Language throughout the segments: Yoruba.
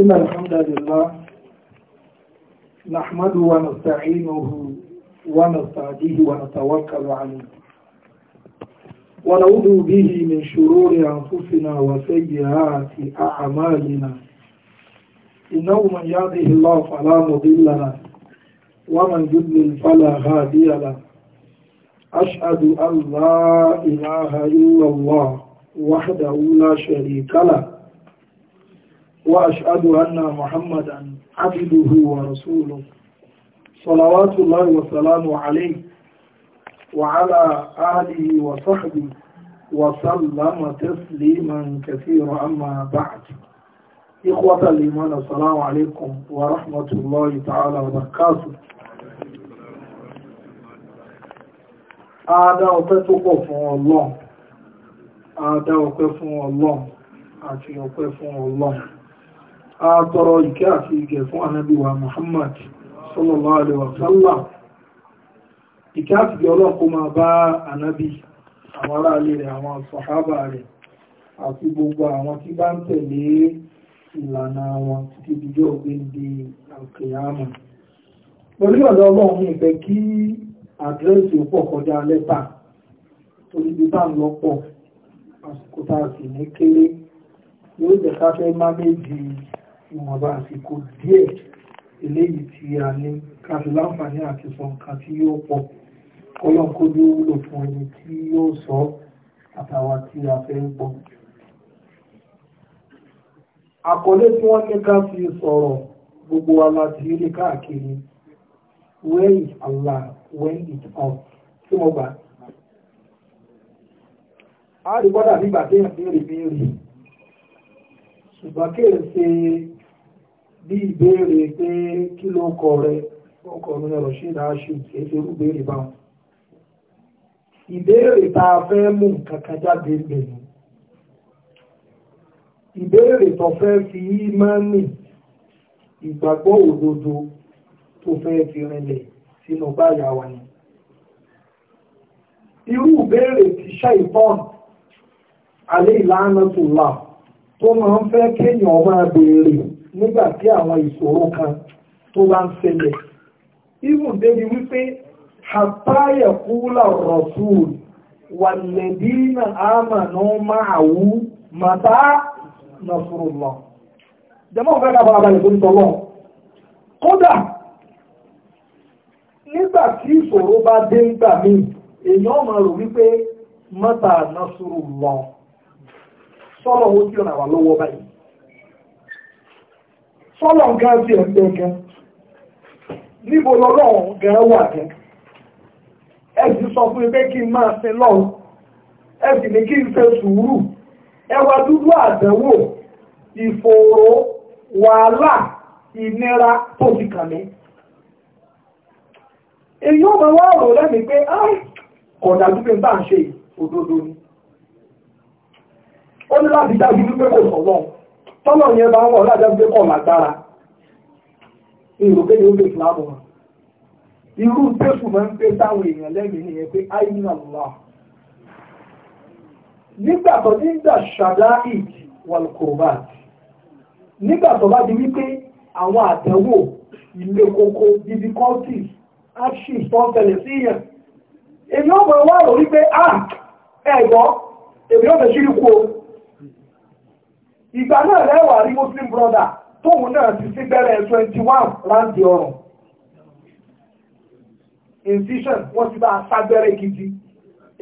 إن الحمد لله نحمده ونستعينه ونستهديه ونتوكل عليه ونعوذ به من شرور أنفسنا وسيئات أعمالنا إنه من يهده الله فلا مضل له ومن يضلل فلا هادي له أشهد أن لا إله إلا الله وحده لا شريك له وأشهد أن محمدا عبده ورسوله صلوات الله وسلامه عليه وعلى آله وصحبه وسلم تسليما كثيرا أما بعد إخوة الإيمان السلام عليكم ورحمة الله تعالى وبركاته Ada ọpẹ́ الله. àdá ọ̀pẹ́ fún ọlọ́run àti ọ̀pẹ́ fún ọlọ́m a tọrọ ìkẹ́ àti ìgẹ̀ fún Muhammad sallallahu alaihi wa ìkẹ́ àti ìgẹ̀ ọlọ́run máa bá ànábì àwọn ará rẹ̀ àwọn sọ̀hábà rẹ̀ àti gbogbo àwọn tí bá ń tẹ̀lé ìlànà wọn títí àkèyàmù pẹ̀lú àsìkò tá a sì ní kéré yóò jẹ́ ká fẹ́ mánéjì ìwọ̀nba àsìkò díẹ̀ eléyìí tí a ní ká fi láǹfààní àti sọ nǹkan tí yóò pọ̀ kọ́lọ́ńkójú wúlò fún ẹni tí yóò sọ àtàwa tí a fẹ́ gbọ́. àkọlé tí wọ́n ní ká fi sọ̀rọ̀ gbogbo wa láti rí káàkiri where is Allah when is tí mo gbà a rí bọ́dà nígbà tí èèyàn béèrè béèrè ṣùgbọ́n kéèrè ṣe bí ìbéèrè pé kí ló kọ rẹ ọkọ̀ mi lọ sí ìdáṣù kìí ṣe irú béèrè báwọn ìbéèrè tá a fẹ́ mú nǹkan kan jáde gbẹ̀yìn ìbéèrè tó fẹ́ fi ímánì ìgbàgbọ́ òdodo tó fẹ́ fi rinlẹ̀ sínú báyà wa ni. irú ìbéèrè ti ṣàìtọ́n alẹ́ ìlànà tó là tó máa ń fẹ́ kéèyàn máa béèrè nígbà tí àwọn ìṣòro kan tó bá ń ṣẹlẹ̀ even débi wípé àpáyẹ̀ kúlà rọ̀sùl wàlẹ̀dínà àmàna máàwú màtá nasrullah jẹmọ́ fẹ́ ká fara balẹ̀ tó ń tọ́lọ́ kódà nígbà tí ìṣòro bá dé ń gbà mí èèyàn máa rò wípé màtá nasrullah sọ́lọ̀ ó dí ọ̀nà wà lọ́wọ́ báyìí sọ́lọ̀ gan ti ẹ̀gbẹ́ gan níbo lọ́lọ́run gan wà gan ẹ sì sọ fún mi pé kí n máa sin lọ́run ẹ sì ní kí n ṣe sùúrù ẹ wá dúdú àdánwò ìfòòró wàhálà ìnira tó ti kàn mí èyí ó máa wá rò lẹ́mìí pé ọ̀dà tó bá ń ṣe òdodo ni ó ní láti dájú wípé kò sọ̀lọ́ tọ́lọ̀ yẹn bá wọ̀ láti kọ̀ lágbára ni ó lè fìlàbù wọn irú tẹ́sù máa ń pé táwọn èèyàn lẹ́yìn nìyẹn pé àìyàn lọ nígbà tó nígbà ṣàdá ìdí wàlùkùrùbá nígbà tó bá di wípé àwọn àtẹ̀wò ilé koko sí yẹn ìgbà náà lẹ́wà rí muslim brother tóun náà ti sí bẹ̀rẹ̀ twenty one láǹdì ọrùn incision wọ́n ti bá a sá bẹ̀rẹ̀ gidi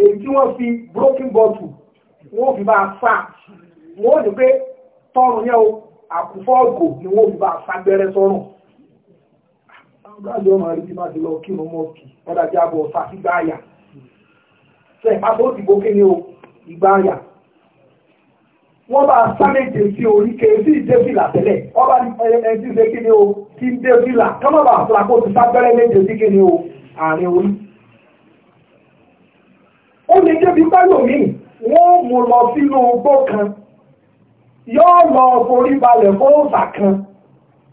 èyí tí wọ́n fi broken bottle wọ́n fi bá a sá wọ́n ní pé tọrùn yẹn o àkùfọ́ ọ̀gò ni wọ́n fi bá a sá bẹ̀rẹ̀ sọ́rùn gbáàjọ́ máa rí bí má ti lọ kí mo mọ́ kí wọ́n dájú àbọ̀ ọ̀sà sí gbáàyà sẹ́ẹ̀ pàtó ti bókè ní o ìgbáàyà wọ́n bá sáméjì sí orí kèésì ìdébìlà tẹ́lẹ̀ wọ́n bá ẹni ṣe kí ni o kí ń débìlà kọ́mọ̀ bá fúra kó ti sábẹ́rẹ́ méje sí kí ni o àárín orí. ó lè débi pẹ́lòmíì wọ́n mú lọ sínú igbó kan yóò lọ forí balẹ̀ fóòsà kan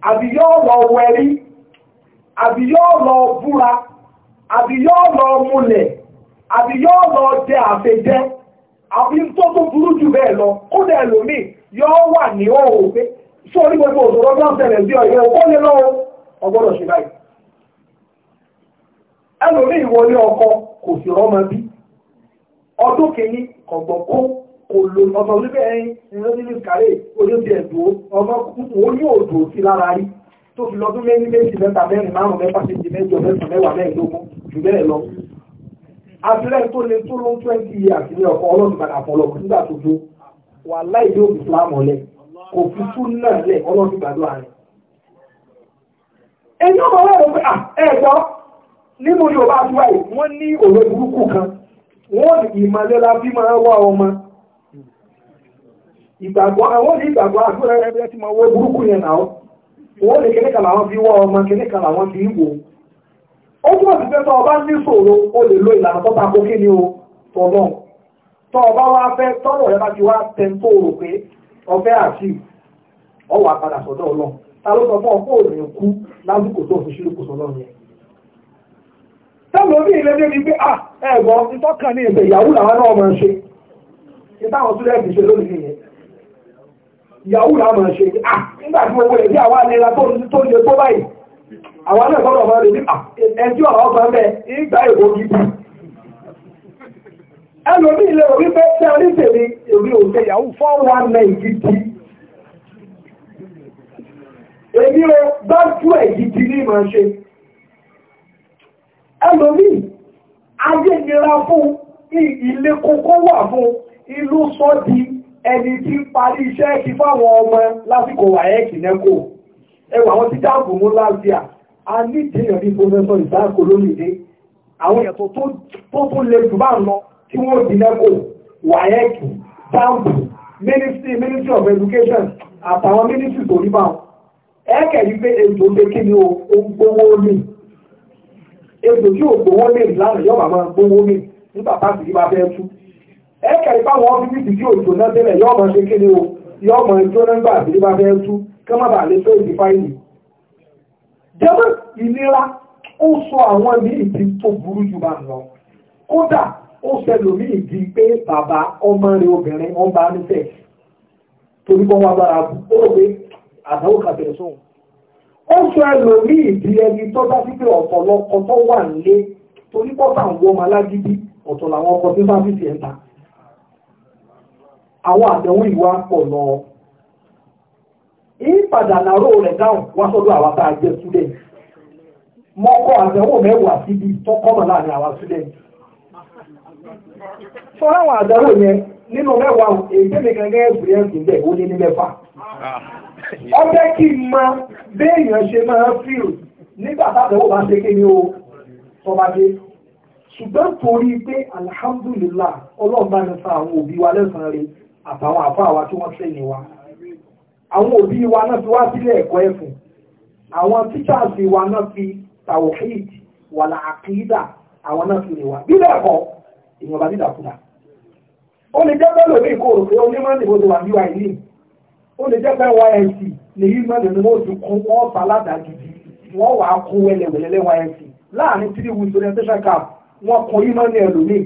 àbí yóò lọ wẹrí àbí yóò lọ búra àbí yóò lọ múlẹ̀ àbí yóò lọ jẹ àfẹjẹ́ àbí tó tó burú jù bẹ́ẹ̀ lọ kódà ẹlòmíì yóò wà ní òòrùn pé fún orí gbogbo òṣòro tó ń ṣẹlẹ̀ sí ọ̀yẹ́ ó lé lọ́wọ́ ọgbọ́dọ̀ ṣe báyìí ẹlòmíì wọlé ọkọ kò sì rọ́mọ bí ọdún kìíní kọ̀gbọ̀n kó kò lò ọmọ olúbẹ̀ ẹyin ìrọ́sílẹ̀ kàrẹ́ olóbi ẹ̀dùn ọmọ òun yóò dùn sí lára rí tó fi lọ́dún mẹ́rin méjì mẹ́ta mẹ́rin márùn-ún mẹ́fà méjì mẹ́jọ mẹ́sàn-án mẹ́wàá mẹ́ẹ̀ẹ́dógún jù bẹ́ẹ̀ lọ abúlé tó lè tó ló twenty years ní ọkọ ọlọ́run padà fọlọ́kù nígbà tó dó wà láì yóò fi fúlá mọ́lẹ̀ kò fi fún náà lẹ̀ ọlọ́run gbàdúrà rẹ̀. ẹni ọmọ ọlọ́run pé ẹ gbọ́ nínú yorùbá àdúrà yìí wọ́n ní òwe burúkú kan wọ́n ní bí máa wá ọmọ ìgbàgbọ́ àwọn ní ìgbàgbọ́ àdúrà ẹgbẹ́ tí máa burúkú yẹn náà ó túnmọ̀ sí pé tó ọba ní o lè lo ìlànà tó tako ni o tọ̀lọ̀ tó ọba wá fẹ́ tọ́lọ̀ rẹ bá ti wá tẹ rò pé ọfẹ́ àti ọwà padà sọ́dọ̀ ta ló sọ fún ọkọ òrìn kú lásìkò tó fi yẹn bí ilé dé ni pé à ah, ẹ̀gbọ́n ìtọ́kàn ní ìfẹ̀ ìyàwó làwọn náà máa ń ṣe ìtàwọn tó lẹ́ẹ̀kì ṣe lónìí nìyẹn ìyàwó làwọn máa ń ah, nira tó tó báyìí àwọn náà sọ́dọ̀ ọmọ rẹ̀ ní ah, ẹjí ọ̀rọ̀ ọgbọ̀n bẹ́ẹ̀ ìgbà èkó gidi ẹlòmí ilé orí fẹ́ tẹ́ orí tèmi èmi ò ṣe yahoo four one nine gidi èmi ò bá tú ẹ̀ gidi ní màá ṣe ẹlòmí ayé nira fún ilé kókó wà fún ìlú sọ́ ẹni tí parí iṣẹ́ kí fáwọn ọmọ lásìkò wàyẹ́kì nẹ́kò ẹwà wọn ti dáàbò mú láti à a ní tèèyàn bí pọ́fẹ́sọ̀ ìdáàkó lónìí àwọn èèyàn tó tó lè jù bá ń lọ tí wọ́n di nẹ́kò wáyẹ́kì dáàbò ministry ministry of education àtàwọn ministry tó rí bá wọn ẹ̀ẹ́kẹ̀ yí pé ètò ṣe kí ni ó ń gbówó lè ètò tí ò gbówó lè lánàá yọ̀bà máa gbówó lè nígbà pàṣẹ yí bá fẹ́ tú ẹ̀ẹ́kẹ̀ yí báwọn ọ́fíìsì tí òjò náà tẹ́lẹ̀ yọ̀ọ́ máa ṣe kí ni ó yọ̀ọ́ máa jóná nígbà tí yí bá fẹ́ tú kí wọ́n má bàa lè tó ìdí fáìlì jẹ́mọ́ ìnira ó sọ àwọn míì ti tó burú jù bá lọ kódà ó ṣẹlẹ̀ míì di pé bàbá ọmọ rẹ̀ obìnrin wọn bá ní fẹ́ torí kọ́ wá bára bù ó rò pé àdáwò kàbẹ̀rẹ̀ sóhun ó sọ ẹlòmíì di ẹni tó bá sí pé ọ̀pọ̀lọpọ̀ tó wà nílé torí pọ́tà ń wọ́n alágídí ọ̀tọ̀ làwọn ọkọ̀ tí bá fi ti ẹ̀ ta àwọn àdéhùn ìwà pọ̀ lọ́ọ́ ìpadà nàró rẹ̀ dáhùn wá sọ́dọ̀ àwọn tá a jẹ́ student mọ́kọ́ àtẹ̀wò mẹ́wàá síbi tọ́kọ́mọ̀ láàrin àwọn student fọ́nrán àwọn àdánwò yẹn nínú mẹ́wàá èyí tẹ́lẹ̀ ṣùgbọ́n torí pé ní àwọn òbí wa lẹ́sàn àtàwọn àfáà àwọn òbí wa náà fi wá sílẹ̀ ẹ̀kọ́ ẹ̀fùn àwọn tíṣàsì wa náà fi tawhid wàlà àkídà àwọn náà fi lè wá bí bẹ́ẹ̀ kọ́ ìwọ̀nba dídàkudà ó lè jẹ́ pẹ́ lómi ìkorò pé onímọ̀ nìbò ti wà ní wa ìlú ó lè jẹ́ pẹ́ ysc lèyí mọ̀ nínú ó ti kún wọ́n fa ládàájú wọ́n wàá kún wẹlẹ̀wẹ̀lẹ̀ ysc láàrin three weeks orientation camp wọ́n kún ìmọ̀ ní ẹlòmíì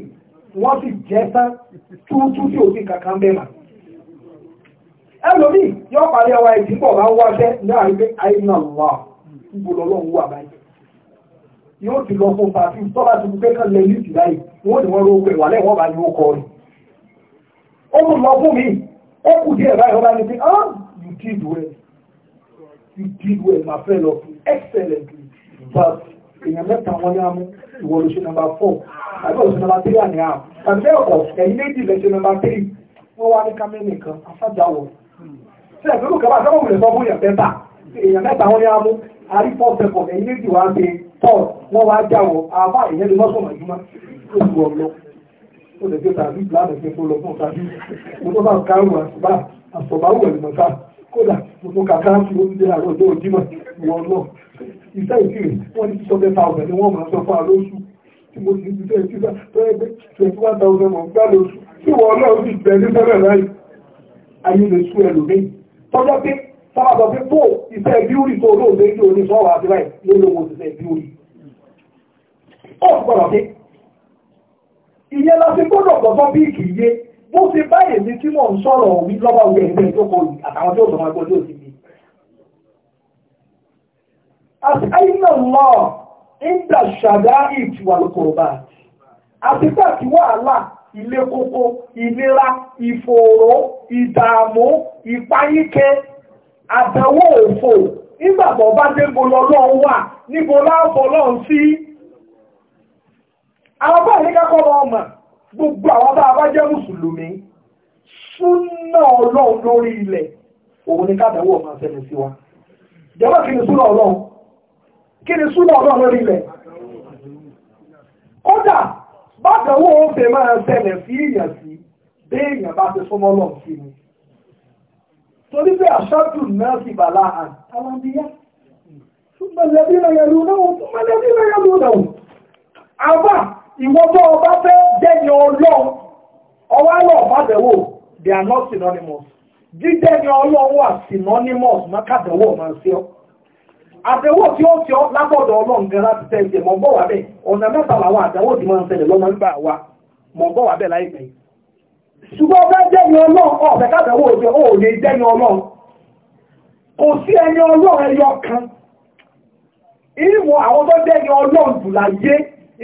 wọ́n sì jẹ́ tán túútú tí òfin kankan bẹ́ẹ̀ máa ẹlòmí yóò parí ọwọ́ ẹ̀jì pọ̀ bá ń wáṣẹ́ láàrin pé àìnà wà níbo lọ́lọ́run wà báyìí yóò ti lọ fún pàtí tọ́lá ti gbé kan lẹ́yìn ìtì báyìí wọ́n ni wọ́n ló pè wà lẹ́wọ́n bá ní ó kọ rẹ̀ ó mú lọ fún mi ó kù díẹ̀ báyìí bá ní pé ah you did well you did well my friend of excellently but èèyàn mẹ́ta wọn ní amú ìwọ ló ṣe nọ́mbà four àbí ọ̀ṣun nọ́mbà three àní àmú tàbí ọ̀pọ̀ ẹ̀yìn méjì lẹ́ṣẹ̀ nọ́mbà three wọ́n wá ní kámẹ́nì kan afájáwọ̀ ṣe ìgbéró kaba sọ́kọ̀ wùlẹ̀ sọ fún èèyàn mẹ́ta èèyàn mẹ́ta wọn ni a mú àrí four seconds ẹ̀yìn méjì wá ṣe tọ́ wọn wá já wọ àbá ìyẹn lè mọ́sùn màjúmọ́ tó ti wọ̀ lọ ó lè fi tàbí ìlànà ìfẹ́ fún lọ fún tàbí mo tó bá kárùn àṣùbà àṣùbà wù ẹ̀lùmọ̀ ká kódà mo kàkà fi oúnjẹ àrò ọjọ́ òjímọ̀ wọ̀ lọ iṣẹ́ ìṣirò wọ́n ní sísọ mẹ́ta ọ̀bẹ̀ ni wọ́n máa sọ fún alóṣù tí mo ti ti ṣe ìṣirò tó ẹgbẹ́ twenty one thousand ọ̀gbá lóṣù tí wọ́n náà sì bẹ̀ ní sẹ́rẹ̀ láì ayé lè sú ẹlòmí tọ́jọ́ pé sábàbọ̀ pé pò iṣẹ́ bíúrì tó olóògbé ní oní sọ́wọ́ àti láì ló lówó iṣẹ́ bíúrì ó gbọ́dọ̀ pé ìyẹn la fi gbọ́dọ̀ gbọ́dọ̀ bí kì í yé bó ṣe báyìí ní tí mò ń sọ̀rọ̀ wí lọ́wọ́ òwe ẹgbẹ́ ìjókòó yìí àtàwọn tí ó sọ̀rọ̀ ẹgbẹ́ tó ti di. àṣàyìnà lọ ń dà ṣàdá ìtìwàlùkọ̀ọ̀bà àti pàtí wàhálà ilé kókó ìlera ìfòòró ìdààmú ìpáyíkẹ àdánwò òfò nígbàgbọ́ bá dé lọ ọlọ́run wà níbo láàbọ̀ ọlọ́run sí. àwọn bá gbogbo àwọn bá a bá jẹ́ mùsùlùmí súnà ọlọ́run lórí ilẹ̀ òun ni kádàwó ọmọ àṣẹlẹ̀ sí wa. ìjọba kí ni súnà ọlọ́run kí ni súnà ọlọ́run lórí ilẹ̀. kódà bákan wo ó fẹ́ máa bẹ̀rẹ̀ sí èèyàn sí béèyàn bá ti súnmọ́ lọ sí ni torí pé àṣájú náà sì bà láhàn alábíyá ṣùgbọ́n lẹ́bí lẹ́yẹ̀lú náà ṣùgbọ́n lẹ́bí lẹ́yẹ̀lú náà àbá ìwọ́tọ́ ọba fẹ́ ọwá àdẹ̀wò tí ó ti ọ́ ọlọ́run gan láti tẹ́ ìṣe mọ̀ bọ̀ bẹ́ẹ̀ ọ̀nà mẹ́ta làwọn àdẹ̀wò tí máa ń wa mọ̀ bọ̀ bẹ́ẹ̀ láìpẹ́ ṣùgbọ́n ọ̀fẹ́ jẹ́ni ọlọ́run ọ̀fẹ́ kádẹ̀wò òjò ò lè jẹ́ni ọlọ́run kò sí ẹni ọlọ́run ẹyọ kan ìwọ̀n àwọn tó jẹ́ni ọlọ́run jù láyé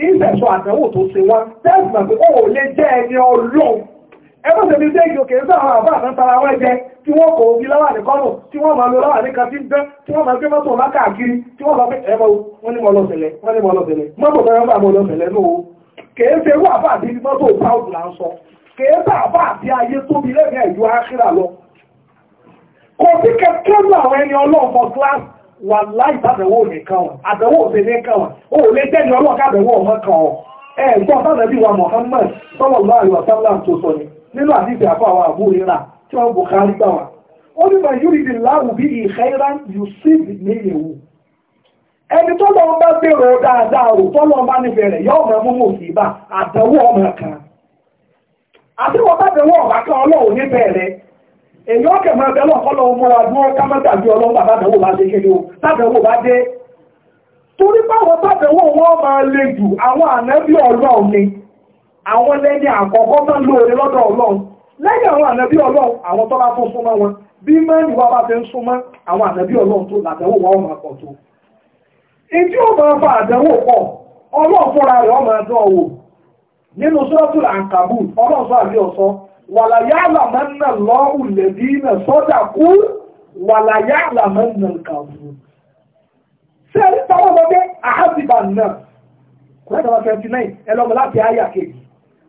ìfẹ̀sọ̀ ẹgbẹ́ tẹ̀lé dé ìjòkè ń sáwọn àbá àtàn tara wọ́n jẹ tí wọ́n kò bí láwà ní kọ́nù tí wọ́n máa lo láwà ní kan tí ń dán tí wọ́n máa gbé mọ́tò máa káàkiri tí wọ́n lọ pé ẹ̀mọ́ wọn ní mọ́lọ́sẹ̀lẹ̀ wọ́n ní mọ́lọ́sẹ̀lẹ̀ mọ́tò bẹ̀rẹ̀ bá mọ́lọ́sẹ̀lẹ̀ lóo kèé ṣe wà bá àbí mọ́tò proud là ń sọ kèé bá àbá àbí ayé tóbi lẹ́gbẹ̀ẹ́ ìlú ákírà lọ kò sí kẹ́kẹ́ lọ àwọn ẹni ọlọ́ọ̀fọ́ class wà láì sàbẹ̀wò nìkan wọn àbẹ̀wò òfin nìkan wọn ò lè jẹ́ni ọlọ́ọ̀ká àbẹ̀wò ọmọ kan ọ̀ ẹ̀gbọ́n sábẹ̀ bí wa Muhammad sallallahu alaihi wasallam tó sọ ni nínú àdìsí àfàwà àbúrírà tí wọ́n bò kárí gbà wá ó ní bá yúrì bí láwù bí ìhẹ́rà yusuf ní ìlú ẹni tó lọ bá gbèrò dáadáa rò tó lọ bá nífẹ̀ẹ́ rẹ̀ yọ ọmọ mú mòsì bá àdánwò ọmọ kan àti wọn bá bẹ̀wọ̀ ọ̀bá kan ọlọ́run nífẹ̀ẹ́ rẹ̀ èyí ọkẹ̀ máa bẹ̀rẹ̀ ọ̀kọ́lọ́ ọmọ adúró kámẹ́tàbí ọlọ́run bàbá àdánwò bá dé kéde o tábẹ̀wò bá dé torí báwọn tábẹ̀wò wọn máa le jù àwọn ànábì ọlọ́run ni àwọn lẹ́yìn àkọ́kọ́ tó ń lóore lọ́dọ̀ ọlọ́run lẹ́yìn àwọn ànábí ọlọ́run àwọn tó bá tún súnmọ́ wọn bí mẹ́rin wá bá ti ń súnmọ́ àwọn ànábí ọlọ́run tó làtẹ̀wò wọn ọmọ pọ̀ tó. ìdí ò máa fa àdánwò pọ̀ ọlọ́run fúnra rẹ̀ ọmọ ẹ̀dán ọ̀wọ̀ nínú sọ́ọ̀tù àǹkàbù ọlọ́run sọ àbí ọ̀sọ́ wàlàyé àlàmánà lọ́hùn lẹ́bí náà sọ́dà kú wàlàyé àlàmánà kàbù. ṣé ẹni tọ́wọ́ mọ́ pé àhásìbà náà kúrẹ́dàwọ̀ twenty nine ẹ lọ́mọ láti àyà kejì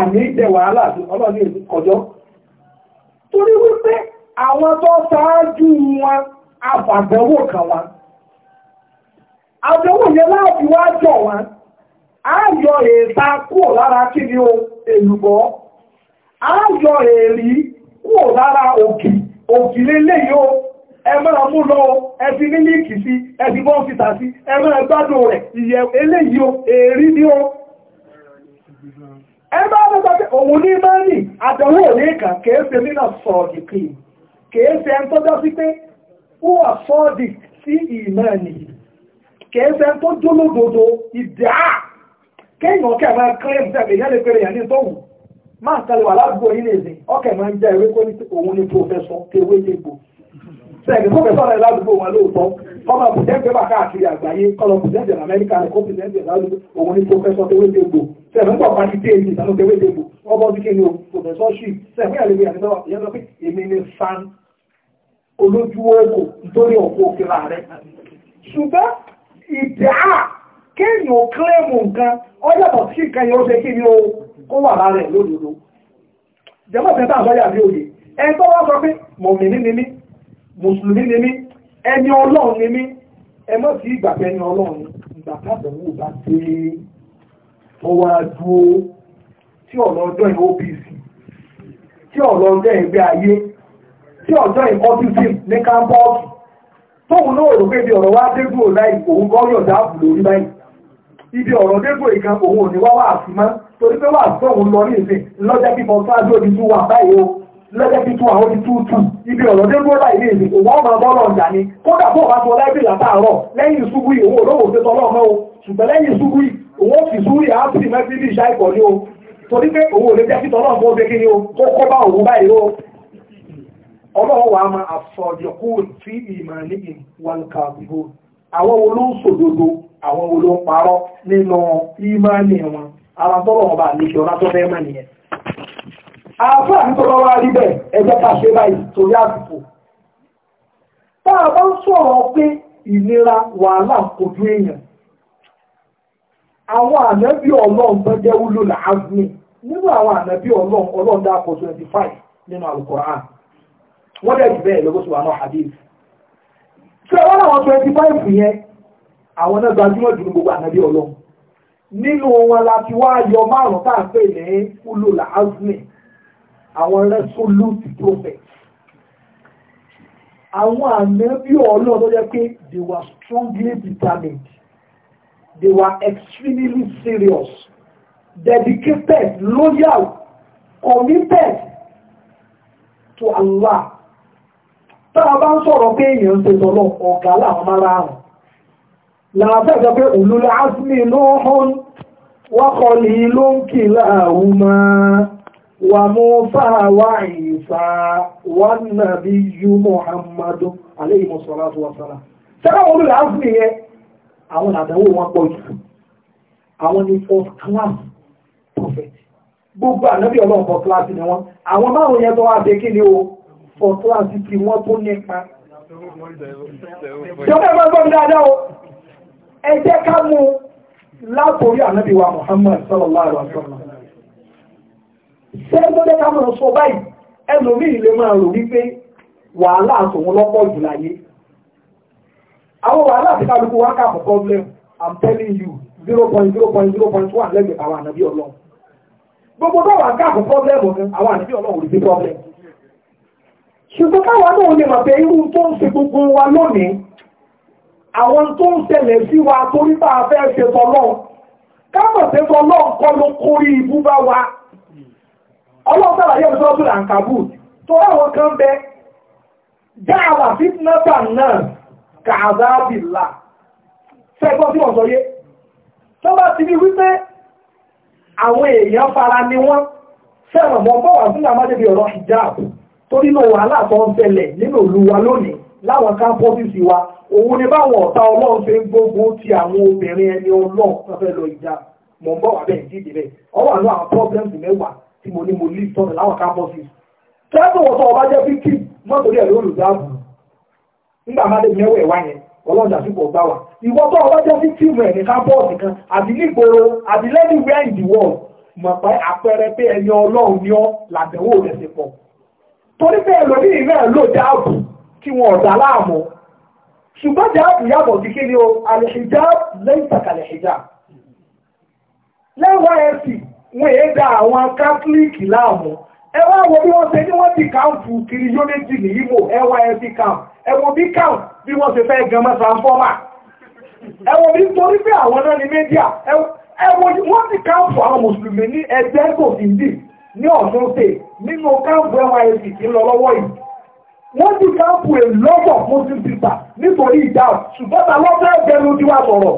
àní ìjẹ wàhálà àti ọlọ́ni èdè kọjọ́ torí wípé àwọn tó wọn afàdánwò kan wa àdánwò láti wá jọ wọn a yọ èèta kúrò lára kí ni o èlùbọ́ a yọ èèrí kúrò lára òkì òkì lélẹ̀ yóò ẹ mú lọ ẹ fi sí ẹ fi sí ẹ eléyìí o èèrí ni ẹgbẹ́ ọgbẹ́gbẹ́ pé òun ní mẹ́rin àtẹ̀wò oníkà kìí ṣe nínà sọ̀ọ̀dì kì í kìí ṣe ẹn tó jọ́sí pé ó wà sọ́ọ̀dì sí ìmẹ́ni kìí ṣe ẹn tó jólódodo ìdá kéèyàn kẹ́ máa kílẹ̀mù tẹ̀lé ìyá lè pèrè yàní tó wù máa tẹ̀lé wà ládùúgbò yín lè sìn ọkẹ́ máa ń jẹ́ ewé sẹ́ẹ̀kì tó fẹ́sọ́ rẹ̀ ládùúgbò wọn lóòótọ́ kọ́mọ pùtẹ́ǹtì wà káàkiri àgbáyé kọ́lọ pùtẹ́ǹtì amẹ́ríkà rẹ̀ kó pùtẹ́ǹtì ládùúgbò òun ní pòfẹ́sọ́ tewétegbò sẹ́ẹ̀kì ń pọ̀ pàtí tí èyí ìdáná tewétegbò ọbọ̀ bí kíni o pòfẹ́sọ́ ṣì sẹ́ẹ̀kì àlejò àtijọ́ ìyẹn lọ pé èmi ni fan olójú oògùn nítorí ọ̀pọ̀ òkèlà rẹ̀ ṣùgbọ́n ìdáà kéèyàn ò kílẹ̀mù nǹkan ó yàtọ̀ sí nǹkan yẹn ó ṣe kí ni o kó wà lára ẹ̀ lódodo jẹ́mọ̀ tẹ́tà àbáyà bí òye ẹ̀ tó wá sọ pé mọ̀mí ní ni mí mùsùlùmí ni mí ẹni ọlọ́run ni mí ẹ mọ̀ sí ìgbà pẹ́ni ọlọ́run ìgbà bá ọwọ́ adúró tí ọ̀rọ̀ ẹ̀ OPC tí ní tóun náà pé ibi ọ̀rọ̀ wá dégbò láì òun gan yọ̀dá àbù lórí báyìí ibi ọ̀rọ̀ dégbò ìkan òun ò ní wá lọ ní ìsìn lọ́jọ́ sáájú wà báyìí lẹ́gbẹ̀ẹ́ tuntun àwọn ti túùtù ibi ọ̀rọ̀ dé gbọ́dá ilé ìlú òun ọmọ bọ́ọ̀lù ọ̀jà ni kódà bó bá tó látàárọ̀ lẹ́yìn ìṣubú yìí tọ́lọ́ o ṣùgbọ́n lẹ́yìn ìṣubú yìí òun ó fi ṣubú yìí ìṣá ìkọ̀ ni o torí pé òun ò lè jẹ́ kí tọ́lọ́ ni o kó kó bá òun báyìí o ọlọ́run wa máa àsọ̀dẹ̀kú tí ìmọ̀ wọn kà àwọn àwọn àáfà ní tó bá wá rí bẹ́ẹ̀ ẹ ká ṣe báyìí torí àsìkò tá a bá ń sọ̀rọ̀ pé wàhálà kojú èèyàn àwọn ànábì ọlọ́run tó jẹ́ wúlò làázmi nínú àwọn ànábì ọlọ́run ọlọ́run dákọ̀ twenty five nínú alukoran wọ́n dẹ̀ jù bẹ́ẹ̀ hadith àwọn yẹn àwọn náà gbajúmọ̀ jù ní gbogbo ọlọ́run nínú wọn la wá yọ márùn àwọn resolute prophets àwọn ànábì ọlọ́run tó jẹ́ pé they were strongly determined they were extremely serious dedicated loyal committed to Allah tá bá ń sọ̀rọ̀ pé èèyàn ń ṣe sọ̀rọ̀ ọ̀gá làwọn mára àrùn làáfẹ́ sọ pé ulul azmi Nuhun wa qalilun kilahuma. وموسى وعيسى والنبي محمد عليه الصلاة والسلام tẹ́lá wọn lè áfù nìyẹn àwọn àdánwò wọn pọ̀ jù àwọn ní first class gbogbo ànábì ọlọ́run first ni wọn àwọn márùn ni nípa. ẹ ṣé tó dé ká máa sọ báyìí ẹlòmíì lè máa rò wípé wàhálà àtòun lọ́pọ̀ jù láyé àwọn wàhálà àti kálukú wákà fún problem i'm telling you zero point zero point zero point one lẹ́gbẹ̀ẹ́ àwọn ànábì ọlọ́run gbogbo tó wà káàkó problem ọ̀hún àwọn ànábì ọlọ́run rí sí problem ṣùgbọ́n káwọn náà lè mọ̀ pé irú tó ń ṣe gbogbo wa lónìí àwọn tó ń ṣẹlẹ̀ sí wa torí bá a fẹ́ ṣe tọ́lọ́run káwọn ṣe tọ́lọ́run kọ́ ló kórí ibú bá wa sàlàyé ọ̀sọ́ tó làǹkàbù tó àwọn kan bẹ jáàlà fitnata náà kàzábìlà fẹ́gbọ́n tí wọ́n sọ yé tó bá ti rí wípé àwọn èèyàn fara ni wọ́n fẹ́ràn mọ́ bọ́wà fún àmọ́débí ọ̀rọ̀ hijab torí náà wàhálà tó ń ṣẹlẹ̀ nínú ìlú wa lónìí láwọn kámpọ́sìsì wa òun ni báwọn ọ̀tá ọlọ́run ṣe ń gbógun ti àwọn obìnrin ẹni ọlọ́run fẹ́ lọ ìjà mọ̀ ń bọ̀ wà bẹ́ẹ̀ dídì bẹ́ẹ̀ ọwọ́ àlọ́ àwọn pọ́blẹ́mù mẹ́wàá tí mo ní mo lè tọ́nà láwọn kápọ́sì tẹ́lẹ̀ wọ́n tó ọba jẹ́ fíkì mọ́tò rí ẹ̀ lórí nígbà má lè mẹ́wẹ̀ wá yẹn ọlọ́dà sí gbá wa ìwọ ọba jẹ́ fíkì mọ̀ ẹ̀ní kápọ́sì kan àbí nígboro àbí lẹ́nu wẹ́ ìdí mọ̀ pé àpẹẹrẹ pé ẹni ọlọ́run ni ọ́ làbẹ̀wò rẹ̀ sì pọ̀ torí pé ẹlòmí ìrẹ́ ló dáàbò kí wọn ọ̀dà láàmú ṣùgbọ́n dáàbò yàtọ̀ sí kí ni o àlèṣèjá lẹ́yìn tàkàlèṣèjá lẹ́wọ̀n ẹ̀sìn wọ́n èé da àwọn kátólíìkì láàmú ẹ wá wo bí wọ́n ṣe ní wọ́n ti káàpù kiri yónẹ́jì ní Imo ẹ wá ẹ ti káàpù ẹ bí káàpù bí wọ́n ṣe fẹ́ gan mọ́ transformer ẹ wo bí torí pé àwọn náà ní mẹ́díà ẹ wo wọ́n ti káàpù àwọn mùsùlùmí ní ẹgbẹ́ kò sí dì ní ọ̀sán ṣe nínú káàpù nysc ti ń lọ lọ́wọ́ yìí wọ́n ti káàpù a lot of muslim people nítorí ìdáhùn ṣùgbọ́n ta lọ́fẹ́ bẹnu tí wàá sọ̀rọ̀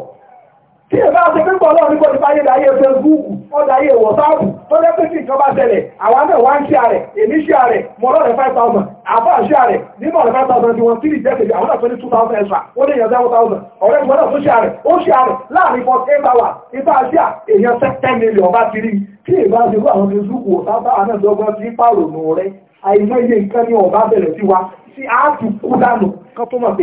Kí ẹ̀bá ṣe pípọ̀ lọ́wọ́ nípa ìfáyé dáyé Facebook, ọdáyé WhatsApp, tó jẹ́ pé kí ìjọba ṣẹlẹ̀, àwọn náà wá ń ṣe ààrẹ̀, èmi ṣe ààrẹ̀, mọ̀ lọ́rẹ̀ 5,000, àbá ṣe ààrẹ̀, nímọ̀ rẹ̀ 5,000 tí wọ́n tí ì jẹ́kẹ̀ẹ́ àwọn náà tó ní 2,000 extra, ó lè yàn 7,000, ọ̀rẹ́ ìwọ́n náà tó ṣe ààrẹ̀, ó ṣe ààrẹ̀ láàrin 48 hours, ìfá ṣe à, èèyàn 10 million bá ti rí, kí ìbá ṣe fún àwọn Facebook, WhatsApp, àwọn náà dọ́gbọ́n ti pàrònú rẹ̀, àìmọye nǹkan ni ọ̀bá bẹ̀rẹ̀ sí wa, sí àátù kú dànù, kan tó mọ̀ pé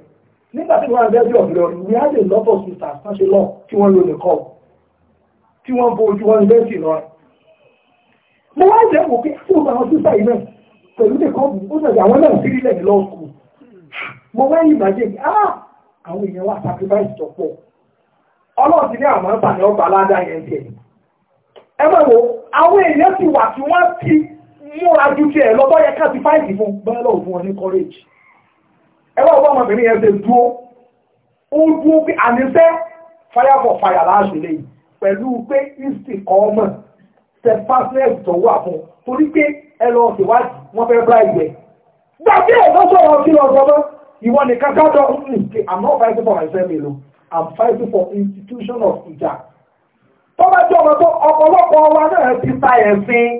nígbà wọ́n bẹ́ẹ̀ bí ọ̀dọ́ we had a lot of sisters wọ́n ṣe lọ tí wọ́n lò nìkan tí wọ́n bo ojú wọn lẹ́sìn lọ. mo wá jẹ́ wò pé tí mo bá wọn sísá yìí náà pẹ̀lú nìkan ó sọ̀rọ̀ àwọn náà sí ilẹ̀ ní lọ́ọ̀kù mo wá yìí màá jẹ́ pé ah àwọn èèyàn wà sacrifice tó pọ̀ ọlọ́run ti ní àmọ́ ń bà ní ọgbà aládá yẹn tiẹ̀ ẹ mọ̀ wo àwọn èèyàn ti wà tí wọ́n ti múra ju tiẹ̀ lọ́tọ́ yẹ ká ti fáìtì fún bẹ́ẹ̀ lọ́ọ̀ fún wọn ní courage ẹwà ọgbọ́n ọmọbìnrin yẹn ṣe dúó ó dúó pé àníṣẹ́ fire for fire láàṣẹ lẹ́yìn pẹ̀lú pé easty ọmọ steadfastness tó wà fún torí pé ẹ lọ síwájú wọn fẹ́ bá ìwẹ̀ gbàgbé ẹ̀ lọ́sọ̀ wọn kí lọ sọ́mọ́ ìwọ nìkan kájọ ń pè I'm not fighting for myself alone I'm fighting for institution of ìjà tó bá jẹ́ ọmọ tó ọ̀pọ̀lọpọ̀ wa náà ti ta ẹ̀sìn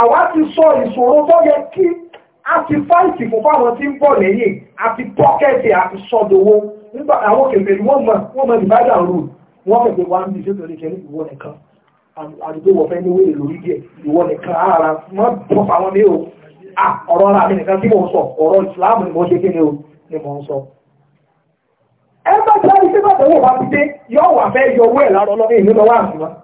àwa ti sọ ìṣòro tó yẹ kí a ti fáìtì fún fáwọn tí ń bọ̀ lẹ́yìn a ti pọ́kẹ́ẹ̀tì àti sọ́dọ̀wọ́ nígbà àwọn kèfèrè wọ́n mọ̀ wọ́n mọ̀ ìbádà rò wọ́n mọ̀ pé wọ́n ń bí ṣètò ìṣẹ́ ní ìwọ nìkan àdúgbò wọ́n fẹ́ ní wèrè lórí díẹ̀ ìwọ nìkan ara mọ́ bọ́ àwọn ní o ọ̀rọ̀ ara mi nìkan tí mo sọ ọ̀rọ̀ ìsìláàmù ni mo ṣe kí ni o ni mo sọ. ẹ bá jáde sí bàtà owó wa ti dé yọ wà fẹ́ yọ owó ẹ̀ lárọ́ lọ́wọ́ èyí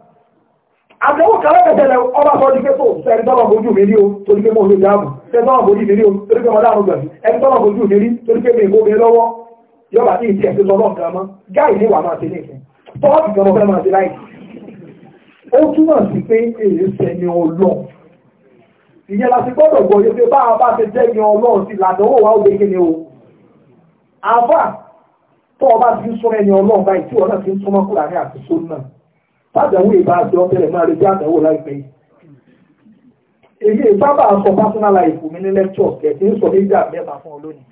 àtẹ̀wò kàlẹ́kẹ̀tẹ̀lẹ̀ ọba sọ di pé oh, tó ẹni tọ́lọ̀ bojú mi rí o torí pé mo lè dáàbò ẹni tọ́lọ̀ bojú mi rí o torí pé mo dáàbò gbàgbé ẹni tọ́lọ̀ bojú mi rí torí pé mi ìbò mi lọ́wọ́ yọba ní ìtì ẹ̀sìn lọ́lọ́ nǹkan mọ́ gáì ní wà máa ṣe ní ìsìn tọ́ọ̀tì kan mo fẹ́ máa ṣe láì ó túmọ̀ sí pé èyí sẹ́ni ọlọ́ ìyẹn la ti gbọ́dọ̀ gbọ́ yẹ pé bá a bá ṣe jẹ́ ni ọlọ́run sí làdánwò wa ó gbé kí ni o àfà tó ọba ti ń súnmọ́ ẹni ọlọ́run báyìí tí ọlọ́run ti ń súnmọ́ kúrò àní àti sóun náà Fájọ̀wó ìbá àjọ tẹ́lẹ̀ máa rí bí àtẹ̀wò láìpẹ́ yìí. Èyí ìsábà sọ personal life mi ní lecture kẹ̀kẹ́ ń sọ méjìlá mẹ́ta fún ọ lónìí.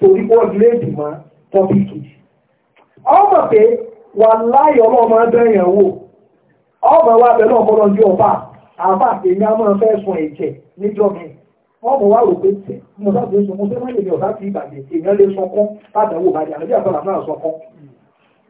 Torí wọ́n lé ìdìmọ̀ tọ́pìkì. Ọmọ pé wà láyé ọlọ́run máa bẹ̀rẹ̀ yẹn wò. Ọmọ wa bẹ̀rẹ̀ náà kọ́ lọ́jọ́ ọba. Àbá èmi á máa fẹ́ sun ẹ̀jẹ̀ níjọ́ mi ọmọ wa rò pé tẹ mo sáà tó ń sọ mo fẹ́ má lè ní ọ̀sá ti ìbàdàn èèyàn lè sọkún tàbí àwọn òbàdàn àlejò àtọ́là náà sọkún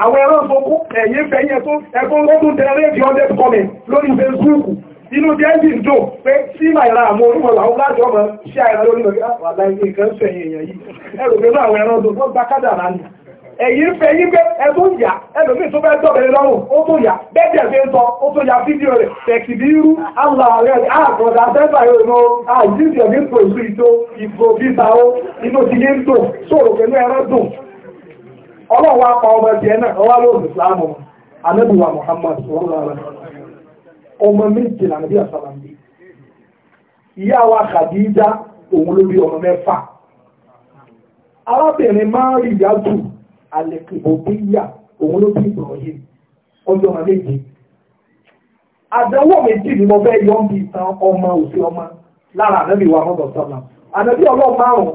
àwọn ẹran sọkú ẹ̀yẹ fẹ̀yẹ tó ẹkún lọ́dún tẹ́lẹ̀ fi ọdẹ kọmẹ̀ lórí Facebook inú jẹ́ǹdì ń dò pé sí màìlá àmọ́ onímọ̀ làwọn láti ọmọ sí àìrán lórí ọ̀gá ah, àbá ilé nǹkan sẹ̀yìn èèyàn yìí ẹ̀rù pẹ̀lú àwọn ẹran tó wọ́n gbá kádà rà ní ẹ̀yìn fẹ́ yí pé ẹ̀tún yà ẹlòmíì tó bẹ́ẹ̀ tọ́bẹ̀rẹ̀ lọ́rùn ó tó yà bẹ́ẹ̀ fi ń sọ ó tó yà fídíò rẹ̀ tẹ̀kìdì irú àlọ́ ààrẹ àkọ́dà sẹ́fà yóò mọ àìsíṣẹ́ ní pòṣù ìtò ìfòbíta ó inú ti yé ń dùn sóòrò pẹ̀lú ẹran dùn ọlọ́wọ́ apá ọmọ ẹ̀jẹ̀ náà ọwá lóòrùn ìsìlámù anábìwà Muhammad sọ̀rọ̀ ọmọ méjì lànàbí àsàlàmì ìyá wa Khadija òun lórí ọmọ mẹ́fà arábìnrin máa rí ìyájú alẹ́kìbòbíyà òun ló bí Ibrahim ọjọ́ ọmọ méje àdánwò méjì ni mo fẹ́ yọ ń bi ìtàn ọmọ òsì ọmọ lára ànábìwà Muhammad sọ̀rọ̀ ànábì ọlọ́ọ̀ márùn-ún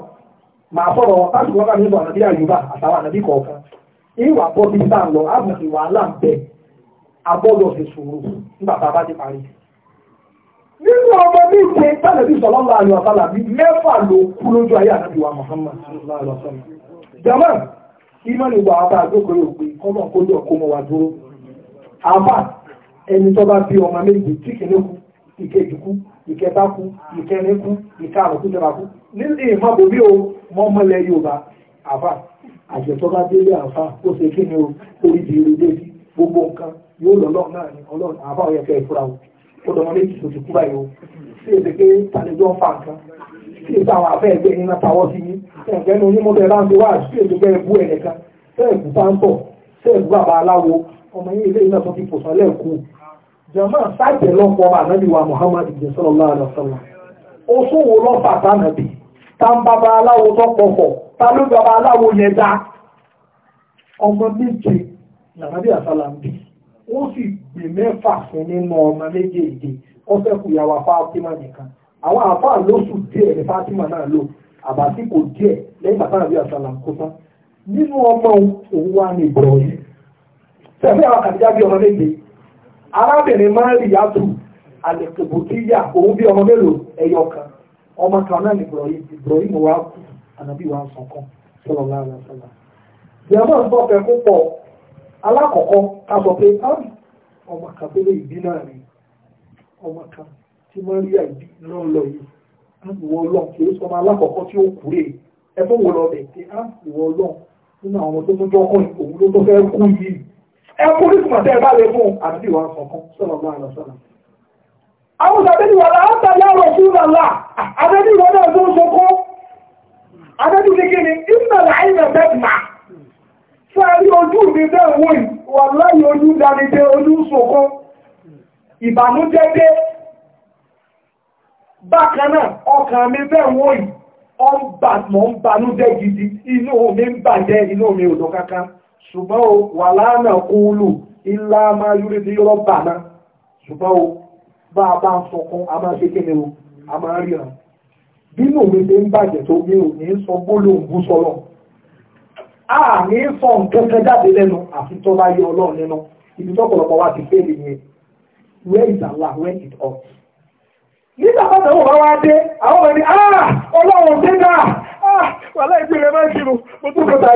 màá sọ̀rọ̀ láti kọ́ ànábì àyùbá àtàwọn ànábì kọ̀ọ̀kan ìwà bọ́ bí sáà lọ ábùkì wàhálà ń bẹ fi sùúrù nígbà tá ti parí. nínú ọmọ mi ṣe àlọ́ àbálà mẹ́fà ló kú lójú ayé wa Muhammad wà ẹni tó bá bí ọmọ méjì tí kìíní kú ìkejì kú ìkẹta kú ìkẹrin kú ìkarùn jẹba kú. àjẹtọ́ bá délé àfa ó ṣe kí ni o orí di irú dé gbogbo nǹkan yóò lọ lọ́run náà ni ọlọ́run àfa ọ̀yẹ́ fẹ́ fura o ó lọ́mọ méjì tó ti kú báyìí o sí èdè pé tàlejò ń fa nǹkan sí èdè àwọn afẹ́ ẹgbẹ́ yín náà tawọ́ sí yín ẹgbẹ́ ní onímọ̀tẹ́ láǹdé wá sí èdè pé ẹbú ẹ̀nìkan sẹ́ẹ̀kú páńpọ̀ sẹ́ẹ̀kú bàbá aláwo ọmọ yín ilé iná tó ti pòsàn lẹ́ẹ̀kú jama sáàjẹ̀ lọ́pọ̀ ọmọ ànábì wa Muhammad bin sallallahu alaihi wasallam ó sún wo lọ́pàá tánàbì tá ń bàbá aláwo tó ta ló jọba aláwo yẹn dá ọmọ méje nàbàbí àsálàmbí wọ́n sì gbè mẹ́fà fún nínú ọmọ ọma ọ̀sẹ̀ ede yà wá Fátímà nìkan àwọn àfáà awọn díẹ̀ ní Fátímà náà lò àbásíkò díẹ̀ lẹ́yìn bàtà nàbí àsálàmbí kó tán nínú ọmọ òun ní yìí àwọn ọmọ méje arábìnrin máa ń rí yàtù òun bí ọmọ mélòó ẹ̀yọ kan ọmọ kan náà ní yìí ànábì wa sàn kan sọ̀rọ̀ láàrin àṣàlà. ìyàmọ́ ń bọ̀ fẹ́ púpọ̀ alákọ̀ọ́kọ́ ká sọ pé ábì ah, ọmọ kan tó lè bí náà ni ọmọ kan tí Maria ìbí náà lọ yìí ábì ah, wọ ọlọ́run kì í sọ ọmọ alákọ̀ọ́kọ́ tí ó kúrè ẹ fún wọn lọ bẹ̀ pé ábì ah, wọ ọlọ́run nínú àwọn tó tún jọ́kùn òun ló tó fẹ́ kú yìí ẹ kú ní tùmọ̀tẹ́ ẹ bá lè fún àbí wa sàn kan sọ̀rọ̀ láàrin àṣàlà àwọn ìsàbẹ̀dì wà láàtà yàrá òfin lọ́la àbẹ̀dì wà náà tó ń sokó Adébí ní kí ni, ìmọ̀lá ìmọ̀ bẹ́ẹ̀mà. Fẹ́rí ojú mi bẹ́ẹ̀ wò yìí, wà láyé ojú dáadé ojú sòkó. Ìbànújẹ́ dé. Bákan ọkàn mi bẹ́ẹ̀ wò yìí, ọ ń bà mọ́ ń banújẹ́ gidi, inú mi ń bàjẹ́, inú mi ò lọ kankan. Ṣùgbọ́n o, wà lánà kúlù, ilá máa yúrí ní yọ́rọ̀ náà. Ṣùgbọ́n o, bá bá ń sọkún, a máa ṣe kí nínú òwe tó ń bàjẹ́ tó gbé òní sọ gbólóhùn bú àmì sọ nǹkan kan jáde lẹ́nu àfi tó bá ọlọ́run nínú ibi tó pọ̀lọpọ̀ wá ti fẹ́ẹ̀lì yẹn where is Allah where is all. nígbà pàtó wọn wá dé àwọn ọmọ ẹni ah ọlọ́run dé ah! kọta lánàá kódà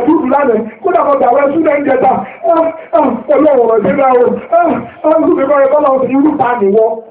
ń jẹta ah! Ah! ọlọ́run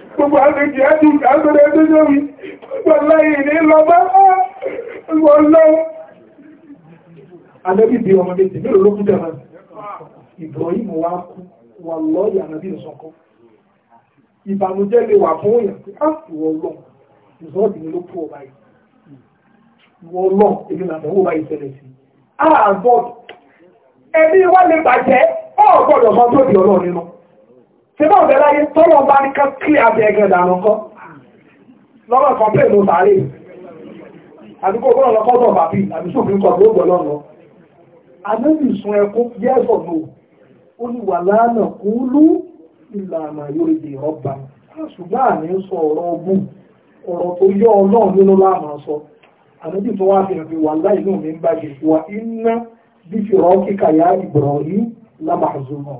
gbogbo àgbègbè àti ìgbàgbẹ̀rẹ̀ tó lórí pẹ̀lá ìrìn lọ bá wọ́n lọ́wọ́ Adébí bí ọmọ méjì mélòó ló kú jẹ́ máa Ibrahim wá kú wà lọ́ọ̀yà àbí ìsọ̀kọ́. Ìbànújẹ́ lè wà fún òyìn pé á ìwọ ọlọ́run ìsọ́ọ̀dì ni ló kú ọba yìí. Ìwọ ọlọ́run èmi làbẹ̀wò bá ìṣẹ̀lẹ̀ sí. Àbọ̀ ẹbí wá lè bàjẹ́ ọ̀gbọ́dọ̀ mọ́ tó di ọlọ́run nínú tí bá ọ̀bẹ̀ láyé tọ́lọ̀ bá ní ká kí àbẹ̀ ẹgbẹ̀ dànù kọ́ lọ́rọ̀ kan pé ló sàárè àdúgbò gbọ́nà lọ́kọ́ tó bàbí àdúgbò kan tó gbọ́ lọ́nà anábì sun ẹkún yes or no ó ní wà lánà kúlú ìlànà yóò di ọba ah, ṣùgbọ́n àní sọ ọ̀rọ̀ ọgbù ọ̀rọ̀ tó yọ ọlọ́run nínú láàmà sọ ànábì tó wá fi hàn pé wà láì náà mi ń bàjẹ́ wà iná bí fi rọ́ kíkà yá ìbọ̀rọ̀ yìí lámàzùmọ̀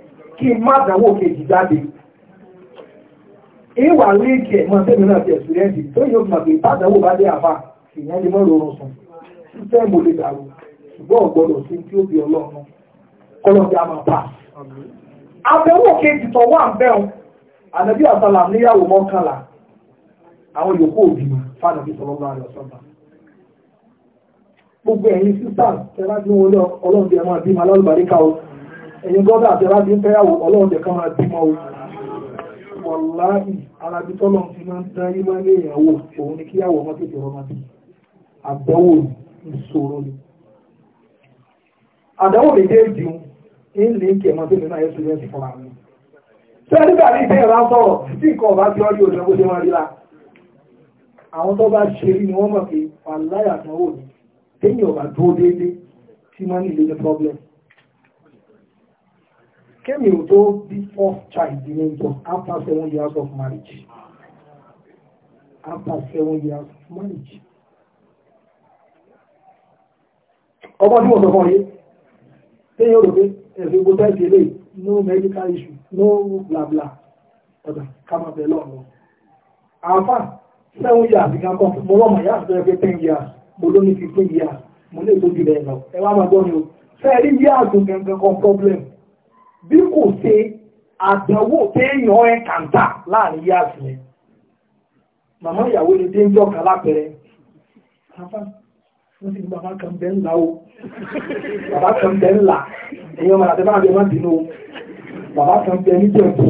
kí n má dánwò kejì jáde ìwà léèkì ẹ̀mọ́ tẹ́mi náà ti ẹ̀sùrẹ́ǹtì tó yóò mọ̀ pé ìbádánwò bá dé àfà ìyẹn lè mọ́ lórun sùn sísẹ́ẹ̀mù lè dàrú ṣùgbọ́n ọ̀gbọ́dọ̀ sí tí ó bí ọlọ́run kọ́lọ́dé a máa pa. àbẹ̀wò kejì tó wà ń bẹ̀rù ànàbí àsálàm níyàwó mọ́kànlá àwọn yòókù òbí fánàbí sọlọ́gbà rẹ̀ sọ́gbà. gbogbo ẹ̀yin sísà tẹ́lá bí wọn lọ ọlọ́run bí ẹ máa bí màlúbàríkà o ẹ̀yin gọ́dá àti alábi ń fẹ́yàwó ọlọ́run jẹ́ ká máa bímọ o wọ̀láì alábi tọ́lọ̀ ti máa ń dá yímọ́ ilé ìyàwó òun ni kíyàwó ọmọ tètè rọmọ bí àdánwò ìṣòro ni àdánwò lè dé ìdí ń lè ń kẹ̀mọ́ tó nínú ayẹ́sùn rẹ̀ fún ara mi tí wọ́n nígbà ní ìfẹ́ ìrà sọ̀rọ̀ tí nǹkan ọ̀bá ti ọ́rí òṣèlú bó ṣe máa rí àwọn tó bá ṣe rí ni wọ́n mọ̀ pé wàláì àdánwò ni téèyàn ọ̀bá dúró déédéé tí máa ń nílé ní pọ́blẹ́mù kémi ò tó bí fourth child di ní ìjọ after seven years of marriage after seven years of marriage. ọmọ tí mo sọ fún ọ yìí téèyàn rò pé ẹ̀sìn gbogbo tẹ́sí eléyìí no medical issue no bla bla ọ̀dà ká máa bẹ̀ lọ́ọ̀lọ́. àáfà seven years ìgbà kan mo lọ́mọ ìyá àti ẹgbẹ́ ten years mo ló ní fifteen years mo lè tó jù bẹ́ẹ̀ lọ ẹ wá máa gbọ́ mi o fẹ́ẹ́ rí yíyá àtúngangan kan problem bí kò ṣe àdánwò téèyàn ẹ̀ kàńtà láàrin yíyá sí ẹ màmá ìyàwó ni dé ń jọ́ kan lápẹ̀rẹ̀ bàbá kan bẹ́ ńlá o bàbá kan bẹ́ ńlá èyàn máa tẹ́ bá bẹ má o bàbá kan bẹ ní jẹ̀bù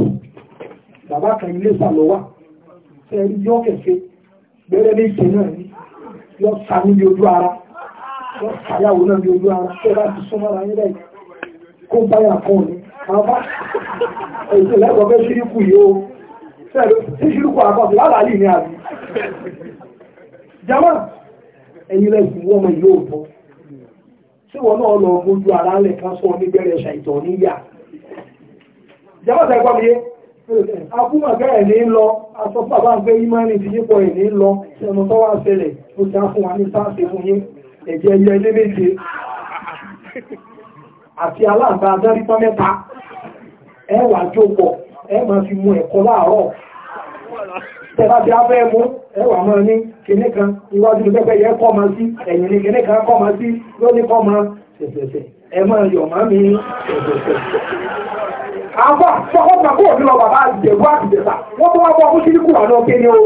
bàbá kan ilé ìsàlọ́wà fẹ́ẹ́rí yọ́ kẹ̀kẹ́ gbẹ́rẹ́ bí ìṣe náà ní yọ́ sa níbi ojú ara yọ́ sàyàwó náà bí ojú ara tẹ́ bá ti súnmọ́ ara yín kó báyà fún òní àbá ètò lẹ́kọ̀ọ́ fẹ́ ṣíríkù yóò sẹ́lú tí ṣíríkù àkọsí lálàálì ní àbí jama ẹ̀yìn lẹ́sìn wọ́n yóò bọ́ tí wọ́n náà lọ gbójú ara lẹ̀ kan sọ ní bẹ̀rẹ̀ ṣàìtọ̀ níyà jama sẹ́ gbọ́ mi yé akúmọ̀ bẹ́ẹ̀ ní lọ aṣọ bàbá gbé ìmọ̀rin ti yípo ẹ̀ ní lọ ẹnu tó àti aláǹgbá adárípọ́ mẹ́ta ẹ wà jókòó ẹ máa fi mu ẹ̀kọ́ láàárọ̀ tẹ́lá ti afẹ́ mú ẹ wà máa ní kinní kan iwájú ní pẹ́pẹ́ yẹ kọ́ máa sí ẹ̀yìn ní kinní kan kọ́ máa sí lónìí kọ́ máa ṣẹ̀ṣẹ̀ṣẹ̀ ẹ máa yọ̀ máa mi ṣẹ̀ṣẹ̀ṣẹ̀. àbá sọ́kọ́ pàkó òbí lọ bàbá àjẹ̀bú àtìjẹ̀sà wọ́n tó wá bọ́ ọkú sí kúrò àná kéde o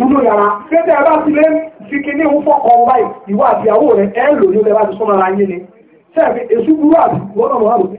inú yàrá pété ẹ bá ti lé fi kinní ń fọkọ̀ báyìí ìwọ àtìyàwó rẹ ẹ lò ní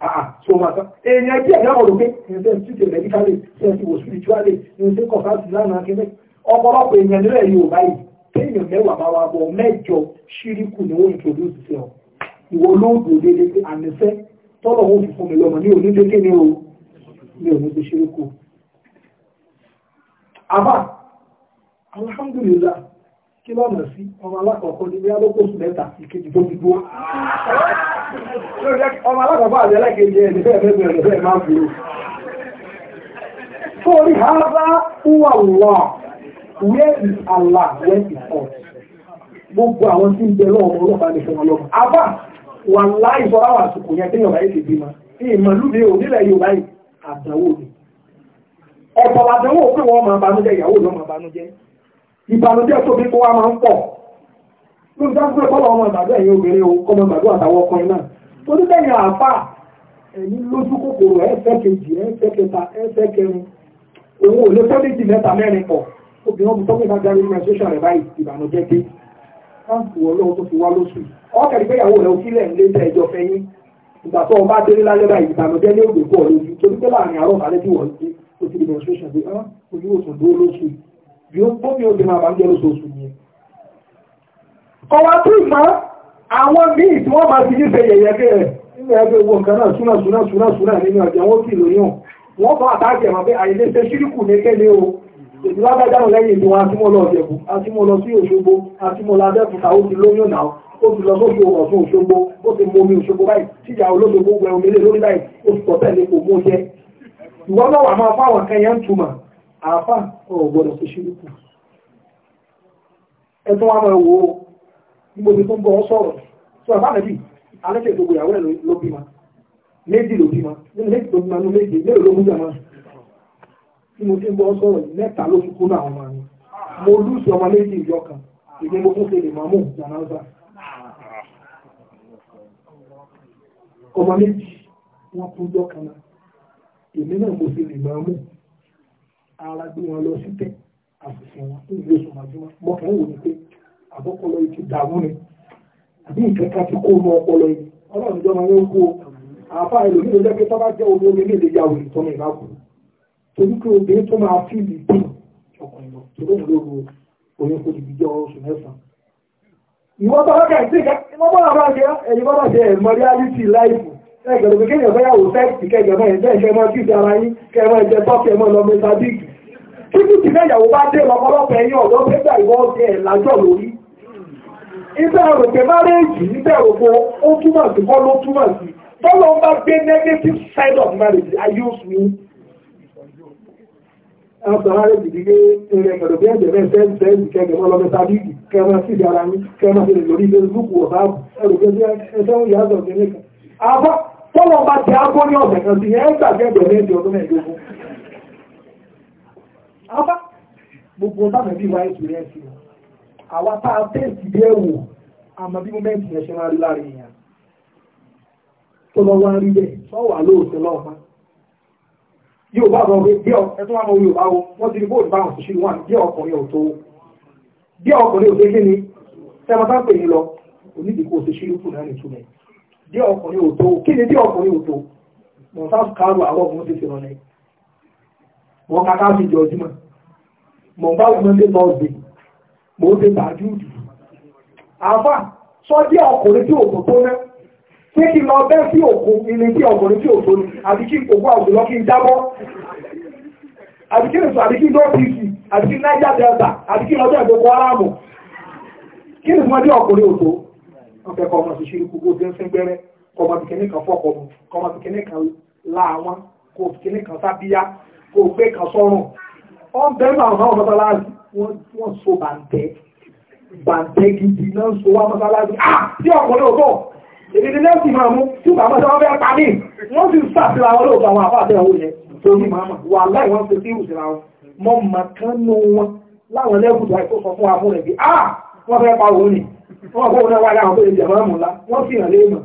Ah, so ma tán eh, èèyàn tí ẹ̀yà ọ̀rọ̀ pé ǹjẹ́ ṣíṣe mẹ́díkálì ṣe ti wò spiritually ǹjẹ́ kọ̀ọ̀sáàtì lánàá kí ọ̀pọ̀lọpọ̀ èèyàn nílẹ̀ kéèyàn mẹ́wàá bá wa bọ̀ mẹ́jọ ṣíríkù ni wọ́n introduce sí ọ ìwọ lóògùn òdede pé na tọ́lọ̀ wọn fi fún mi lọ́mọ ní o ní alhamdulillah kí lọ́nà sí ọmọ alákọ̀ọ́kọ́ ní bí alókòsù mẹ́ta ìkejì tó gbogbo ọmọ alákọ̀ọ́kọ́ àti ẹlẹ́kejì ẹni bẹ́ẹ̀ bẹ́ẹ̀ bẹ́ẹ̀ where is Allah where is us gbogbo àwọn tí ń bẹ lọ́wọ́ ọlọ́pàá ní fún ọlọ́pàá àbá wà láì sọ́ra wà sùkùn yẹn tí Yorùbá yìí ti bímọ ìmọ̀lúbi ò nílẹ̀ Yorùbá yìí àdánwò ni ọ̀pọ̀ àdánwò pé wọ́n máa ìbànújẹ́ tó bí kó wá máa ń pọ̀ lórí dákúrẹ́ kọ́lọ̀ ọmọ ìgbàgbọ́ ẹ̀yìn obìnrin o kọ́mọ ìgbàgbọ́ àtàwọn ọkùnrin náà tó ní bẹ́ẹ̀ ni àáfà ẹ̀yìn lójú kòkòrò ẹ̀fẹ́ kejì ẹ̀fẹ́ kẹta ẹ̀fẹ́ kẹrin òun ò lè fẹ́ méjì mẹ́ta mẹ́rin pọ̀ obìnrin ọmọ tọ́gbìn náà darí nígbà sóṣà rẹ̀ báyìí ìbànújẹ́ dé káàpù ọlọ́run tó fi wá lóṣù ọkàrí pé ìyàwó rẹ̀ òkílẹ̀ ń lé tẹ́ ẹjọ́ fẹ́ yín ìgbà tó ọba délé lálẹ́ báyìí ìbànújẹ́ ní ògbè pọ̀ lójú torí pé láàrin àárọ̀ àlẹ́ tí wọ́n ti ó ti di menstruation bí ah, ojú òsùn dúró lóṣù yóò gbómi òdì máa bá ń jẹ́ lóṣooṣù ni kọwa tó ìmọ̀ àwọn míì tí wọ́n máa ti ní ṣe yẹ̀yẹ́ kẹ́ rẹ̀ nínú ẹgbẹ́ owó nǹkan náà súnà súnà súnà súnà nínú ọjà wọn sì lóyún wọn kọ́ àtàkì ẹ̀mọ́ pé àyè lè ṣe ṣírìkù ní kéde o èdè lágbàjáwò lẹ́yìn ìdí wọn àtúmọ̀ lọ ọ̀jẹ̀bù àtúmọ̀ lọ sí Òṣogbo àtúmọ̀ lọ Abẹ́òkúta ó ti lóyún náà ó ti lọ sóṣù ọ̀sùn Òṣogbo ó ti mú omi Òṣogbo báyìí tíjà olóṣogbo gbẹ omi lé lórí báyìí ó ti tọ̀tẹ̀ ní kò mú jẹ ìwọ́n náà wà máa fáwọn kan túmọ̀ àáfà ọ̀ gbọ́dọ̀ fi ṣe lùkù ẹ tún wá máa wo gbogbo ibi tó ń bọ̀ ọ́ sọ̀rọ̀ sọ àbá nàbì alẹ́sẹ̀ gbogbo ìyàwó ẹ̀ ló bí ma méjì ló bí ma nínú méjì tó bí ma nínú méjì mélòó ló mú jà máa tí mo ti ń bọ̀ ọ́ sọ̀rọ̀ mẹ́ta ló fi kúrò àwọn ọmọ mi mo lùsì ọmọ méjì ìjọ kan ìdí mo tún ṣe lè máa mú jànáza ọmọ méjì wọn kú jọ kan náà èmi náà mo ṣe lè máa mú ara gbé wọn lọ sí tẹ́ àṣìṣe wọn tó ìlú oṣù màjúmọ́ mọ́ kàn wò ní pé àbọ́kọlọ yìí ti dààmú ni àbí nǹkan kan ti kó mọ ọpọlọ yìí ọlọ́run jọ máa ń kó àáfà ẹlòmíì ló jẹ́ pé tọ́ba jẹ́ omi omi nílé ìyá òní tọ́mọ ìbá kù torí pé obìnrin tó máa fi ìlú dùn ọkùnrin lọ tó lóun lóru oyún kò dìbí jẹ́ oṣù mẹ́sàn-án ìwọ́n bá wákà sí ìka ìwọ́n bá wà jẹ́ ẹ̀yìn bá wà jẹ́ ẹ̀mọ́ reality life ẹgbẹ̀rún kéèyàn fẹ́ yàwó sẹ́ẹ̀sì kẹjọ ẹ̀jẹ̀ ìṣẹ́ ẹ̀mọ́ lọ títí tí fẹ́yàwó bá dé lọ́pọ̀lọpọ̀ ẹ̀yìn ọ̀dọ́ pé ìwọ́ ọ̀sẹ̀ ẹ̀ lájọ́ lórí ibẹ̀ òkè márẹ́jì níbẹ̀ ó sí bọ́ ló gbé negative side of marriage ayé oṣù mi afá gbogbo dáàbò bí wáyé tó rẹ̀ sí àwa tá a tẹ̀sí bí ẹ̀ wò àmọ́ bí mọ́mẹ́ǹtì yẹn ṣe máa rí láàrin èèyàn tó lọ wá rí bẹ́ẹ̀ tó wà lóòótọ́ lọ́ọ̀fá yóò bá bọ̀ pé bí ẹ̀tún wà mọ́ yóò bá o wọ́n ti rí bóòlù báwọn tó ṣe wà bí ọkùnrin ò tó bí ọkùnrin ò tó kí ni tẹ́mọ bá pè ní lọ onídìkú ò ṣe ṣe irúkù náà nìtúmẹ̀ bí ọkùnrin ò tó kí ni bí ọkùnrin ò tó mọ̀ sáà kárò àwọn ọkùnrin ti fi rọlẹ̀ wọ́n ká káàkiri jọ ojúmọ̀ mọ̀ bá wọn lé lọ́ọ̀dẹ̀ mọ̀ ó dé bàájú sọ ọkùnrin tí òkú tó ná pé kí lọ bẹ́ sí òkú ilé tí ọkùnrin tí òkú àbí kí òkú àwùjọ lọ kí n jábọ́ àbí kí nìsọ àbí kí àbí kí Niger Delta àbí kí ìgbòkó aráàmù kí nìsọ bí ọkùnrin ọmọ sí ṣírí ń kan kò gbé kan sọ́rùn wọ́n bẹ́ẹ̀ máa náà mọ́sálásí wọ́n so bàǹtẹ́ bàǹtẹ́ gidi náà so wá mọ́sálásí ah tí ọkùnrin ò bọ̀ èdè ní lẹ́sìn máa mú tí bàbá tí wọ́n fẹ́ pa ní wọ́n sì sàfihàn àwọn olóògbé àwọn àfáàtẹ̀ ẹ̀wọ̀ yẹn torí màmá wà láì wọ́n ṣe sí ìwòsàn àwọn mọ́ màkán nù wọn láwọn lẹ́gùn tó àìkó sọ fún amú rẹ̀ bí ah wọ́n fẹ́ pa òun ni wọ́n kó wọn wáyé àwọn tó lè jẹ̀mọ́ àmúlá wọ́n sì hàn léèmọ̀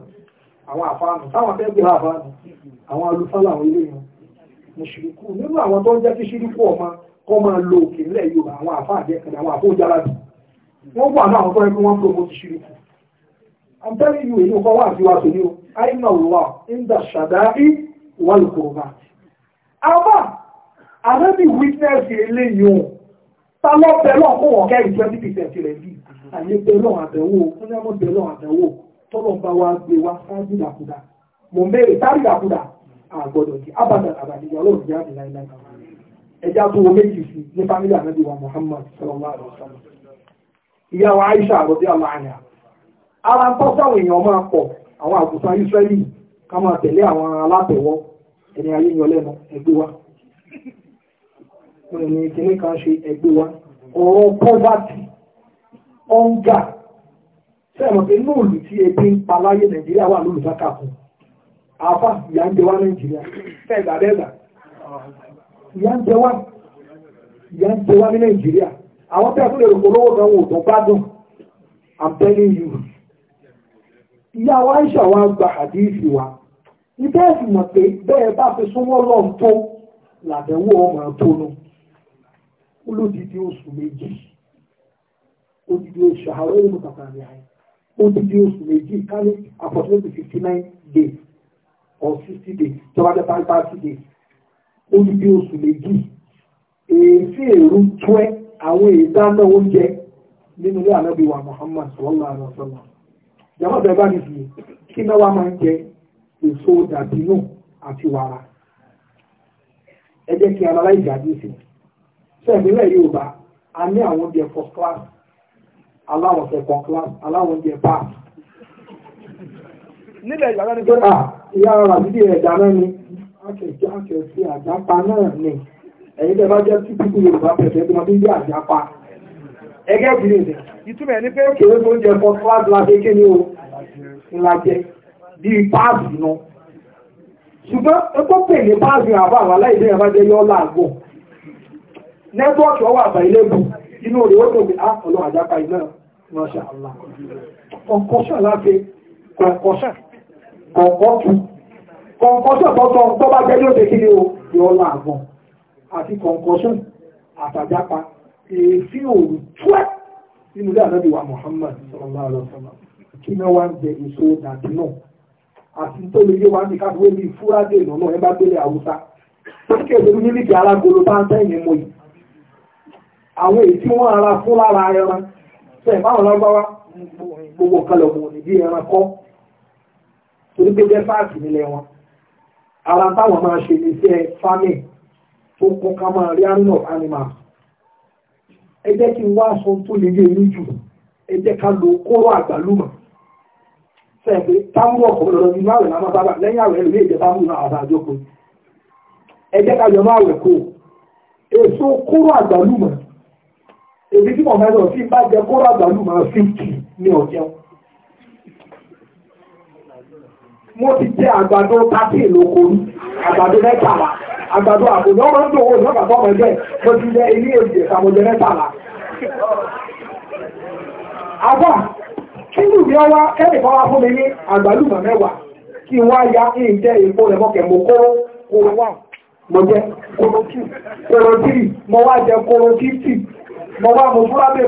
àwọn àfáànù táwọn fẹ́ gbé àfáànù àwọn alùfáà làwọn ilé mùṣìríkù nínú àwọn tó ń jẹ́ kí ṣíríkù ọmọ kọ́ máa lo òkè nílẹ̀ Yorùbá àwọn àfa àjẹkànnì àwọn àfọ jálàbì wọ́n wà náà àwọn tó ẹgbẹ́ wọn promote ṣíríkù I'm telling you èyí nǹkan wà sí wa tòní o àìmọ̀ wà ìndà ṣàdáì wà lùkùrùbà àbá àrẹ́bì witness eléyìí o ta lọ bẹ̀rẹ̀ ọkọ̀ wọ̀ kẹ́rì twenty percent rẹ̀ bí àyè bẹ̀rẹ̀ àbẹ̀wò ọ̀nàmọ̀ bẹ̀rẹ̀ àbẹ̀wò tọ́lọ̀ àgbọ̀dọ̀ jẹ́ abàdà àbàdìjà ọlọ́run jáde láìláì ẹja tó wo méjì sí ní fámílì ànábì wa Muhammad sallallahu alaihi wasallam ìyá wa Aisha àròbí àlàáyà ara ń tọ́sí àwọn èèyàn máa pọ̀ àwọn àgùntàn Israẹli ká máa tẹ̀lé àwọn alátẹ̀wọ́ ẹni ayé ẹgbẹ́ wa ẹni kìnnì kan ṣe ẹgbẹ́ wa ọ̀rọ̀ pọ́fàtì ọ̀ǹgà ebi ń pa láyé Nàìjíríà wà àfà ìyà ń jẹ wá nàìjíríà ẹ̀dà dẹ́dà ìyà ń jẹ wá ìyà àwọn tí telling you ìyá wa ń ṣàwọn àgbà àdíìsì wa ibẹ̀ ẹ̀sìn mọ̀ pé bẹ́ẹ̀ bá fi súnmọ́ lọ́n tó làbẹ̀wò ọmọ olódìdí oṣù méjì odidi oṣù àwọn ẹ̀rọ mọ̀tàkàrẹ̀ odidi oṣù méjì kárí fifty nine or 60 days tó bá jẹ́ thirty thirty days ó ní bí oṣù méjì èéfín èrú tuẹ́ àwọn ìdáná oúnjẹ nínú ilé wa Muhammad sallallahu alaihi wa bá kí náà máa ń jẹ èso dàbínú àti wàrà ẹ jẹ́ kí analyze àdìsí sẹ́ẹ̀mílẹ̀ Yorùbá a ní àwọn oúnjẹ first class aláwọ̀ second class aláwọ̀ oúnjẹ pass nílẹ̀ ìgbàlá ni pé à ah, ìyá ara bíbí ẹ̀dá náà ni akẹ̀kẹ́ akẹ̀kẹ́ àjápa náà ni ẹ̀yin tẹ́ bá jẹ́ tí pípú yorùbá pẹ̀tẹ́ tí wọ́n ti àjápa ẹgẹ́ bí nìyẹn ìtumọ̀ ní pé kéré tó ń jẹ fọ́ kíláàsì láti ké ní o ńlájẹ bíi páàsì nu ṣùgbọ́n ẹgbẹ́ pè ní páàsì àbá àwọn aláìsí yẹn bá jẹ́ yọ́ láàgbọ̀ nẹ́tíwọ́ọ̀kì ọwọ́ àbá ilé bù inú rẹ̀ ó tóbi á ọlọ́ àjápa iná ránṣẹ́ àlá kọ̀ǹkọ̀ṣàn láti kọ̀ǹkọ̀ṣàn kọ̀ọ̀kan tu kọ̀ǹkọ́ṣọ̀ tọ́tọ́ tó bá jẹ́ yóò tẹ́kí ní o yọ láàgbọ̀n àti kọ̀ǹkọ́ṣọ̀ àtàjápa èéfí òru tuẹ́ nínú ilé ànábì wa Muhammad sallallahu alaihi wasallam kí ni wọ́n ń jẹ èso dàbí náà àti tó lè yé wa ní káfíwé bíi fúrádé ìnáná ẹ bá gbélé Haúsá ó kí èdè ní níbi alágolo bá ń tẹ́yìn mọ́ yìí àwọn èyí tí wọ́n ara fún lára ẹran sẹ́yìn báwọn lágbáwá torí pé jẹ́ fáàkì nílẹ̀ wọn ara táwọn máa ṣe iṣẹ́ farming tó kún ká máa rí àrùn of animals ẹ jẹ́ kí n wá aṣọ tó lè yé yín jù ẹ jẹ́ ká lo kóró àgbàlùmọ̀ sẹ́ẹ̀pẹ́ táwọn ọkọ̀ lọ́dọ̀ nínú àwẹ̀ náà máa bá lẹ́yìn àwẹ̀ lórí ìjẹta mú náà àbájọ pé ẹ jẹ́ ká yọmọ àwẹ̀ kó èso kóró àgbàlùmọ̀ èdè tí mo máa lọ bá jẹ kóró àgbàlùmọ̀ fíìkì ní ọ̀jẹun mo ti jẹ àgbàdo tàbí ìlòkò rí àgbàdo mẹ́tàlá àgbàdo àbòdó ọmọ ń mo ti jẹ ilé èdè ìsàmójẹ mẹ́tàlá. àbá kí kan wá fún mi ní àgbàlùmọ̀ mẹ́wàá kí wá ya kí n jẹ èpo rẹ̀ mọ́kẹ́ mo kóró kóró wà mo jẹ kóró tù mo wá jẹ kóró mo wá mo fúlábẹ̀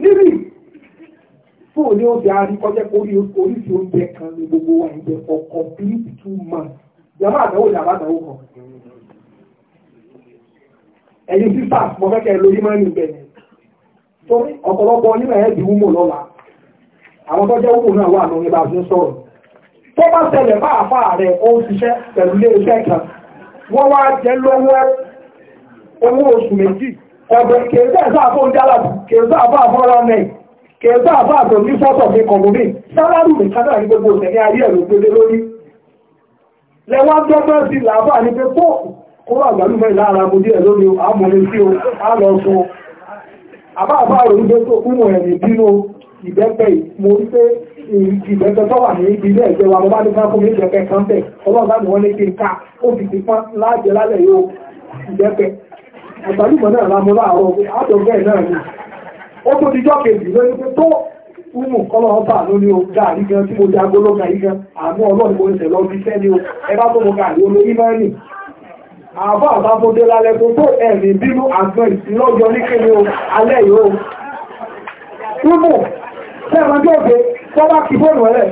níbi fún òní oúnjẹ àríkọ́jẹ́ orí oríṣi oúnjẹ kan ní gbogbo wa ìjẹ ọkọ̀ bíríìtì two months ìjọba àdánwò ní kan ẹ̀yin sísà mo fẹ́ lórí máa ń yìn torí ọ̀pọ̀lọpọ̀ onímọ̀ ẹ̀ di lọ́la àwọn tó jẹ́ náà wà lórí bá a ń sọ̀rọ̀ tó bá bá àfa rẹ̀ ó ń ṣiṣẹ́ pẹ̀lú ilé iṣẹ́ kan wọ́n ọ̀dọ̀ kèézà sáàfó jálàbù kèézà àbá àfọ́rá mẹ́ kèézà àbá àtò ní fọ́tọ̀ ní kọ̀mùmí sálárù ní kádà ní gbogbo ọ̀sẹ̀ ní ayé ẹ̀rọ gbélé lórí lẹ́wọ́n dọ́gbẹ́ sí làbá ní pé pọ́ kúrò àgbàlùmọ̀ ìlànà mo díẹ̀ lórí àmúlẹ̀ sí o á lọ sọ àbá àbá rò ní gbogbo kúmọ̀ ẹ̀rìn bínú ìbẹ́pẹ́ mo rí pé ìbẹ́pẹ́ tó wà ní ibi ilé ẹ̀jẹ̀ wa mo bá ní fún mi ìbẹ́pẹ́ kan bẹ̀ ọlọ́ọ̀bá ni wọ́n ní kí n ká ó fi ti pọ́n láàjẹ́ lálẹ́ yóò ìbẹ́pẹ́ àgbàlùmọ̀ náà lámọ́ láàárọ̀ àtọ̀gbẹ́ náà ni ó tó dijọ́ kejì lórí pé tó fúnmù kọ́lọ̀ ọba lórí o gààrí gan tí mo jẹ agolo gààrí gan àmú ọlọ́run mo ṣẹ̀ lọ bí sẹ́ni o ẹ bá tó mo gààrí olórí o alẹ́ o fúnmù sẹ́wọ̀n tó gbé tọ́lá kì fóònù rẹ̀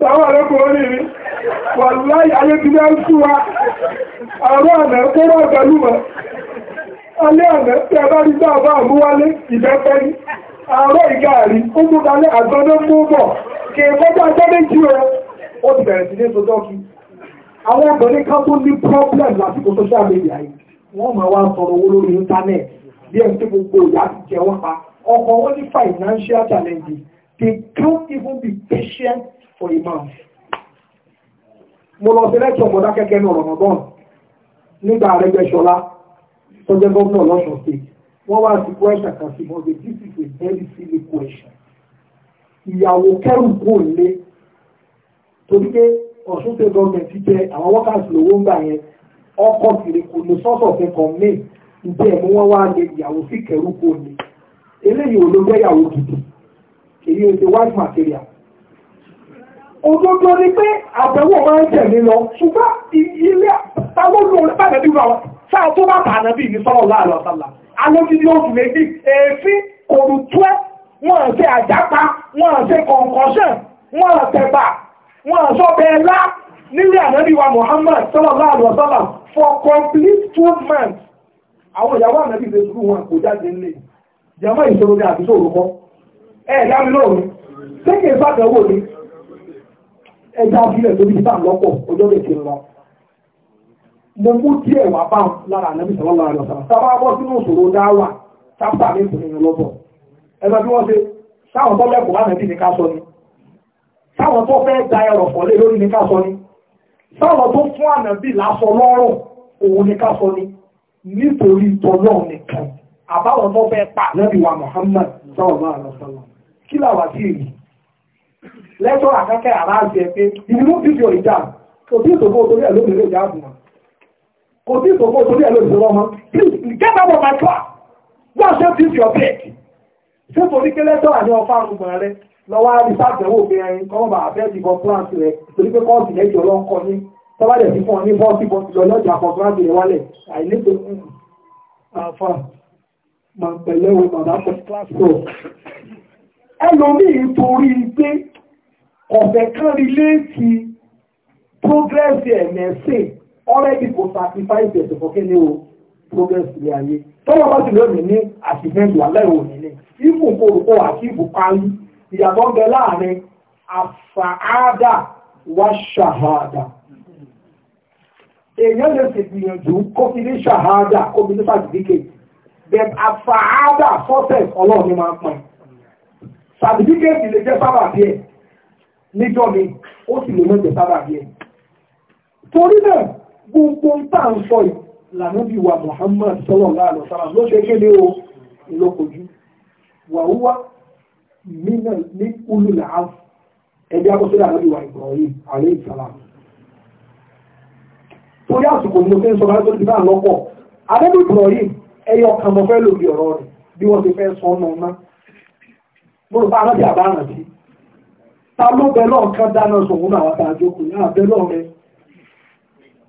tàwọn ọ̀rẹ́kùnrin ní rí wà láyé ayé ti bẹ́ẹ̀ ń sú wa àwọn ọ̀nà kó alẹ́ ọ̀nà tí a bá rí bá bá àmúwálé ìbẹ́pẹ́ ní àárọ̀ ìgáàrí ó mú kalẹ́ àgbọ́dọ́ mú bọ̀ kí ẹgbọ́dọ́ agbọ́dọ́ jí o ó ti bẹ̀rẹ̀ sí ní sọ́jọ́ kí àwọn obìnrin kan tó ní problem lásìkò social media yìí wọ́n máa wá sọ̀rọ̀ owó lórí internet bí ẹni tí gbogbo ìyá ti jẹ wọ́n pa ọkọ̀ wọn ní financial challenges they can't even be patient for a month. mo lọ sí lẹ́tọ̀ kẹ́kẹ́ ní ọ̀rọ̀ nígbà Arẹ́gbẹ́ṣọlá tó jẹ́ gómìnà lọ́sùn state wọ́n wá sí question kan sí mọ́tò this is a very silly question ìyàwó kẹ́rù kò lé torí pé ọ̀sùn state government ti jẹ àwọn workers lówó ń gbà yẹn ọkọ̀ kiri kò lè sọ́sọ̀ fẹ́ kàn mí ìdí ẹ̀mú wọn wá lé ìyàwó sí kẹ́rù kò lé eléyìí ò ló jẹ́ ìyàwó gidi èyí ò ṣe white material òdodo ni pé àbẹ̀wò máa ń tẹ̀lé lọ ṣùgbọ́n ilé táwọn olóore bá dẹ̀ bí wà wá sáà tó bá bàánà bí ní sọ́rọ̀ láàrọ̀ sálà alójúdí oṣù méjì èéfín kòrò tuẹ́ wọ́n ṣe àjápa wọ́n ṣe kọ̀ǹkọ̀ṣẹ̀ wọ́n tẹ̀bà wọ́n sọ bẹ́ẹ̀ lá nílé ànábì wa Muhammad sọ́rọ̀ láàrọ̀ sálà for complete two months àwọn ìyàwó ànábì lè sùúrù wọn kò jáde nílé ìjàmọ́ ìṣòro ní àbíṣò òrùkọ́ ẹ̀ dámi lóòrùn tẹ́kẹ̀ẹ́ sàgbẹ̀wò mo mú díẹ̀ wà bá lára ànábì sallallahu alaihi wasallam tá a bá bọ́ sínú ìṣòro dáwà tápà ní ìpínlẹ̀ lọ́bọ̀ ẹgbẹ́ bí wọ́n ṣe sáwọn tó lẹ́kọ̀ọ́ ànábì ní ká sọ ni sáwọn tó fẹ́ da ẹrọ̀ pọ̀lẹ́ lórí ní ká sọ ni sáwọn tó fún ànábì lásọ lọ́rùn òun ní ká sọ ni nítorí tọ́lọ́ nìkan àbáwọn kò sí ìtòkó torí ẹ̀ ìṣòro ọmọ get out of my class wọ́n ṣe fi fi ọ̀pẹ́ ṣé torí pé lẹ́tọ́ àní ọ̀fà àgùnbọ̀n rẹ lọ́wọ́ àdìsá àtẹ̀wò obìnrin kọ́mọ̀ bàbá bọ́ kíláàsì rẹ torí pé kọ́ọ̀sì lẹ́jọ́ ọlọ́kọ ní tọ́wọ́ dẹ̀ fífọ́ ní bọ́ọ̀sì bọ́ọ̀sì lọ́jà fọ́ kíláàsì rẹ wálẹ̀ àìlétò àfà máa pẹ̀lẹ́ o bàbá fọ́ kíláàsì ẹlòmíì torí pé ọ̀fẹ́ kan rí léèkì progress ẹ̀ mẹ́sìn already kò sacrifice ẹ̀sẹ̀ fún kíni o progress ilé ayé tọ́wọ́ bá jùlọ mi ní àtìmẹ́lù alẹ́ òní ni ibù kò rò pọ̀ àti ibù parí ìyàtọ̀ ń bẹ láàrin àfàádà wá ṣàhádà èèyàn lè sì gbìyànjú kó fi ní ṣàhádà kó fi ní certificate bẹ́ẹ̀ àfàádà success ọlọ́run ni máa ń pọn certificate lè jẹ́ sábà bí ẹ̀ níjọ́ mi ó sì lè mọ̀ jẹ́ sábà bí ẹ̀ torí náà gbogbo ń tà ń sọ yìí lànàbí wa Muhammad sallallahu alaihi ló ṣe kéde o ìlọkojú wàhúwá mínà ní ulùlà áfù ẹgbẹ́ akọ́sílẹ̀ àlọ́bí wa Ibrahim alayhi salam torí àsìkò ní òfin sọ láti ti náà lọ́pọ̀ àlọ́bí ẹyọ kan mọ́ fẹ́ lòdì ọ̀rọ̀ rẹ̀ bí wọ́n ti fẹ́ sọ mo rò ta ló bẹ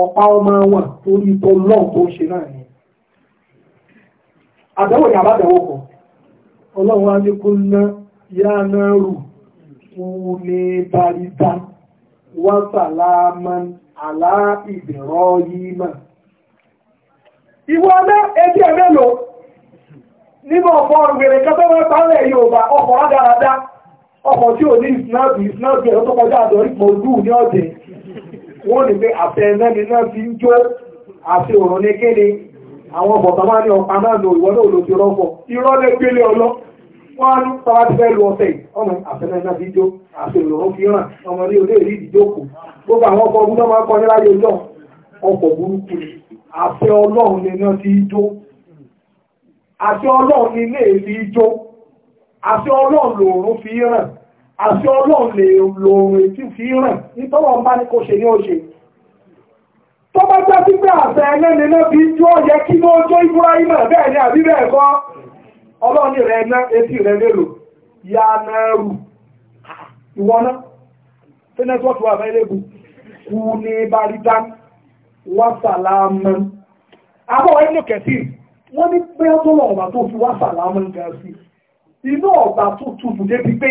ọ̀pá ọmọ wọn torí tó lọ́ọ̀ tó ṣe náà ni àbẹ̀wò ni àbádẹ̀wò kọ̀ ọlọ́run wá ní kó ná yá náà rù fún ní bàrídà wọ́n sàlámà àlá ìbẹ̀rọ yìí mà ìwọ ẹbí ẹ̀ nínú ọ̀pọ̀ ìwèrè pálẹ̀ Yorùbá ọkọ̀ wọ́n ní pé àtẹ ẹ̀mẹ́ni náà fi ń jó àti òrùn ní kéde àwọn bọ̀tà máa ní ọ̀pá náà lò ìwọ́n náà lò ti rọ́pọ̀ ìrọ́lẹ̀ gbélé ọlọ́ wọ́n á ní tọ́lá ti fẹ́ lu ọ̀sẹ̀ ọmọ àtẹ̀mẹ́ni náà fi jó àti òrùn fi hàn ọmọ ní olè rí ìdíjókò gbogbo àwọn ọkọ̀ ọdún náà máa ń kọ́ níláyé ọjọ́ ọkọ̀ burúkú àti ọlọ́run ni náà ti jó àti ọlọ́run ni ilé ìfi jó àti ọlọ́run lòrùn fi hàn àti ọlọ́run lè lo ohun tí fi ràn nítorí ọ̀n bá ní kó ṣe ní ó ṣe tó bá jẹ́ sí pé àṣẹ ẹlẹ́ni náà fi jó yẹ kí ló jó Ibrahim bẹ́ẹ̀ ni àbí bẹ́ẹ̀ kọ́ ọlọ́run rẹ̀ ná etí rẹ̀ lélò ya náírù ìwọ náà tí nẹ́tíwọ́tì wà fẹ́lẹ́gù kú ní bàrídá wàsàlámù abọ́ ẹnu kẹ̀sì wọ́n ní pé ọtọ́lọ́ọ̀bà tó fi wàsàlámù gan sí inú ọ̀bà tó tutù débi pé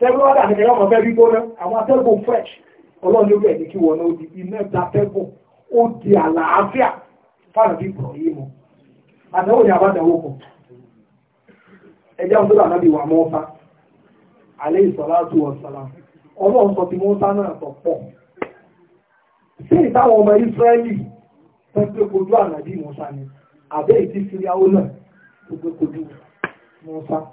tẹ́gbọ́n wádà kẹ̀kẹ́ ọmọ fẹ́ gbígbóná àwọn atẹ́gùn fresh ọlọ́run ló bẹ̀ẹ̀ ní kí wọ́n náà di iná da atẹ́gùn ó di àlàáfíà fáànàbí Ibrahim mu àtẹ̀wò ní abájáwó kan ẹjẹ́ wà mọ́ ọ́fà alẹ́ ọlọ́run sọ ti mọ́ náà sọ pọ̀ sí ìtàwọn ọmọ kojú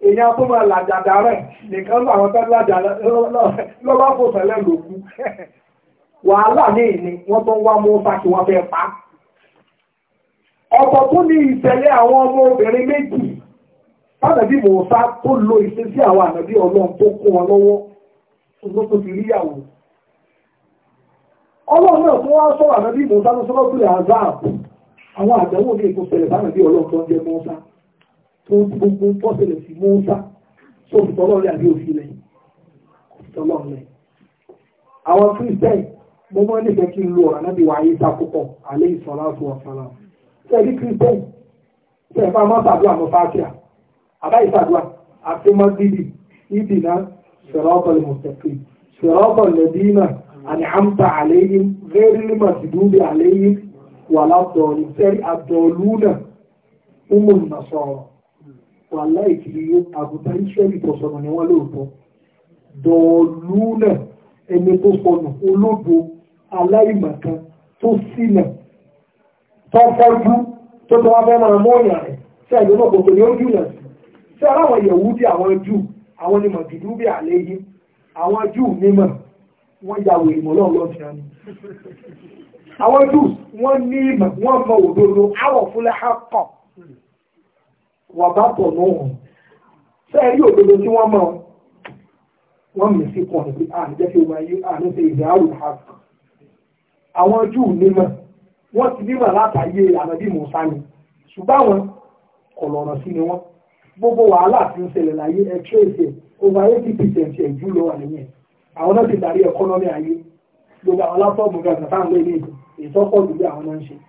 èyàn tó máa làjàdà rẹ̀ nìkan lọ àwọn tó làjàdà lọ fò lòkú wàhálà ní ìní wọ́n tó ń wá mú kí fẹ́ pa ọ̀pọ̀ tó ní àwọn ọmọ obìnrin méjì fàdàbí mọ̀ọ́sá tó lo ìṣesí àwọn ọlọ́run tó kún wọn lọ́wọ́ tó tó ti ríyàwó ọlọ́run náà tó wá àzáàbù àwọn ní gbogbo ń tọ́ tẹ̀lé sí mọ́ńsà tó fi tọ́lọ́ rẹ̀ àbí òfin lẹ̀ tọ́lọ́ rẹ̀. àwọn kírísítẹ́ì mo máa ń nífẹ̀ẹ́ kí n lo ọ̀rọ̀ náà bí wàá yé sá púpọ̀ alẹ́ ìsọ̀rọ̀ àti ọ̀sánà tẹ̀lé kírísítẹ́ì tẹ̀ bá máa ṣàdúrà mọ́ fáfíà àbá ìṣàdúrà àti mọ́gbìlì ìdì náà sọ̀rọ̀ ọ̀bọ̀ lè mọ̀tẹ̀kì sọ̀rọ̀ ọ̀bọ̀ lè dínà àní àmta àlẹ́yìn rẹ́rìlì màtìdúbì àlẹ́yìn wà látọ̀ọ̀lù tẹ́rì àdọ̀ọ̀lù náà ń mọ̀ nà sọ̀rọ̀ wà láìkí àgùntàn Ísírẹ́lì ni wọ́n lóòótọ́ dọ̀ọ̀lúlẹ̀ ẹni tó sọnù olódo aláìmọ̀kan tó sílẹ̀ tó fọ́jú tó tó wá fẹ́ máa mọ́ ìyà rẹ̀ sí ẹ̀jẹ̀ náà kòkò ní ó jùlọ sí sí aláwọ̀ yẹ̀wú bí àwọn jù àwọn ni màdìdú bí àléyé àwọn jù nímọ̀ wọ́n ya wèrè mọ́ lọ́wọ́ lọ́sìn àná àwọn jù wọ́n ní ìmọ̀ wọ́n mọ òdodo àwọ̀ fúnlẹ̀ hákọ̀ wà bá bọ̀ lóhùn fẹ́ẹ́ rí òdodo tí wọ́n mọ̀ wọ́n mì sí kan pé à ń jẹ́ kí o máa yí àánú ah, ṣe ìdáhùn ìhàkù àwọn júù nímọ̀ wọ́n ti nímọ̀ látàyè ànábì Mùsá ni ṣùgbọ́n àwọn kọ̀lọ̀rọ̀ sí ni wọ́n gbogbo wàhálà tí ń ṣẹlẹ̀ láyé ẹ̀ tírèsì over eighty percent ẹ̀ jù lọ wà nìyẹn àwọn náà ti darí ẹ̀kọ́nọ́mì ayé gbogbo àwọn látọ́ọ̀bù gàgà táwọn lé ní ìtọ́kọ̀ lùgbé àwọn náà ń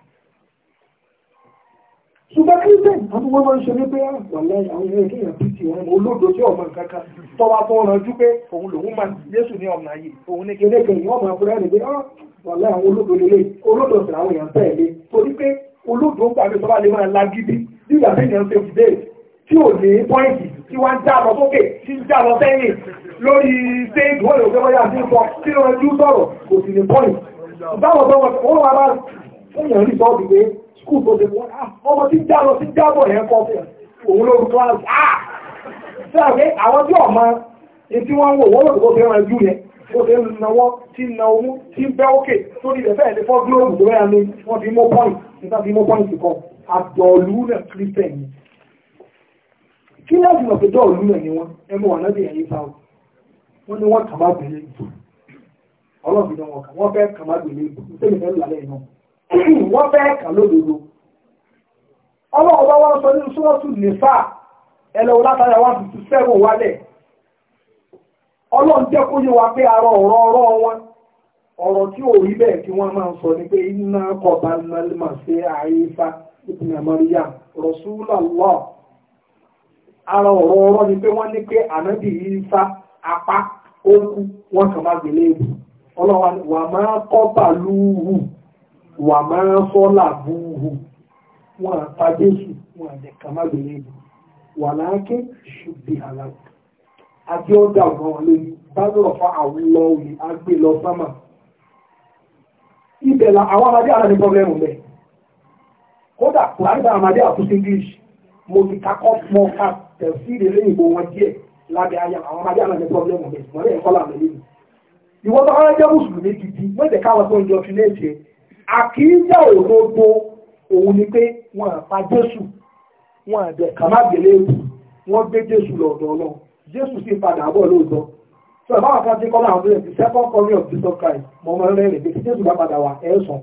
ṣùgbọ́n christian àdúgbò máa ń ṣe ní pé ah, wàlẹ́ àwọn ilé ilé ìyàn pt òun olóògbé tí ọmọ nǹkan kan tọ́wá tó ràn jú pé òun lòun máa Jésù ní ọmọ ayé òun ní kéde kẹyìn ọmọ afúrẹ́ rẹ̀ pé ah, wàlẹ́ àwọn olóògbé lélẹ̀ olóògbé ọ̀sẹ̀ àwọn èèyàn tẹ̀lé torí pé olóògbé ń pàdé tọ́ba lè máa lágídí bí ìgbà tí èèyàn ṣe fìdé tí ò ní pọ́ìntì tí wọ́n ń já lọ sókè tí ń já lọ sẹ́yìn lórí stéèdì wọ́n lè fẹ́ wọ́n yà sí sọ tí wọ́n ju sọ̀rọ̀ kò sì ní pọ́ìntì báwọn tó wọ́n wá bá fún èèyàn rí sọ́ọ̀dù pé skúl tó dé wọ́n ah, ọmọ tí já lọ sí jábọ̀ yẹn kọ́ fún òun lórí kíláàsì ah ṣé àgbẹ̀ àwọn tí ọmọ etí wọ́n ń wò wọ́n lòdùkọ́ fẹ́ràn ẹjú yẹn ó ṣe ń nawọ́ tí ń na omú tí ń bẹ́ òkè sórí rẹ̀ fẹ́ẹ̀ lè fọ́ gílóòbù tó bẹ́yà ni wọ́n fi mọ́ pọ́ìntì nígbà tí mọ́ pọ́ìntì kan àdọ̀ọ̀lú náà kírísítẹ̀ ni kí láti lọ pẹ̀jọ́ òlú náà ni wọ́n ẹmú wà náà bí ẹ̀yìn sáwọ́ wọ́n ní wọ́n kàmá gbèlè ìbò ọlọ́ọ̀bì náà wọ́n kà wọ́n fẹ́ kàmá gbèlè ìbò wọ́n fẹ́ kà lódodo ọlọ́run bá wọ́n sọ nínú sọ́ọ̀tù nìfà ẹlẹ́wọ̀n látara wá tuntun sẹ́wọ̀n wálẹ̀ ọlọ́run jẹ́ kó yé wa pé arọ ọ̀rọ̀ ọ̀rọ̀ wọn ọ̀rọ̀ tí ò rí bẹ́ẹ̀ kí wọ́n máa ń sọ ni pé iná kọba nàlímà sí àyífá arọ ọ̀rọ̀ ọ̀rọ̀ ni pé wọ́n ní wà máa ń sọ́là búhù wọn àta jésù wọn àdẹ̀ka má gbèrè bù wà láàkẹ́ ṣùgbì àlàkù àti ọ̀dà ọ̀gá wọn lórí bá lọ́ọ̀ fa àwùlọ òye àgbè lọ sámà ibẹ̀ la àwọn amadé mo ti kakọ́ mọ́ ká tẹ̀sí ìdílé ìbò wọn díẹ̀ lábẹ́ ayé àwọn amadé ara ní pọ́blẹ́mù mẹ́ wọ́n lè kọ́ làmẹ́lẹ́nu ìwọ́n tó ara jẹ́ mùsùlùmí gidi wọ́n ti tó ń jọ fi léèṣẹ́ àkíńdà òdodo òun ni pé wọn àfa jésù wọn àdẹ kàmágbélé ewu wọn gbé jésù lọ́dọ̀ ọlọ́run jésù sì padà bọ̀ lóòótọ́ sọ ìbáwọ̀ kan tí kọ́lá àwọn ọmọdé second coming of Jesus Christ mọ̀ ọmọ rẹ̀ rẹ̀ pé jésù bá padà wà ẹ̀ sàn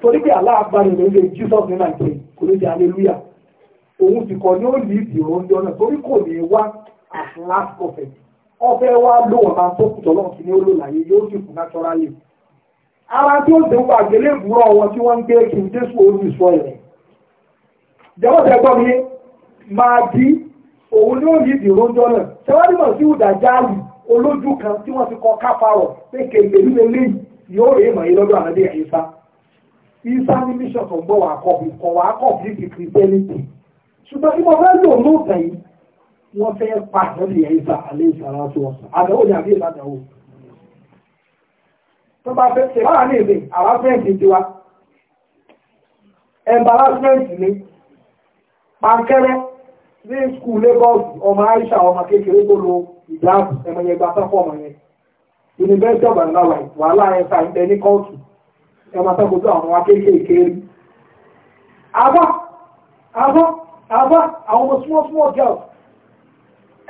torí pé aláàbáni rẹ̀ lè Jesus ní nàìjíríà kò lè di hallelujah òun sì kọ́ ni ó lè di òun náà torí kò ní wá as last prophet ọ̀fẹ́ wa ló wọ̀n máa tó kùtọ̀ lọ́wọ́ sí ó lò láyé yóò sì kù naturally ara tí ó dùn pa gèlè ìbúrọ̀ wọn tí wọ́n ń gbé kí jésù olùsọ ìrìn jẹ́wọ́ tẹ gbọ́ mi máa di òun ní òní ìdìrójọ́ náà tẹ́wọ́n nímọ̀ sí ìdàjáàlì kan tí wọ́n ti kọ káfàrọ̀ pé kèké nílé léyìí yóò rí ìmọ̀ yìí lọ́dọ̀ ìsá ní tó ń gbọ́ wà kọ̀ wà tó bá fẹ́ ṣe bára ní èlé àwáfẹ́ǹtì ti wa embarrassment ni pankẹ́rẹ́ ní skul Lagos ọmọ Aisha ọmọ kékeré tó lo ìdáàbò ẹmọye gba sọ́fọ́ ọmọ yẹn University of Anambra wàhálà ẹ̀ka ìtẹ́ ní kóòtù ẹmọ sọ́kòtò àwọn akékèké rí àbá àbá àbá àwọn ọmọ small small girls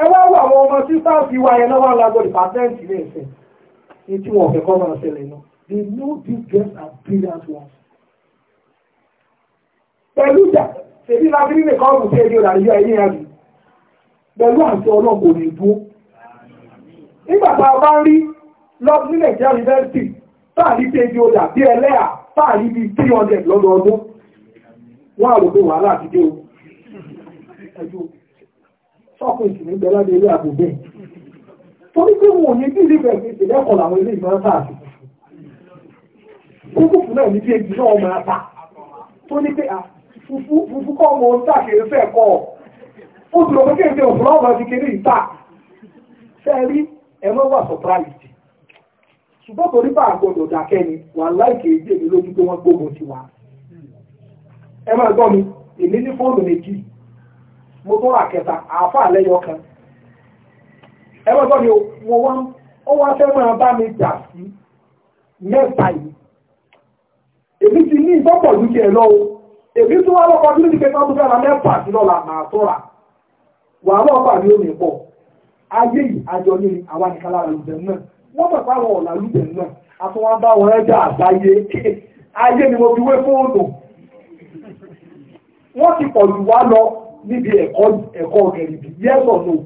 ẹ wá wọ àwọn ọmọ sísáàsì wa yẹn náà wà lágbo dìpátẹ́ǹtì ní ìsìn etí wọn fẹ́ kọ́ máa ṣẹlẹ̀ náà they know these girls are brilliant ones. pẹ̀lú ìjà ṣèbí lábírí nìkan ọ̀rùn sí ẹni ọ̀dà ìyá ẹ̀yìn àbí pẹ̀lú àti ọlọ́gbọ̀n ní ìbú. nígbà tá a bá ń rí lọ́ọ̀bù ní nàìjíríà yunifásitì táàrí péjì ọjà bí ẹlẹ́à táàrí bí 300 lọ́dọọdún wọ́n àrògbé wàhálà ti dé o ẹjọ́ sọ́kùn ìsìn ní bẹ́lá torí pé wọn ò ní bí ìlú ẹ̀gbìn ìṣẹ̀lẹ̀ ọkọ̀ làwọn ilé ìmọ̀ sáà sí. Kúkú fún náà ní bí egbì náà máa ta. Tó ní pé fufu kọ́ ọmọ ń tàkiri fẹ́ kọ́ ọ. Ó dùn ọmọ kéde òfin náà máa fi kéré ìta. Ṣé ẹ rí ẹ mọ́ wà surprised? Ṣùgbọ́n torí bá àgbọ̀dọ̀ dákẹ́ ni wà láìkè èdè mi lójú pé wọ́n gbógun ti wa. Ẹ máa gbọ́ mi, èmi ní fóònù méjì. Mo tún rà kẹta, àáfàá lẹ́yọ kan. ẹgbẹ́gbọ́ ni wọ́n wá ó wá fẹ́ máa bá mi jà sí mẹ́ta yìí èmi ti ní ìfọ́pọ̀ ju tiẹ̀ lọ o èmi tún wá lọ́kọ bí níbi kẹta ọdún fẹ́ mẹ́fà sí lọ́la tọ́ra pọ̀ ayé yìí ní àwa nìkan lára náà wọ́n mọ̀ pé àwọn ọ̀la a wọn ti pọ̀ jù lọ níbi ẹ̀kọ́ ẹ̀kọ́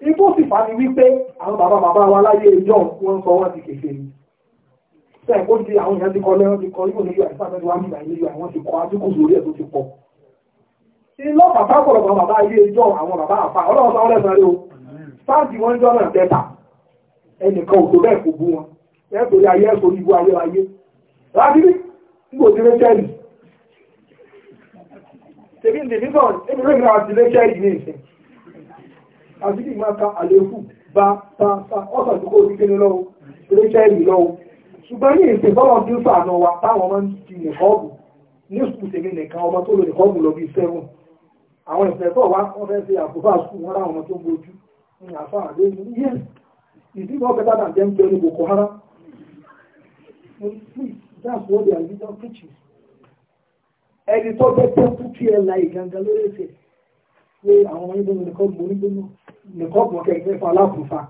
ibó sì fà ní wípé àwọn bàbá bàbá wa láyé ìjọ wọn sọ wọn ti kèfè ni sẹ́yìn kó di àwọn èèyàn ti kọ́ lẹ́wọ́n ti kọ́ yóò nílò àìsàn àti wàmí ìgbàlejò yóò àwọn ti kọ́ adúkù sórí ẹ̀ tó ti pọ̀. iná bàbá pọ̀lọpọ̀ bàbá ayé ìjọ àwọn bàbá àfa ọlọ́run sáwọn lẹ́sàn rí o sáàtì wọn jọ náà bẹ́tà ẹnìkan ò tó bẹ́ẹ̀ kò bú wọn ẹ̀ torí ayé ẹ̀ torí ibú ayé ayé rábíbí nígbò tí lè tẹ́lì tèmi nìbí náà èmi lóyún àwọn ti lè tẹ́lì ní ìsìn àti kí máa ka àlékù bá pàpà ọ̀sán tó kó orí kéne lọ́wọ́ rachel lọ́wọ́ ṣùgbọ́n ní èsì bọ́lọ̀ tí ó sàánà wa táwọn máa ń ti nìkọ́ọ̀bù ní sùkúù tèmi nìkan ọmọ tó lò nìkọ́ọ̀bù lọ bíi sẹ́wọ̀n àwọn ìfẹ̀tọ̀ wa wọ́n fẹ́ ṣe àkóbá sùkúù wọn láwọn ọmọ tó ń bojú ní àfa àdé yẹn ìdíbọ̀ bẹ́tà than them pẹ̀lú Boko Haram please that's what their religion preaches ẹni tó bẹ́ tẹ́kù kí ẹ la ìgangan lórí ẹsẹ̀ pé àwọn ọmọ yẹn bọ́ nìkan mọ́ nígbóná nìkan pọ̀ kẹ̀kẹ́ fún aláàbùfà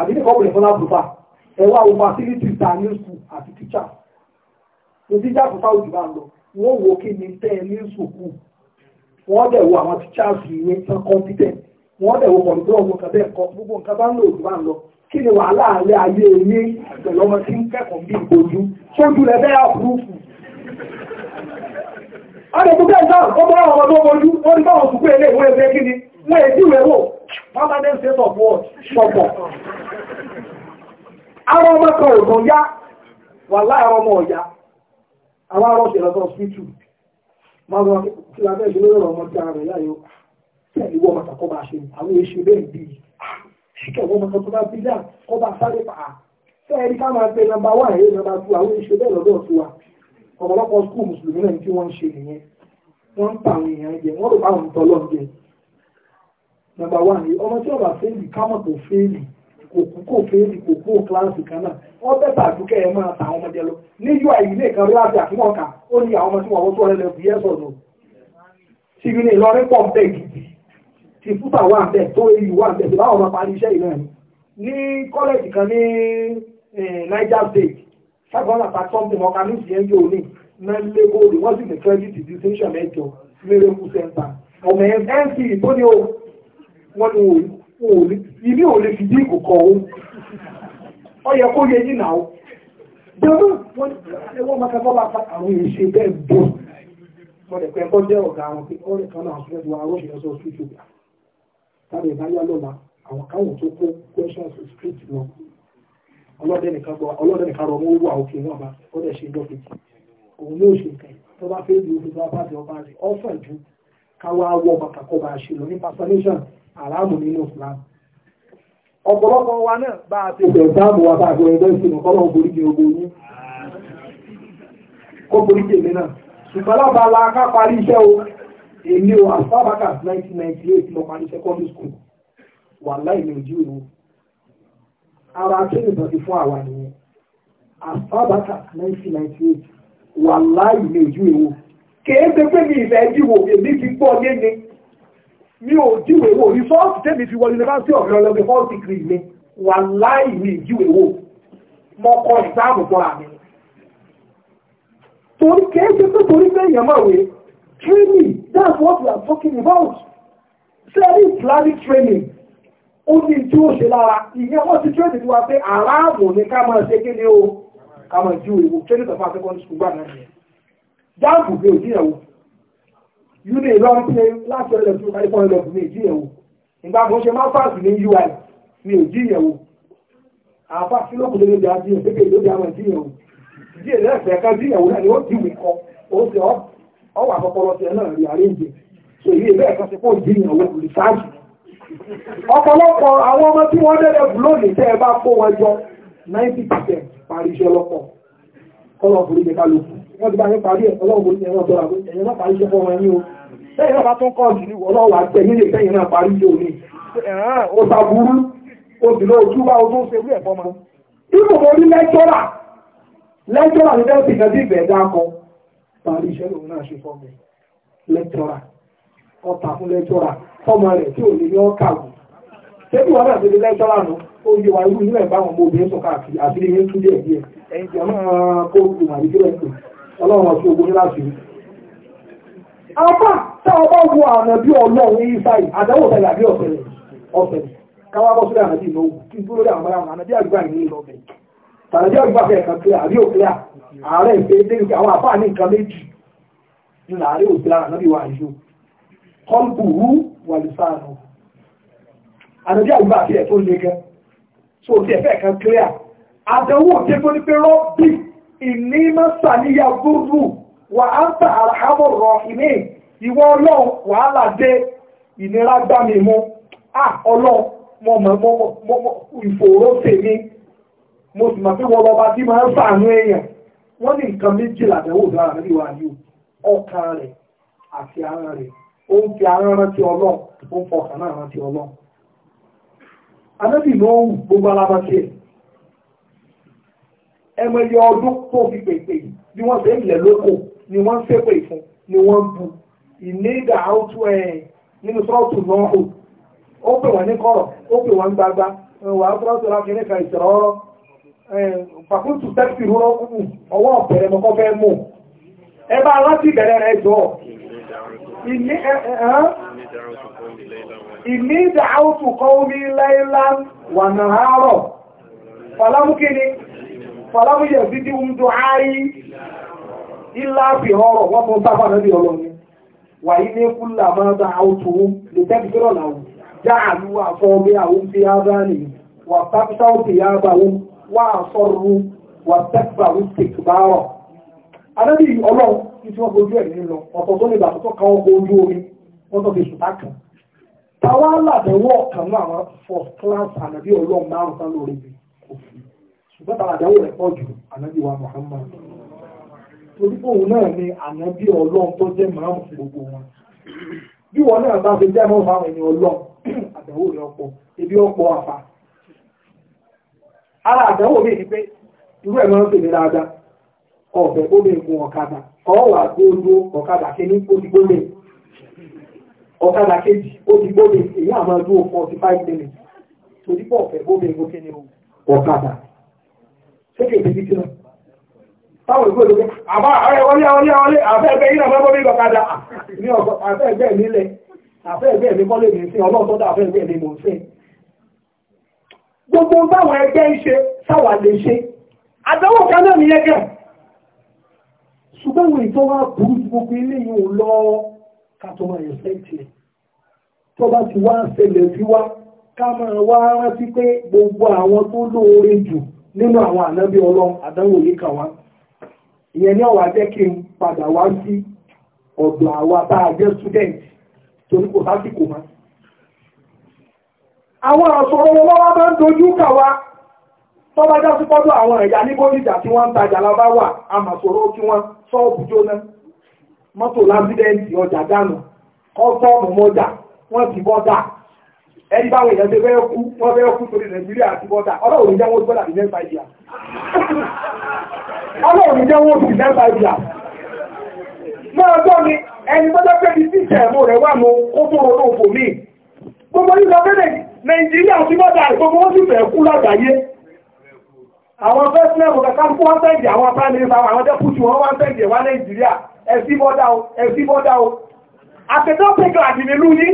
àbí nìkan pọ̀ fún aláàbùfà ẹ wá wo facility ta ní sùn àti tíṣà ní tíṣà fún fáwọn jù bá ń lọ wọ́n wo kí ni tẹ́ ẹ ní sùkú wọ́n dẹ̀ wo àwọn tíṣà sì tán competent wọ́n dẹ̀ wo kọ̀ǹtọ́ ọmọ kan bẹ́ẹ̀ kọ gbogbo nǹkan bá ń lò jù bá ń lọ kí ni wàhálà alẹ́ ayé ní àgbẹ̀lọ́mọ tí ń kẹ́kọ̀ọ́ bí ojú sójú rẹ̀ bẹ́ẹ̀ àpúrúfù ọdẹ tó bẹ́ẹ̀ náà ó bọ́ àwọn ọmọdé ọmọ ojú wọ́n ní báwọn sùkú ẹlẹ́ ìwé ẹgbẹ́ kí ni wọ́n èdí ìwé wò permanent state of war ṣọ̀pọ̀ àwọn ọmọ kan ò gan yá wà láì ọmọ ọ̀yá àwọn arọ́ ṣe lọ́sọ̀ spiritu máa lọ kí la fẹ́ ṣe lórí ọmọ tí ara rẹ̀ láyọ̀ tẹ̀lé wọ́n mọ̀tà kọ́ bá ṣe àwọn èṣù bẹ́ẹ̀ bí ṣíkẹ̀ wọ́n mọ̀tà tó bá bí dá kọ́ bá sáré pa fẹ́ẹ̀rí ká máa pe nọ́mbà wà èyí nọ́mbà tu àwọn èṣù bẹ́ẹ̀ lọ́dọ̀ tu wa ọ̀pọ̀lọpọ̀ skul mùsùlùmí náà tí wọ́n ń ṣe nìyẹn wọ́n ń pa àwọn èèyàn jẹ wọ́n rò báwọn ń tọ́lọ́ jẹ nàmbà wà ní ọmọ tí ọba fẹ́ẹ̀lì kámọ̀ kò fẹ́ẹ̀lì kò kú kò fẹ́ẹ̀lì kò kú kíláàsì kan náà wọ́n bẹ́ẹ̀ bá àdúkẹ́ ẹ máa ta àwọn ọmọdé lọ ní ui ilé kan rí láti àfihàn ká ó ní àwọn ọmọ tí wọ́n tó rẹ̀ fi yẹ́sọ̀ nù. síbi ní Ìlọrin pọ̀ bẹ́ẹ̀ gidi ti fúta wà bẹ́ẹ̀ tó eyi wà bẹ́ẹ̀ báwọn ọmọ parí iṣẹ́ ìlú ẹ̀yìn ní kọ́lẹ́jì kan ní Niger State sábàá àtàkọ́ńtì mọ́ká ní ìyẹ́ńjọ́ òní náà lé góòlù wọ́n sì ní credit distinction mẹ́jọ miracle center ọmọ ẹ̀ ń fi ìtóni e o wọ́n ní òòlù ilé òòlù fi dí ìkòkò o ọ kó yẹ yín náà o jẹ́wọ́ wọ́n máa fẹ́ àwọn ìṣe bẹ́ẹ̀ wọ́n pẹ́ kọ́ jẹ́ ọ̀gá pé kan náà fẹ́ lọ́la àwọn káwọn tó kó street wọn ọlọ́dẹ nìkan gbọ́ ọlọ́dẹ nìkan wọn bá ọdẹ ṣe gbọ́ kejì òun tó bá fẹ́ bá bá ọba àràmù nínú Islam ọ̀pọ̀lọpọ̀ wa náà bá a ti bẹ̀rẹ̀ sáàmù wa bá a gbẹ̀rẹ̀ bẹ́ẹ̀ sínú kọ́lọ̀ oríkè ogun yín kó oríkè mi náà ṣùgbọ́n lábala ká parí iṣẹ́ o èmi o àfábàkà 1998 mo parí secondary school wà láì ní ojú ìlú ara akéwì náà ti fún àwa nìyẹn àfábàkà 1998 wà láì ní ojú ìlú kèé pépé mi ìfẹ́ jíwò èmi ti gbọ́ yé mi ò jíwèé wò ní fọ́ọ̀sì tẹ́mi fi wọ yunifásitì ọ̀rẹ́ ọlọ́gbẹ́ fọ́ọ̀sì kiri mi wà láì ní ìjíwèé wò mo kọ ìsáàmù fúnra mi torí kéèké tó torí pé èèyàn máa wé training that's what we are talking about sẹ́ẹ̀rì islamic training ó ní tí ó ṣe lára ìyẹn wọ́n ti training wa pé aráàmù ní ká máa ṣe kí ni ó ká máa jíwèé wò training of our secondary school gbà náà yẹn jáàbù mi ò yúlò ìlọrin pé láti ọ̀rẹ́ lọ́dún eji lọ́dún ní ìjíyẹ̀wò ìgbà mo ṣe masters ní ui náà ni ó ti wì kọ ó sì ọwọ́ àkọ́kọ́rọ́ tiẹ̀ náà rí àríǹjẹ so ìwé ìbẹ́ẹ̀ kan ọ̀pọ̀lọpọ̀ àwọn ọmọ tí wọ́n lónìí tẹ́ ẹ bá kó wọn jọ 90 percent parí iṣẹ́ lọ́pọ̀ kọ́lọ̀ fún ìgbẹ́kálukú wọ́n ti bá ní parí ẹ̀ ọlọ́wọ́ ní ẹ̀rọ dọ́là ẹ̀yìn náà parí iṣẹ́ fún wọn ní o lẹ́yìn náà bá tún kọ́ ọ̀dì ní ọlọ́wọ́ àti ẹ̀yìn lè fẹ́yìn náà parí iṣẹ́ òní ó ta burú ó sì lọ ojú bá ojú ṣe wí ẹ̀fọ́ máa ibò mo rí lẹ́tọ́rà lẹ́tọ́rà ní dẹ́sì kan sí ìbẹ̀ẹ́ dákọ parí iṣẹ́ lòun náà ṣe fọ́ mi lẹ́tọ́rà ọ̀tà fún lẹ́tọ́rà fọ́mọ rẹ̀ tí ò lè ní ọ́kà wù tẹ́bí wọn náà ti di lẹ́tọ́rà nù ó yẹ wa irú nílẹ̀ báwọn ọmọ ọlọ́run ọ̀tún ogun láti rí apá tá ọba wo àmọ̀ bí ọlọ́run ìfà yìí àdáwò ọ̀sẹ̀lẹ̀ àbí ọ̀sẹ̀lẹ̀ ọ̀sẹ̀lẹ̀ káwá bọ́ sílẹ̀ ànàbí ìnáwó kí n dúró lé àwọn ọmọ ànàbí àgbà yìí lọ bẹ̀ tànàbí àgbà fẹ́ kan kílẹ̀ àbí òkúlẹ̀ ààrẹ ìfẹ́ débi pé àwọn àfáà ní nǹkan méjì ní ààrẹ òkúlẹ̀ ànàbí o kọ́ńtù rú wà lè sáà nù ànàbí àgbà fẹ́ tó lé gan so ti ẹ̀fẹ́ kan kílẹ̀ àdánwò tí ó ní pé rọ́bì ìní mọ́sàníyà gúrù wà á ń tà àràkábọ̀ rọ ìní ìwọ ọlọ́run wàhálà dé ìnira gbá mi mú à ọlọ́run mo mọ̀ mo ìfòòró tèmi mo sì mọ̀ pé wọ́n lọ́ba tí máa ń sàánú èèyàn wọ́n ní nǹkan méjìlá gbogbo ẹmọye ọdún tó fi pèpè yìí ni wọ́n ṣe ń lẹ̀ lóko ni wọ́n ń ṣépè fún ni wọ́n ń bu ìnídà áwùtú ẹ̀ nínú sọ́ọ̀tù náà hù ó pè wọ́n ní kọ́rọ̀ ó pè wọ́n gbagba wà á tọ́lá tọ́lá kí níka ìṣẹ̀rọ̀ ọ̀rọ̀ pàkúntù tẹ́kì rúrọ́ kúkú ọwọ́ ọ̀pẹ̀rẹ̀ mọ́kọ́ fẹ́ mú ẹ bá rántí ìbẹ̀rẹ̀ rẹ̀ jọ ìnídà áwùtú kọ́ omi láìlá wà náà rọ̀ pàlámúkí ni fàlámù yẹ dídí ń dùn áyí ilá fi ọrọ̀ wọ́n tó ń náà bí ọlọ́ni wàyí ní kúlà máa dá àwùtò lè tẹ́ fìfẹ́rọ̀ làwù já bí àwọn fi nì wà yá bá wà wà ọlọ́run wọ́n fojú ọ̀tọ̀ tó tó ojú omi wọ́n tó fi sùn tàwa làbẹ̀wọ̀ àwọn ṣùgbọ́n tàbí àdáwò rẹ̀ pọ̀ jù ànábì wa Muhammad torí òun náà ni ànábì ọlọ́run tó jẹ́ màámù gbogbo wọn bí wọn náà bá fi jẹ́ mọ́ ọ̀pọ̀ ebi ọ̀pọ̀ àfà ara àdáwò mi ni pé irú ẹ̀ máa ń tèmi dáadáa ọ̀kadà ọ̀wà ọ̀kadà kéèké ìdíbí kí náà táwọn ìgbò ìdókè àbá ààrẹ wọlé wọlé wọlé àfẹ́ẹ̀gbẹ́ yìí náà mọ́bí lọ́kadà ní ọ̀sán àfẹ́ẹ̀gbẹ́ mi lẹ̀ àfẹ́ẹ̀gbẹ́ mi kọ́lé mi sí ọlọ́ọ̀tọ́dà àfẹ́ẹ̀gbẹ́ mi mọ̀ sí. gbogbo báwọn ẹgbẹ́ ń ṣe sáwà lè ṣe àdánwò kan náà nìyẹn kẹ́ ṣùgbọ́n ìwé tó wá burú ju gbogbo ilé yìí ń lọ ká tó máa yẹ sẹ́ǹtì ẹ̀ tó bá ti wá ṣẹlẹ̀ sí wa ká máa wá rántí pé gbogbo àwọn tó lóore jù nínú àwọn ànábí ọlọ́run àdánwò yìí kàn wá ìyẹn ní ọ̀wà jẹ́ kí n padà wá sí ọ̀dọ̀ àwa tá a jẹ́ student torí kò sásìkò wá. àwọn àṣọ̀rọ̀ wọn wá máa ń dojú kà wá tó bá já sí pọ́dọ̀ àwọn ẹ̀yà ní tí wọ́n ń tajà lábá wà ẹni báwọn èèyàn ṣe fẹ́ kú wọ́n fẹ́ kú torí nàìjíríà àti bọ́dà ọlọ́run jẹ́ wọ́n bọ́dà ìjẹ́ fàìdíà ọlọ́run jẹ́ wọ́n ìjẹ́ fàìdíà máa gbọ́ ni ẹni bọ́dà pé ní títẹ̀ ẹ̀mú rẹ̀ wà mú kó tó ronú òfò mí gbogbo yìí lọ pé nàìjíríà àti bọ́dà gbogbo wọn sì fẹ́ kú lágbàáyé àwọn fẹ́sílẹ̀mù kàkà ń kó wọ́n fẹ́ǹdì àwọn apánífà àwọn dẹ́kùtù wọn wọ́n fẹ́ǹdì wá nàìjíríà ẹ̀sí bọ́dà o ẹ̀sí bọ́dà o àtẹ̀tọ́ pé gàdì nílùú yìí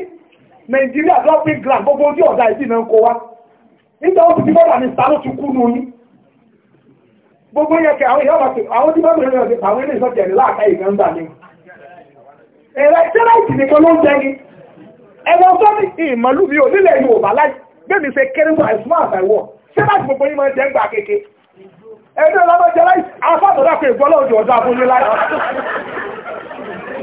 don pick ground gbogbo ojú ọzọ ìdí náà ń kó wá nígbà ó ti di bọ́dà ní kú gbogbo yẹn kẹ àwọn èèyàn wà pé àwọn tí bọ́dà ní ọ̀dẹ̀ àwọn ilé ìsọ̀tẹ̀ ní láàká ìgbà ń gbà ní. ẹ̀rọ nìkan ló ń ni ẹ̀rọ ìmọ̀lú mi ò nílẹ̀ láì fún sẹ́láìtì gbogbo máa jẹ́ ń gbà kéke ẹ̀rọ jẹ́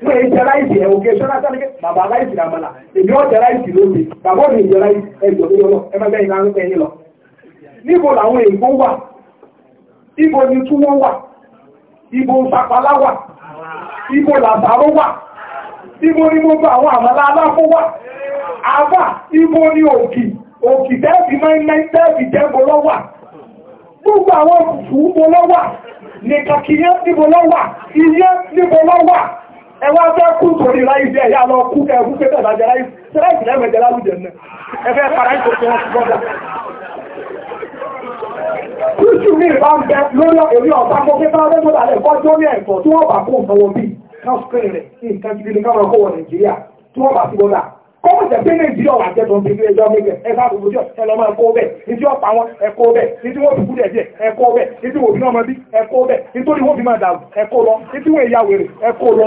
fún èyí jẹ́ láìsí ẹ̀ òkè ṣọ́nà sáré bàbá láìsí làmàlà èmi ọ̀jẹ̀ láìsí lóde bàbá ni túwó wà ibo sapalá wà ibo làbáró ni gbogbo àwọn àmàlà àbá ibo ni òkì òkì tẹ́ẹ̀fì máìmáì tẹ́ẹ̀fì jẹ́bo lọ́wà gbogbo àwọn fùfú níbo lọ́wà nìkàkìyẹ́ níbo lọ́wà iyẹ́ níbo lọ́wà ẹ wá fẹ́ kú torí ráìsì ẹ̀ yá lọ kú kẹ́ ẹ̀kú pé tẹ̀lá jẹ ráìsì ṣe ráìsì lẹ́mẹ̀ jẹ láwùjẹ náà ẹ fẹ́ para ìkò tó wọn gbọ́dọ̀. kúṣù mi bá ń bẹ lórí èmi ọ̀tá kó pé bá rẹ́gbọ́n alẹ́ kọ́ tó ní ẹ̀kọ́ tí wọ́n bá kó nǹkan wọn bí káfíńkì rẹ̀ ní pé nàìjíríà wà jẹ́ tó ń ẹjọ́ méjì ẹ̀ka àbùkù jọ ẹlọ máa kó bẹ́ẹ̀ ìdí ọ̀pá wọn ẹ̀kọ́ bẹ́ẹ̀ ìdí wọ́n fi kúrẹ̀ díẹ̀ ẹ̀kọ́ bẹ́ẹ̀ ìdí wọ́n fi náà mọ bí ẹ̀kọ́ bẹ́ẹ̀ nítorí wọ́n fi máa dàrú ẹ̀kọ́ lọ ìdí wọ́n èyà wèrè ẹ̀kọ́ lọ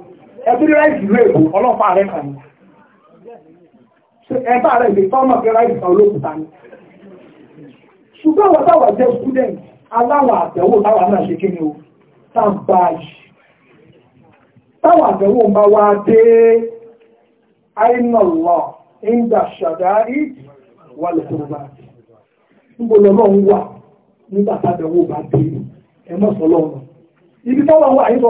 ẹbírí ráìsì rẹ̀ èbò ọlọ́pàá rẹ̀ kàn ẹ̀bá rẹ̀ lè fọ́mọ̀ pé ráìsì kan olókùúta ni ṣùgbọ́n wọ́n táwà jẹ́ student aláwọ̀ àtẹ̀wò táwà náà ṣe kíni o tàbá báyìí táwà àtẹ̀wò ń bá wá dé àìnàlọ́ ìgbà wà lẹ́kọ̀ọ́ bá ń bọ̀ ń wà nígbà bá dé ibi táwà wà sọ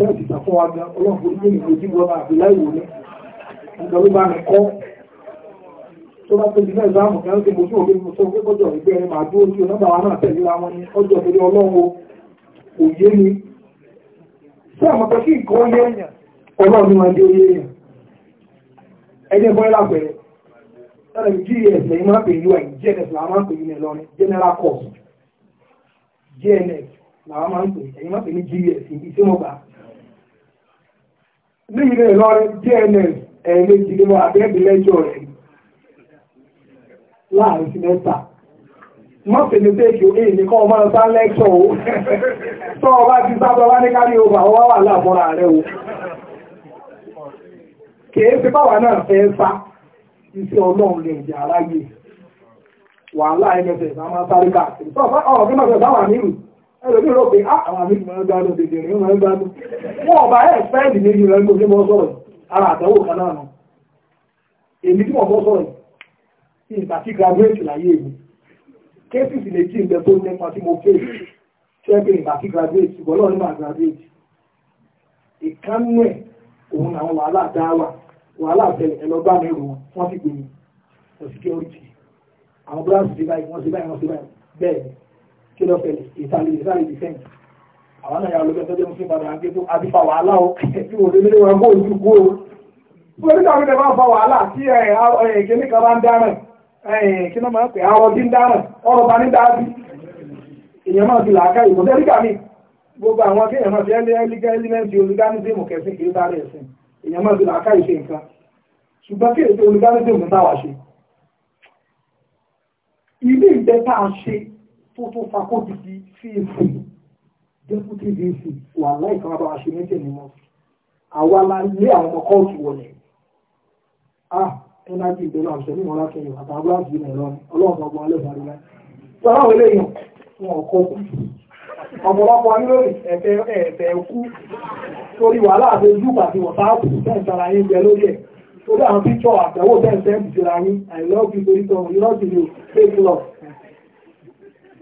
tẹ́ẹ̀tì tàfọ́ wa gan ọlọ́pùn ní ìlòjú wọn àti láìwò ní ìgbàlú bá rẹ̀ kọ́ tó bá tó jìnà ìzáàmù kan tí mo tí ò gbé mo sọ pé kọjọ ìgbé ẹni màá dúró sí ọlọ́gbà wa náà tẹ̀lé ra wọn ní ọjọ́ ìgbé ọlọ́wọ́ òye ni sí àmọ́ pé kí nǹkan yé èèyàn ọlọ́run ní máa dé oyé èèyàn ẹni ẹ̀kọ́ yẹn lápẹ̀rẹ̀ ẹni gs lẹ́yìn máa pè ui gns làwọn máa ń pè ní Ìlọrin general course gns làwọn máa ń pè ẹ̀yìn máa pè ní gs ìbí tí mo gbà ní ilé Ìlọrin dns ẹ̀ẹ́mẹ́jì nínú abẹ́bìlẹ́jọ rẹ̀ láàrin sinẹ́ta mọ́sẹ̀ ní tẹ́ẹ̀kì ó èyí nìkan ọmọ ọ̀sán lẹ́kṣọ̀ o tọ́ ọba ti sábọ́ wá ní ọba ọwá wà láàbọ̀ra rẹ̀ ó kìí fi isi náà fẹ́ sá iṣẹ́ ọlọ́run lè jẹ́ aráyé wàhálà ẹgbẹ̀fẹ̀ ẹlòmí rọ̀ pé ah, àwọn àmì ìmọ̀ ẹgbẹ́ àdó dèdè rẹ̀ ìmọ̀ ẹgbẹ́ àdó wọn ọba ẹ̀ fẹ́ẹ̀dì méjì rẹ̀ gbogbo mọ́ sọ̀rọ̀ ara àtẹ̀wò kan náà nù èmi tí mo bọ́ sọ̀rọ̀ yìí ìgbà tí graduate láyé mi kéésìsì lè jí ìgbẹ́ tó nípa tí mo fẹ́ ṣe pé ìgbà tí graduate ṣùgbọ́n lọ́ọ̀ nígbà graduate ìkánú ẹ̀ òun àwọn wàhálà dáwà wàhálà àtẹ̀lẹ̀ ẹ̀ lọ́gbà mẹ́rù wọn wọ́n ti gbé mi for security àwọn bíláàsì ti báyìí wọ́n ti báyìí wọ́n ti báyìí bẹ́ẹ̀ kí ló fẹ́ ìtàlẹ̀ ìsáré dìfẹ́ǹsì àwọn náà yà ló fẹ́ sọ́jọ́ fún padà àgbẹ̀ tó àbí fa wàhálà o kí wò lé lélẹ́wọ̀n kó ojú kó o. wọ́n ní káwọn ìdẹ̀bá fa wàhálà tí kìnní kan bá ń dáràn kí náà máa ń pè àwọn ọdí ń dáràn ọrọ̀ bá ní dáàbí èèyàn máa fi làákà ìbò tẹ́lí kàmí gbogbo àwọn akéèyàn máa fi ẹ́límẹ́ǹtì olùdánísèmù kẹsìn kì í sáré ẹ̀sìn èèyàn máa fi làákà ìṣe nǹkan ṣùgbọ́n kí èso olùdánísèmù táwa ṣe ilé ìgbẹ́ta ṣe ó tún fakọ́tì sí fíìfù deputy dc wà láì kan bá wa ṣe méjì ní mọ́ àwa la lé àwọn ọmọ kóòtù wọlé ah ẹnájì ìgbélé àṣẹ ní ìmọ̀lá kẹyìn àtàwọn àti ìmọ̀ ẹ̀rọ ọlọ́run ọgbọ̀n alẹ́ ìbàdí láì sọ́rọ́ àwọn eléyìí wọn ọkọ kú ọ̀pọ̀lọpọ̀ nílòrì ẹ̀fẹ̀ ẹ̀fẹ̀ kú torí wàhálà àti ojú wọ̀tá kù tẹ́ǹtara yín jẹ lórí ẹ̀ torí àwọn píṣọ̀ àtẹ̀wò tẹ́ǹtẹ́ ìṣẹ̀lá yín i torí tọ́ ìrọ́sì ni fake love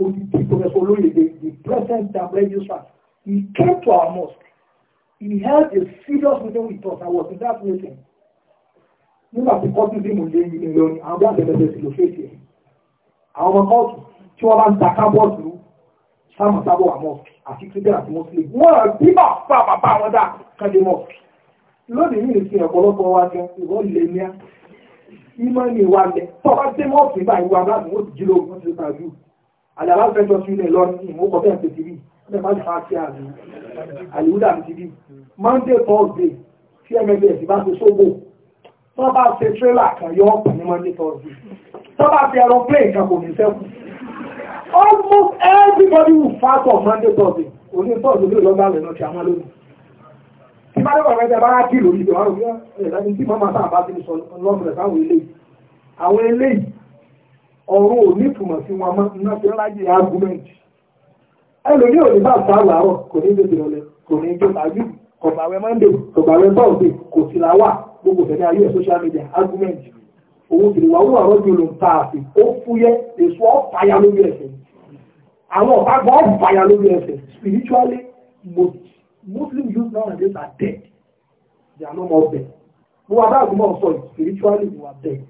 Professor Oloyede, the present registrar, he came to our mosque. He held a serious meeting with us. I was in that meeting. You must kọ́tù sí mò ń lé yìí lọ ni àwọn àgbẹ̀bẹ̀bẹ̀ sì lò fèsì ẹ̀. Our ọmọ kọ́ọ̀tù tí wọ́n bá ń ta kábọ́ọ̀sì rú sáàmù sábọ̀ wà mọ́ọ̀sì àti kírísítẹ́nì àti mọ́sílẹ̀. Wọ́n á bí bà fà bàbá àwọn dá kẹ́lé mọ́ọ̀sì. Lónìí yìí fi ọ̀pọ̀lọpọ̀ wa jẹ ìwọ́ ilé ní á. Ìmọ̀ ni ìwà lẹ̀ tọ́ bá dé mọ́ọ̀sì báyìí wà láti wọ́n ti jí lóògùn ti ta yìí àdàbà fẹjọ sí ilẹ̀ lọ ní ìmú kọfẹ́ ẹ̀fẹ́ tìbí ẹ̀fẹ́ máa ti fa sí àmì àlùwúdà mi tìbí monday thursday tí mfs bá ti sógbò tó bá ṣe tírélà kan yọ ọ̀pọ̀ ní monday thursday tó bá ti ẹran plane kan kò ní sẹ́kù almost everybody will fast on monday thursday òní thursday ló lọ́gbà rẹ̀ náà ti àmọ́ lónìí tí bá dẹ́kọ̀ rẹ̀ bá rà kí lórí ìdòwárò bí ẹ̀ẹ́dẹ́gbẹ́ tí mọ́mọ́ sáà bá ti sọ lọ́sọ̀rẹ̀ sáwọn eléyìí àwọn eléyìí ọ̀rọ̀ ò ní ìtumọ̀ sí wọn mọ́ iná ti ráyè ágúmẹ́ǹtì ẹlòmí ò ní bá sá làárọ̀ kò ní dèjì lọlẹ̀ kò ní jó tàbí kọ̀bàwẹ́ mọ́ndé kọ̀bàwẹ́ bọ́ọ̀dé kò sí làwà gbogbo fẹ̀mí ayé social media ágúmẹ́ǹtì òun kìlì wà wúwà rọ́jò ló ń ta àfi ó fúyẹ́ èso ọ̀fàyà lórí ẹsẹ̀ àwọn ọ̀págbọ́ ọ̀fàyà lórí ẹsẹ̀ spiritually Muslim youth nowadays are dead they are no more dead mo wà bá àgùnmọ̀ sọ spiritually they are dead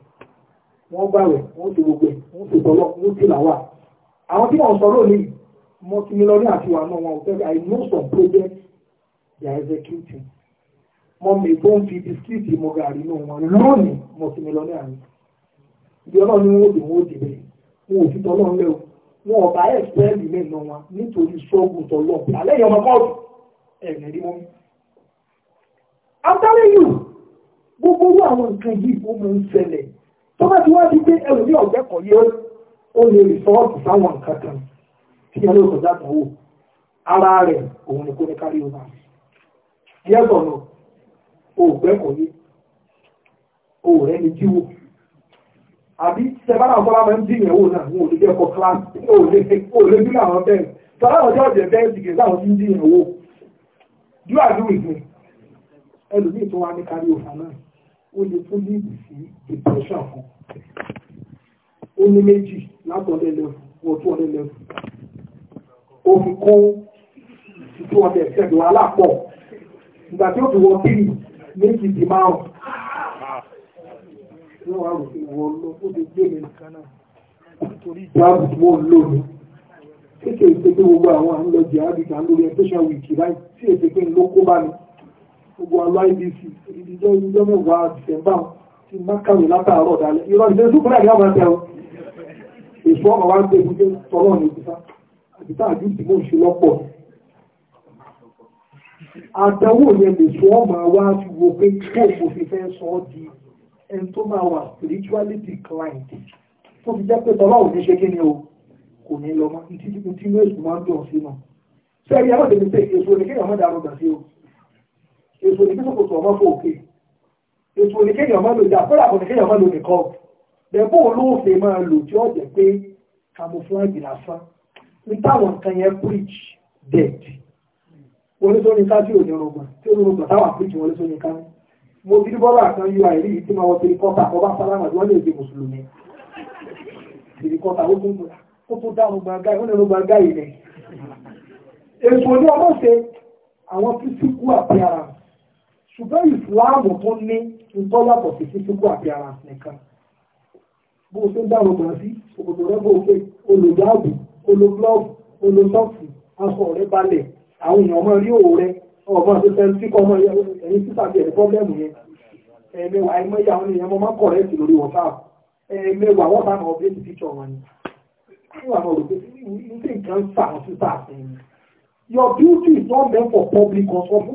wọ́n gbàwẹ̀ wọ́n ti gbogbo wọ́n ti tọ́lọ́ wọ́n ti làwà. àwọn tí wọ́n sọ̀rọ̀ lè mọ àti wà náà wọn ò I know some projects they are executing. mo mi bó ń fi bisikíìtì mo gàrí nù wọn lónìí mo ti ibi ọlọ́run ni wọ́n dùn wọ́n dì bẹ́ẹ̀ wọn ò fi tọ́lọ́ ń lẹ́wọ̀ wọn ò bá ẹ̀sẹ̀lì mẹ́nu wọn nítorí ṣọ́ọ̀gù tọ́lọ́ you gbogbo owó àwọn nǹkan yìí ó máa ń ṣẹlẹ̀ tó bá ti wá di pé ẹrù ní ọ̀gbẹ́kọ̀ yẹ ó lè rìsọ́ọ̀tì sáwọn nǹkan kan tí ẹ lóko dáta wò ara rẹ̀ òun ni kò ní kárí ọba yẹ́sọ̀ náà ó gbẹ́kọ̀ yé ó rẹ̀ ní jíwò àbí sẹ́bára ọ̀fọ́lá máa ń dín ìyẹ̀wò náà wọn ò lè jẹ́ kọ́ kíláàsì ó lè bí àwọn bẹ́ẹ̀ tọ́lá ọjọ́ ọ̀jẹ̀ bẹ́ẹ̀ sì kì í sáwọn tí ń dín ìyẹ̀wò do àdúrà ìgbìn ẹlòmíì tó wá ní kárí ọba náà ó lè tún líìdì sí depression kan ó ní méjì látọ̀lẹ́ lẹ́fù wọ́n tún ọ̀lẹ́ lẹ́fù ó fi kó títú ọ̀lẹ́ ẹ̀sẹ̀dù alápọ̀ ìgbà tí ó fi wọ tírì méjì di márùn ní wàá rò pé wọ́n lọ ó lè gbé mi jáàbù wọ́n lò mí kéèké ìpèsè gbogbo àwọn àmì lọ jẹ́ àbíkà lórí ẹ̀ social week báyìí tí pé ń ló bá mi gbogbo àlọ́ ibc ìdíjọ́ ìjọ mẹ́wàá dìsẹ́mbà ti mákàwé látàárọ̀ dalẹ̀ ìrọ̀ ìdíjọ́ súpúrà ní àwọn ẹ̀tẹ́ èso ọmọ wa ń gbé ibùdó tọ́lọ́ ní ìbùsá àbítá àjú tí mò ń ṣe lọ́pọ̀ àdánwò yẹn lèso ọmọ wa ti wo pé kó kò fi fẹ́ sọ ọ́ di ẹni tó máa wà spiritually declined tó fi jẹ́ pé tọ́lọ́ ò ní ṣe kí ni o kò ní lọ mọ́ títí tí mo ti ní èso máa ń dùn sí náà sẹ́yìn àwọn tèmi pé èso ni kéèyàn ètò ní kíkò tó ọmọ fòkè ètò ní kéèyàn má lò dá fọ́lá kò ní kéèyàn má lò nìkan bẹ̀bọ́ olóòfè máa lò tí ó jẹ́ pé camouflage lásán ní táwọn nǹkan yẹn preach dead oníṣòní ká tí ò ní ọgbà tí ó ní ọgbà táwọn preach wọn oníṣòní ká mo ti ní bọ́lá kan ui rí tí máa wọ tirikọ́tà ọba sálámà tí wọ́n lè di mùsùlùmí tirikọ́tà ó tún dá ọgbà gáì ó ní ọgbà gáì rẹ̀ èso ní ọmọ ṣe àwọn physical appearance ṣùgbọ́n ìsìláàmù tó ní nǹkan yàtọ̀ sí fífíkú àti ara nìkan bó o ṣe ń dárò gbà sí òkòtò rẹ bó o pé olùdáàbò olùglọ́ọ̀bù olùsọ́ọ̀sì aṣọ rẹ balẹ̀ àwọn èèyàn ọmọ rí òwò rẹ ọmọ tó fẹ́ sí ọmọ ẹ̀yìn títà bí ẹ̀rí pọ́blẹ́mù yẹn ẹ̀ẹ̀mẹwàá ẹ̀mẹ́yà àwọn èèyàn máa kọ̀rẹ́ẹ̀tì lórí WhatsApp ẹ̀ẹ̀mẹwàá wọ́n bá náà update picture wọn ni wọ́n àwọn Your beauty is not meant for public consumption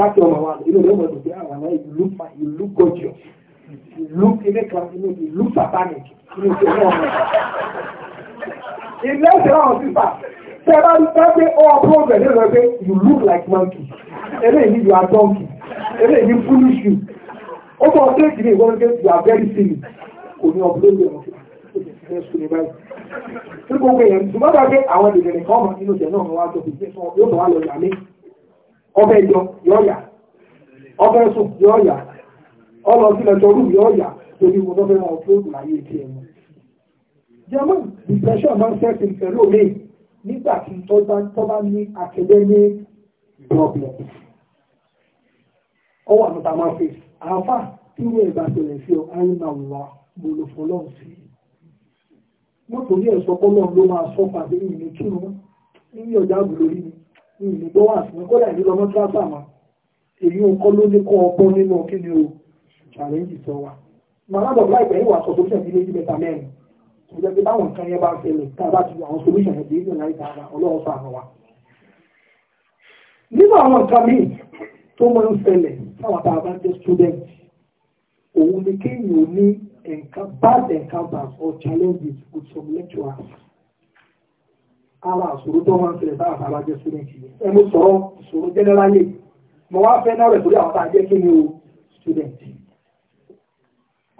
táàkì ọmọ wa inú rẹ̀ wọ̀lú pé àwọn náà ìlú fa ìlú gọ́jọ ìlú ilé kan inú ìlú satanic inú ti ọmọ ọmọ ilé ẹsẹ̀ náà sísà tẹ́ bá ń tẹ́ pé ó ọ̀pọ̀ ọ̀bẹ̀ ní rẹ̀ pé you look like monkey eléyìí you are donkey eléyìí foolish you ó bọ̀ ọ́ tẹ́ẹ̀kì ní ìwọ́n pé you are very silly kò ní ọ̀pọ̀ lórí ọ̀pọ̀ ẹ̀sùn ní báyìí. Tí gbogbo èèyàn, ṣùgbọ́n bá gbé àwọn ìdìbò nìkan ọmọ nínú ìjẹ náà wá tó fi gbé sọ yóò tó wá lọ yà mí. ọbẹ̀ ẹjọ ya yà ọbẹ̀ ya yóò yà ọlọ sílẹ̀ tọrú yóò yà torí mo lọ́fẹ́ ayé german depression máa ń sẹ́sì pẹ̀lú mi nígbà tí tó bá ní academic máa àáfà tí wọ́n sí ọ wà mo lọ fọlọ́ sọ ló máa pàdé ìrìn ní ìlúgbọ́ wà sí kódà ìlú ọmọ tíráṣà wọn èyí ń kọ́ ló ní kọ́ ọgbọ́n nínú kí ni o challenge sọ wa màlábọ̀ láìpẹ́ ìwà sọ solution sí méjì mẹ́ta mẹ́rin tó jẹ́ pé báwọn nǹkan yẹn bá ṣẹlẹ̀ tá a bá ti àwọn solution yẹn dèéjì láì tààrà ọlọ́run sàánà wa. nínú àwọn nǹkan míì tó máa ń ṣẹlẹ̀ táwọn tá a bá jẹ́ student òun ni kéèyàn ní encounter bad encounters or challenges with some lecturers kára àṣòro tó máa ń ṣẹlẹ̀ sáà sáà bá jẹ́ student yìí ẹ sọ̀rọ̀ ìṣòro generally mo wá fẹ́ náà rẹ̀ sórí àwọn tá jẹ́ kí ni o student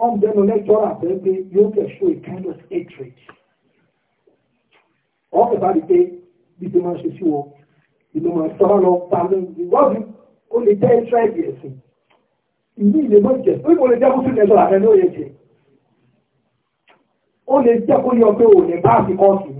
ọ̀gbẹ́nu lẹ́jọ́ àfẹ́ pé yóò fẹ́ show a kind of hatred ọ̀fẹ́ bá rí pé bí ti máa ń ṣe sí wọ ìlú máa ń sọ́ra lọ pa mí ìwádìí ó lè jẹ́ hatred ẹ̀sìn ìlú ìlú mọ́ ìjẹ́ ó lè jẹ́ kó sí ẹ̀sọ́ àfẹ́ lóye jẹ́ ó lè jẹ́ kó ní bá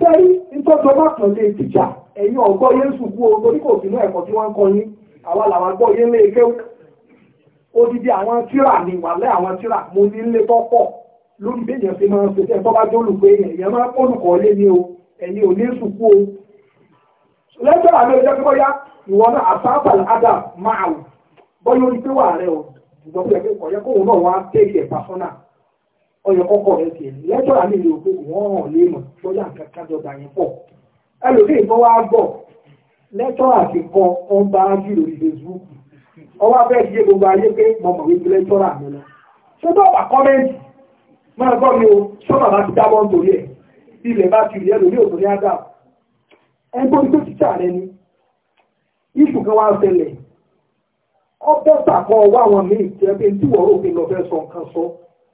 sẹ́rí ìtọ́jọ́ bá tàn lé tìjà ẹ̀yin ọ̀gbọ́ yé ń sùkú o torí kò sínú ẹ̀kọ́ tí wọ́n ń kọ yín àwa làwọn gbọ́ yé ń lé kéwù odidi àwọn tíra ni wàlẹ́ àwọn tíra mo ní lé tọ́pọ̀ lórí bí èèyàn ṣe máa ń ṣe tẹ́ tọ́ bá jẹ́ olùkọ́ èèyàn èèyàn máa ń kọ́lùkọ́ lé ní o ẹ̀yin ò ní sùkú o lẹ́jọ́ àmì ìjọ pé bóyá ìwọ náà àsáàpàlì adam máa wù bọ́yá orí pé wà rẹ o ìgbọ́n pé ẹ̀kọ́ yẹ kóun náà wá tẹ́ẹ̀kì ẹ̀ pàṣọ́nà ọyọ kọkọ rẹ tiẹ̀ lẹ́tọ̀rọ̀ àmì ìlú òkú wọ́n hàn lé mọ̀ lọ́yà kankan dọ̀gba yẹn pọ̀ ẹlòmíì tó wá gbọ̀ lẹ́tọ̀rọ̀ àti kọ ọ̀n bá jù lórí Facebook ọwọ́ abẹ́ ìdíje gbogbo ayé pé mo mọ̀ wípé lẹ́tọ̀rọ̀ àmì lọ ṣé tó wà kọ́mẹ́ǹtì máa gbọ́ mi o ṣé màmá ti dábọ̀ nítorí ẹ̀ ilẹ̀ bá ti rí ẹlòmíì òkúrí ágà ẹ gbọ́ tó ti tààrẹ ni ìṣù kan wá ṣẹlẹ̀ ọ bẹ́ẹ̀ tàkọ́ wá àwọn míì jẹ́ pé tí wọ́n rò pé lọ fẹ́ sọ nǹkan sọ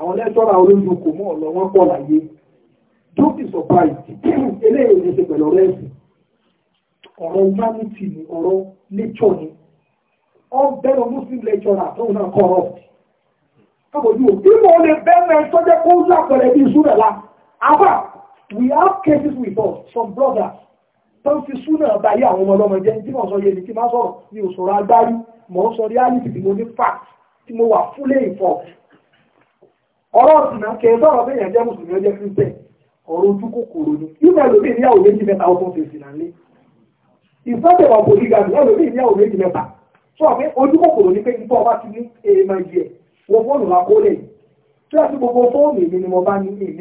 àwọn lẹ́tọ́rà olóyún kò mọ́ ọ̀lọ́ wọn pọ̀ láyé don't be surprised eléyìí ní ṣe pẹ̀lú ọ̀rọ̀ ẹ̀sìn ọ̀rọ̀ humanity ni ọ̀rọ̀ nature ni all bẹ́ẹ̀ muslim lecturer àtọ́wọ́n náà corrupt kábòjú o bí mo lè bẹ́ẹ̀ mẹ́rin tó lápẹ̀rẹ̀ bí ìṣúrẹ̀ la àbá we have cases with us some brothers tó ń fi súnà báyé àwọn ọmọ ọlọ́mọ jẹ́ tí mo sọ yẹn ni tí mo sọ̀rọ̀ mi ò sọ̀rọ̀ agbárí mo sọ reality tí mo ní fact tí mo wà fully informed. ọ̀rọ̀ ọ̀sìn na kẹ́ sọ̀rọ̀ bẹ́ẹ̀ yẹn jẹ́ mùsùlùmí ọjọ́ kírísítẹ̀ ọ̀rọ̀ ojú kòkòrò ni ìgbà lómi ìyàwó méjì mẹ́ta ó tún fèsì náà lé ìfọ́tẹ̀ wà bò nígbà ìyàwó lómi ìyàwó méjì mẹ́ta bụ ní èyí máa a gbogbo fóònù èmi ni ní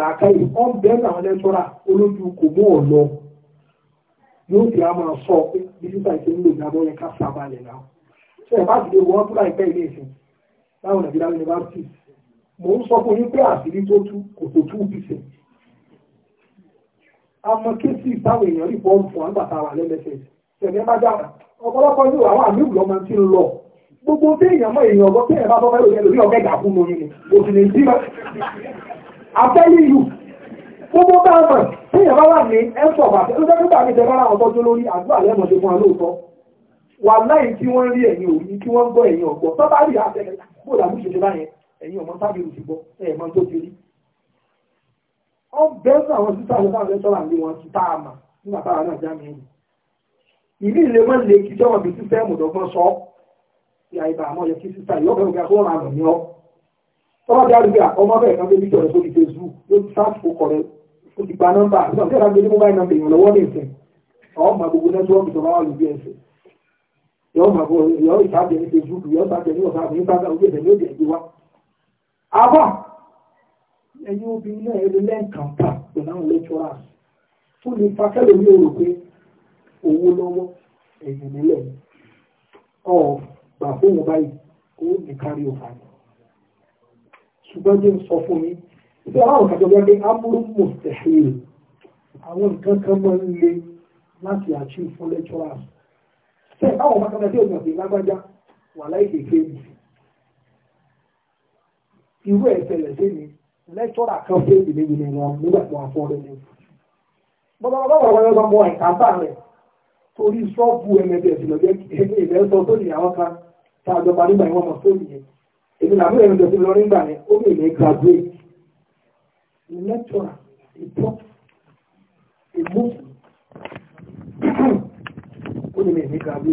ah, èmi máa yóò fi á máa sọ pé bísíta ìṣe ń lò ní abọ́yẹ ká sábàlẹ̀ náà ṣe ẹ̀ bá ti dé wọ́n túra ìpẹ́ ilé ìsìn láwọn nàìjíríà yunifásitì mò ń sọ fún yín pé àṣírí tó tú kò tó tú bìsẹ̀ àmọ́ kéésì táwọn èèyàn rí bọ́ọ̀mù fún àgbà táwa lẹ́lẹ́sẹ̀ ṣẹ̀dẹ̀ bá dára ọ̀pọ̀lọpọ̀ ní àwọn àmì ìwúlọ́ máa ti ń lọ gbogbo tí èèyàn mọ èèyàn ọgọ́ tí èèyàn bá bọ́ gbogbo káàmọ̀ tí ìyàbá wà ní ẹ̀sọ̀ àti ẹ̀sọ̀ dókítà mi tẹ́fà láwọn tọ́jú lórí àdúrà lẹ́mọ̀ ṣe fún alóòótọ́ wà láì tí wọ́n rí ẹ̀yìn òní tí wọ́n gbọ́ ẹ̀yìn ọ̀gbọ́ tó bá rí àtẹ̀lẹ̀ ṣe ṣe báyẹn ẹ̀yìn ọmọ sábì a mà nígbà táwa náà já mi rù. ìní ilé wọn lè kí sọ́wọ́n bí sísẹ́ẹ̀mù dọ́gbọ́n sọ ìyá ibà àmọ́ yẹ kí sísá ìyọ́fẹ́ òkè àkóhùn àmọ̀ ó ti gba nọ́mbà sọ sí ọ̀dà gbẹ́dẹ́ mobile number èèyàn lọ́wọ́ ní ìsìn ọ̀ ma gbogbo nẹ́tíwọ́ọ̀kì tó bá wà lójú ẹsẹ̀ yọ ma bọ̀ yọ ìtajà ní Facebook yọ ìtajà ní ọ̀sán àbúyí sáà ojú ẹsẹ̀ ní òdì ẹ̀dí wa. àbọ̀ ẹ̀yin obìnrin náà ẹni lẹ́ǹkàǹkà pẹ̀lú àwọn lecturers fún ní fakẹ́lẹ̀ mi ò rò pé owó lọ́wọ́ ẹ̀yìn nílẹ̀ ọ̀ gbà fóun báyìí ó ní kárí òfà ṣùgbọ́n jẹ́ sọ fún mi ìgbà àwọn kan tó gbé pé amúrú mustahil àwọn nǹkan kan máa ń le láti achieve fún lecturers ṣe àwọn kan kan tí òun lágbájá wà láìpẹ́ kéèmù irú ẹ̀ ṣẹlẹ̀ sí ni lẹ́tọ́rà kan fún èdè méjì nínú ọmọ nígbà bọ́lá bọ́lá wọ́n wọ́n mọ ẹ̀ka rẹ̀ torí sọ́ọ̀bù sọ tó a lecturer, a prof, a Muslim. ó ní mẹ́rin nígbà bí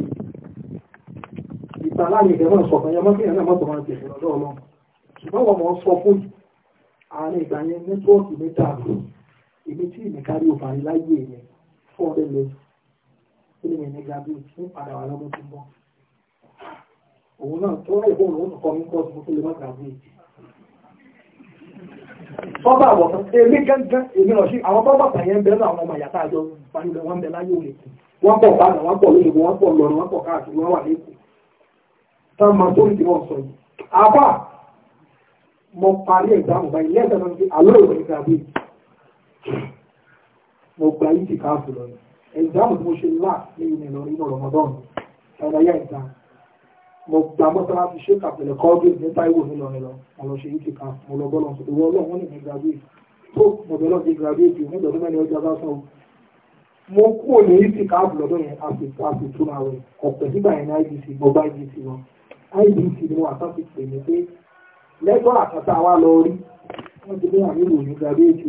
ìgbà láàyè ìgbà sọ fún ẹyọmọ kéèyàn náà mọ́tò máa ń tẹ̀sẹ̀ lọ́dọ̀ ọlọ́run ṣùgbọ́n wọn mọ̀ sọ fún àárín ìgbà yẹn nẹ́tíwọ́ọ̀kì mi dàrú èmi tí ìmẹ̀kárí ò parí láyé yẹn fún ọdẹ lẹ́yìn ó ní mẹ́rin nígbà bí ń padà wà lọ́dún tó ń bọ̀ òun náà tó wáyé fóònù ó tún kọ́ mi kọ́ ọ̀sùn tó lè má bọ́bà wọ̀ fún èmi gángan èmi lọ sí àwọn bọ́bà pààyàn bẹ́ẹ̀ náà àwọn ọmọ ìyàtọ̀ àjọ balùwẹ̀ wọn bẹ láyé òní wọ́n pọ̀ bá wọn pọ̀ lóyìnbó wọ́n pọ̀ lọ́rùn wọ́n pọ̀ káàkiri wọ́n wà lẹ́kọ̀ọ́ tá máa tó ìdí wọn sọ yìí àbá mo parí ẹ̀dáhùn báyìí lẹ́sẹ̀ náà ti àlọ́ ìwé ìgbà bíi mo gba yìí ti káàkiri lọ ẹ̀dáhùn tí mo ṣe lá ní ìrìn lọ nínú mo gba mọ́sálásí ṣé kàpẹ̀lẹ̀ kọ́ọ́dù ní táìwò nílọ nílọ àwọn ṣe yìí kan mo lọ bọ́lọ̀ ìwọ ọlọ́run wọn nìkan graduate tó mo bẹ̀rẹ̀ ti graduate mo dọ̀dọ̀ mẹ́rin ọjọ́ bá sọ mo kú òní yìí ti ká àbùlọ́dọ̀ yẹn a sì a sì túnra rẹ̀ ọ̀pẹ̀ nígbà yẹn ní IBC mo bá IBC wọn IBC ni wọn àtàkì pè mí pé lẹ́gbọ́ àkàtà wa lọ rí wọ́n ti ní àmìlò ní graduate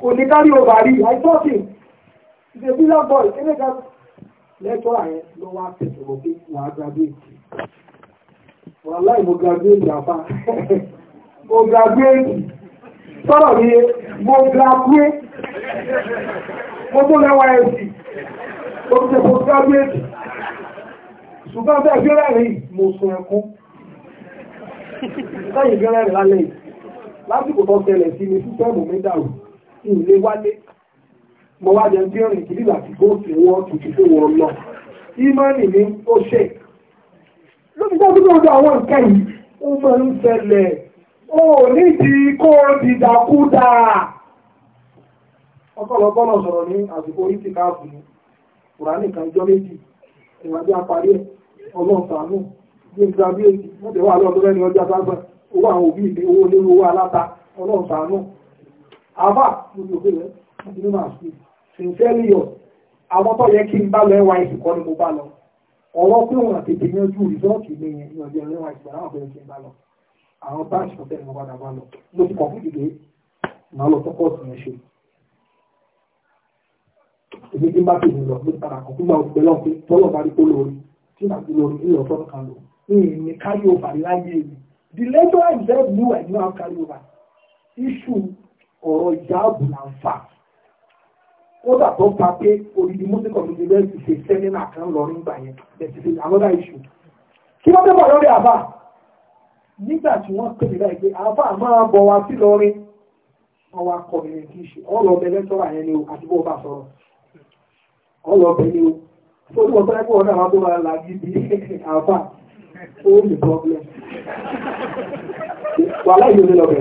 kò ní kárí over rí I thought it is a lẹ́tọ́rà yẹn ló wá tẹ̀sán mọ́ pé wàá graduate wọ́n láì mo graduate àfá mo graduate sọ́rọ̀ ní mo graduate mo tó lẹ́wọ́ ẹ̀sì mo tó mo graduate ṣùgbọ́n tẹ́ gbẹ́rẹ́ rí mo sun ẹkún sẹ́yìn gbẹ́rẹ́ rí lálẹ́ yìí lásìkò tó ṣẹlẹ̀ sí ni sísẹ́mù mi dàrú ìlé wálé mo wá jẹun tí ó rìn kìdìgbà tí kò sí wọ́n tuntun fún wọn lọ ni ó ṣe lóbi tó gbogbo ọdọ àwọn nǹkan yìí ó máa ń ṣẹlẹ̀ ó nídìí kó sọ̀rọ̀ ní àsìkò yìí ti káàbù ní kùránì kan jọ méjì ìwádìí ẹ̀ ọlọ́run bí n èyí wọ́n sincerely yọ àwọn tó yẹ kí n bá lọ ẹwà ìsìnkọ́ ni mo bá lọ ọ̀rọ̀ pé wọn àtètè yanjú rìsọ́ọ̀tì mi yẹn ní ọjọ́ ẹ̀rọ àìsàn àwọn ọ̀bẹ̀rẹ̀ ṣe ń bá lọ àwọn báńkì ọ̀tẹ̀ ni mo padà bá lọ mo ti kọ̀ fún ìdílé màá lọ tọ́kọ̀ ọ̀sìn yẹn ṣe. èmi ti ń bá tèmi lọ ló padà kọ̀ fúngbà òṣìṣẹ́ lọ pé tọ́lọ̀ bá rí kó lórí tí màá ti lórí ilé ọ̀tọ́ kan lò ní kárí kódà tó ń pa pé odidi of the world ṣe sẹ́mínà kan lọ́rùn yẹn kí lórí àbá nígbà tí wọ́n pè mí láì pé àbá máa bọ̀ wá sí wá kọ́ mi ṣe ọ̀rọ̀ ọbẹ̀ ni o àti bó bá sọ̀rọ̀ ọ̀rọ̀ ọbẹ̀ ni o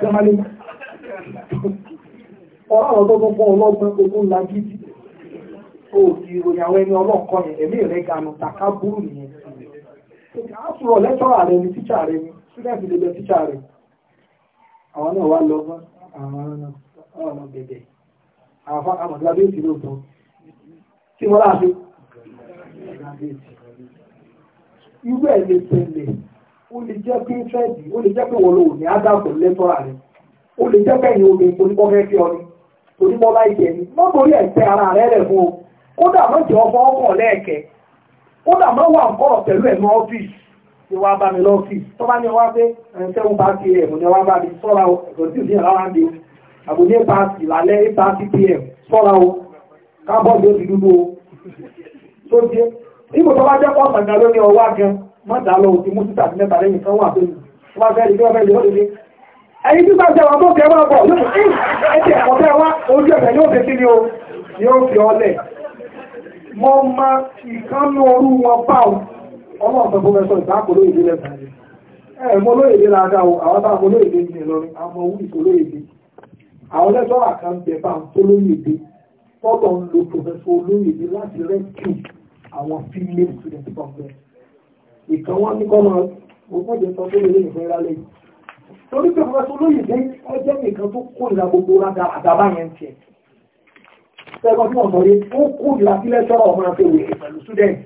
tó ọ̀rọ̀ àwọn tó tún fọ́ ọlọ́gbọ́n tó tún lagídí ó ẹni ọlọ́ọ̀kọ́ yẹn ẹ̀mí rẹ̀ ganu tàkà burú nìyẹn àásùrọ̀ lẹ́tọ́rọ̀ rẹ̀ ni tíṣà rẹ̀ ni sílẹ̀sì lè bẹ tíṣà rẹ̀ àwọn náà lọ àwọn ọ̀nà bẹ̀bẹ̀ àwọn ló wọ́n láti irú ẹ̀ lè tẹ̀lé ó lè jẹ́ pé ó lè jẹ́ onímọ̀lá ìjẹ̀ ni mọ́ torí ẹ̀tẹ́ ara rẹ̀ rẹ̀ fún o kódà mọ́ jẹ́ ọmọ ọkọ̀ lẹ́ẹ̀kẹ́ kódà mọ́ wà ń kọ́rọ̀ pẹ̀lú ẹ̀mọ ọ́fíìsì tí wàá bá mi lọ́fíìsì tó bá ní ọwá pé ẹ̀ńtẹ́wọ́n bá ti ẹ̀mù ni wàá bá mi sọ́ra o ẹ̀gọ́dì ní ara ń de àbò ní ipa ìlàlẹ́ ipa cpm sọ́ra o kábọ́ọ̀dù ó ti dúdú o tó jẹ́ níbo tó bá jẹ́ pọ̀ sàgbà lóní ọwá gan má dà lọ òtí mú síta mẹ́ta lẹ́yìn kan wà tó ní wọ́n fẹ́ẹ́ rí kí wọ́n fẹ́ẹ́ rí lọ́dún ní ẹ̀yin tí bá jẹ́ wọn tó kẹ́ wọ́n bọ̀ yóò ẹ̀jẹ̀ ẹ̀kọ́ tẹ́ wá ojú ẹ̀fẹ̀ yóò fi kí ni o yóò fi ọlẹ̀ mọ́ ma ìkánú wọn báwù ọmọ ọ̀sán pọ́fẹ́sọ̀ ìbáàkó lóyèdè ẹ̀ mọ́ lóyèdè lára o àwọn táwọn olóyèdè ní Ìlọrin àwọn owó àwọn lẹ́tọ́ àkàǹbẹ̀ bá ń tó lóyèdè ń olóyèdè láti torí pé ọmọ tó lóyè dé ọjọ́ nìkan tó kó ìlà gbogbo àdàbà yẹn tiẹ̀ sẹ́gbọ́n tí wọ́n sọ yé ó kó ìlà sílẹ̀ sọ́rọ̀ ọmọ àti òwèrè pẹ̀lú student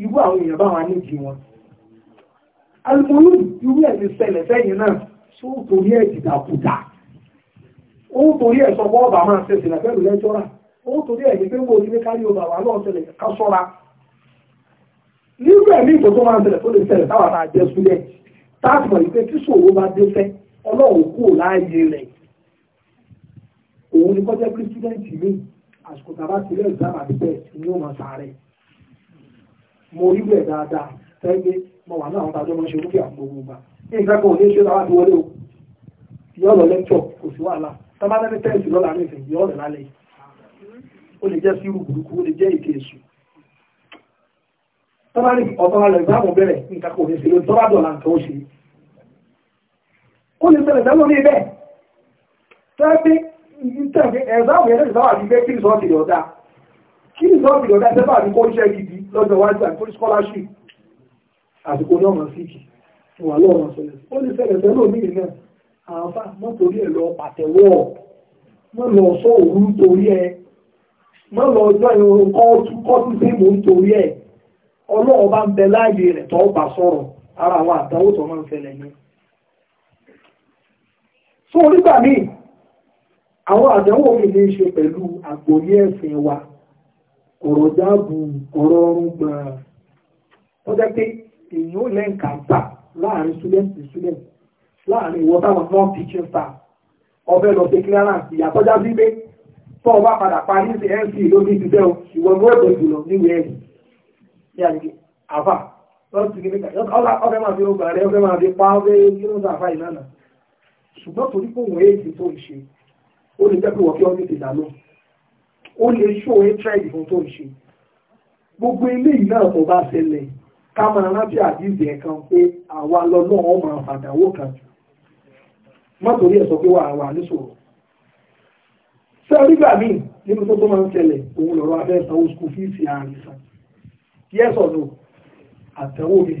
irú àwọn èèyàn bá wọn níjì wọn alùpùpù irú ẹ̀ ti ṣẹlẹ̀ sẹ́yìn náà tó torí ẹ̀ dìdàkudà ó torí ẹ̀ sọ bọ́ọ̀bà máa ṣe sílẹ̀ pẹ̀lú lẹ́jọ́ra ó torí ẹ̀ ní pé wọ́n ní kárí ọba wà lọ́ọ̀ ṣẹlẹ̀ ká sọ́ra nírú ẹ̀ ní ìtò tó máa ń ṣẹlẹ̀ tó lè ṣẹlẹ̀ táwọn àtàjẹ́ student táàmù ìpè tí ṣòro bá dé fẹ́ ọlọ́run kò láàyè rẹ̀ òun ni kọjá pé sídẹ́ǹtì mi àsìkò tàbá sílẹ̀ ìdáàbà ni ó máa sàárẹ̀ mo rí bẹ̀ dáadáa tẹ́gbẹ́ mo wà náà tàbí ọmọ ṣe orúkẹ́ àwọn gbogbo gbà ní nǹkan kan ò ní ṣe láwá ti o kò sí wàhálà tọ́ba lẹ́ni tẹ́ǹtì lọ́la ní o lè jẹ́ burúkú o lè jẹ́ èṣù tọ́ba ní ọ̀tọ́ alẹ̀ ìgbàmù bẹ̀rẹ̀ ní ìkàkọ̀ òní sí lórí tọ́ba dọ̀là nǹkan ó ṣe ó lè bẹ̀rẹ̀ sẹ́lọ́ ní ibẹ̀ tẹ́ẹ̀bí ìtẹ̀ẹ̀bí ẹ̀záàmù yẹn lẹ́sẹ̀ sáwà ní bẹ́ kí ní sọ́ọ̀tì ọ̀dá kí ní sọ́ọ̀tì ọ̀dá sẹ́fà ní kó iṣẹ́ gidi lọ́jọ́ wájú àti kó scholarship àsìkò ní ọ̀nà síkì wà lọ́ọ̀nà sẹ́lẹ̀ ó lè sẹ́lẹ̀ sẹ́lọ́ ní ìrìnà àáfà mọ́ torí ẹ̀ lọ pàtẹ́wọ́ mọ́ lọ sọ òru torí ẹ mọ́ lọ ọjọ́ ìrìn kọ́ọ̀tù kọ́ọ̀tù sí mò torí ẹ̀ ọlọ́run bá ń bẹ láàyè rẹ̀ tó bá sọ̀rọ̀ ara àwọn àdánwò tó máa ń fẹlẹ̀ yẹn so nígbà míì àwọn àdánwò mi ní í ṣe pẹ̀lú àgbòyé ẹ̀sìn wa ọ̀rọ̀ jáàbù ọ̀rọ̀ ọrùn gbọ̀n ó jẹ́ pé èyí ó lẹ́ǹkà gbà láàrin student to student láàrin ìwọ táwọn non teaching staff ọbẹ̀ lọ sí clearance ìyàtọ̀já sí pé tó o bá padà parí sí nc lórí ìdíbẹ́ ìwọ ní ó jùlọ níwèé ẹ̀yìn ní àdìgí àfà lọ́tí gíníkà ọ̀fẹ́ máa fi ọgbà rẹ̀ ọ̀fẹ́ máa fi pa ọgbẹ́ nínú àfà ìlànà ṣùgbọ́n torí kò wọ́n èyí tó ń ṣe ó lè jẹ́ pé wọ́n kí ọ́ ní ìdá náà ó lè ṣó ẹ trend fún tó ń ṣe gbogbo eléyìí náà tó bá ṣẹlẹ̀ ká máa rántí àdìsí ẹ̀kan pé àwa lọ náà wọ́n máa fàdánwò kan mọ́tò rí ẹ̀ sọ pé wà wà níṣòro sẹ́ẹ̀rígbà míì nínú tó tó máa ń ṣẹlẹ̀ òun lọ̀rọ̀ abẹ́ ìsanwó skul fíìsì yes or no àtẹ̀wò mi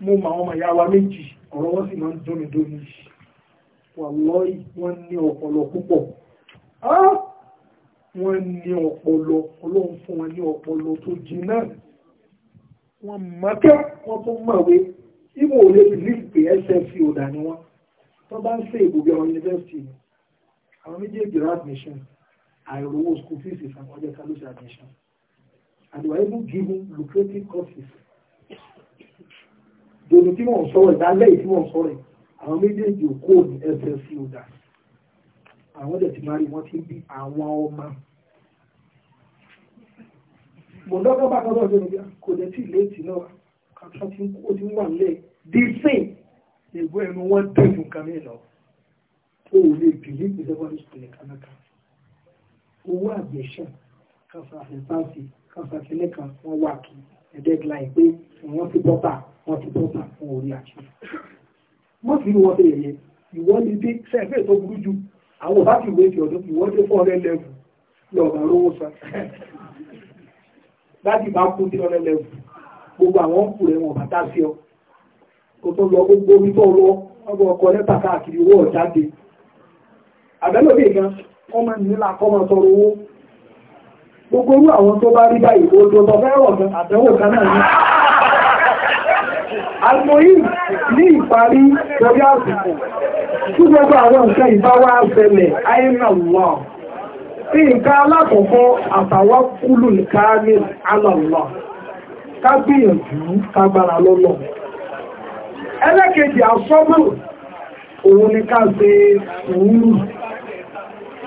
ni mo mọ àwọn ọmọ ìyá wa méjì ọ̀rọ̀ wọn sì máa ń dóni dóni wà lọ́ọ̀yì wọ́n ní ọpọlọ púpọ̀ wọ́n ní ọpọlọ ọlọ́run fún wọn ní ọpọlọ tó jìnnà wọ́n mọ̀kẹ́ wọ́n tún mọ̀wé ibo ò lè believe pé sfc ọ̀dà ni wọ́n tó bá ń ṣe ìbòbí àwọn yunifásitì àwọn méjèèjì rà admission àìrówó school fees ìfàmọ́jẹ́ká ló ṣe admission and were even given lucrative courses. Dòdò tí wọ́n sọ̀rọ̀ ìdálẹ́ yìí tí wọ́n sọ̀rọ̀ àwọn méjèèjì òkú òní SLC ọ̀dà. Àwọn ọ̀dẹ̀ ti máa rí wọ́n ti bí àwọn ọmọ. Mọ̀dọ́gbọ́n bá kọ́dọ̀ ọ̀dọ́ níbi kò dẹ̀ tí léètì náà kàtà tí ó ti ń wà nílẹ̀ dé sìn. Ègbó ẹnu wọn dẹ̀ fún kan mí lọ. O ò lè bìlí ìpínlẹ̀ wọn ní sùkúlẹ̀ kánákà. Owó àgbẹ̀ṣẹ̀ kàfà àfẹ́fà sí i kàṣàkínní kan wọ́n wà kí ẹ̀dẹ́gbẹ̀lá ìpé wọ́n ti bọ́tà wọ́n ti bọ́tà fún orí àṣẹ. wọ́n fi wọ́n ṣe yẹ̀yẹ́ ìwọ́n lè dé sẹ́fẹ̀ẹ́ tó burú ju àwọn bá ti wé ti ọ̀dọ́ ìwọ́n dé fún ọ̀rẹ́ lẹ́wù lọ́ọ̀bà lówó san. láti bá kú sí ọ̀rẹ́ lẹ́wù gbogbo àwọn ń kù rẹ̀ wọn bàtà sí ọ. kò tó lọ gbogbo omi tó lọ ọgbọ ọkọ lẹ́tà káàkiri owó ọ̀jáde. àbẹ́lòmíì gan wọ́n máa ń nílà kọ́ máa tọrọ owó ogorú àwọn tó bá rí báyìí odò tọ́fẹ́wọ̀ àtẹ́wò kan ní almohim ní ìparí torí àsìkò tí gbogbo àwọn nǹkan wá bẹ̀lẹ̀ àìrànwọ̀ tí nǹkan alákọ̀ọ́kọ́ àtàwọ́ kúlù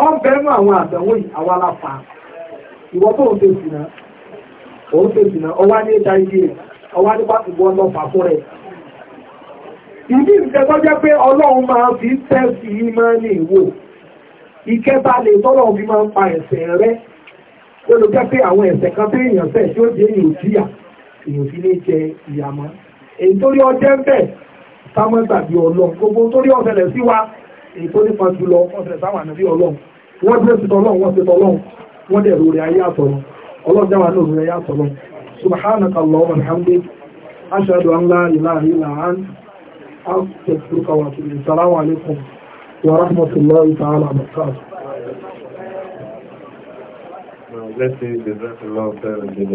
ọ bẹ́ẹ̀mú àwọn àtẹ̀wò yìí àwa ìwọ tó ń tẹ̀sí náà ní hiv ọwá ní pàtùkù ọlọ́pàá fún rẹ̀. ìdí jẹ́ pé ọlọ́run máa fi tẹ́sí ìmánì wò ìkẹta lè tọ́lọ̀ fi máa ń pa ó jẹ́ pé kan tó èèyàn fẹ́ tí ó èèyàn èèyàn fi jẹ ìyàmọ́ èyí gbogbo wa èyí tó nípa jùlọ wọ́n tẹ̀ sáwọn ànábì ọlọ́run wọ́n dúró sí tọ́lọ́run wọ́n sí tọ́lọ́run wọ́n dẹ̀ lórí ayé àtọ̀run ọlọ́run dáwà náà lórí ayé àtọ̀run subhanaka allahumma alhamdulilayi ashhadu an la ilaha illa anta astaghfiruka wa atubu ilayk assalamu alaikum wa rahmatullahi ta'ala wa barakatuh Blessings, the blessing of God,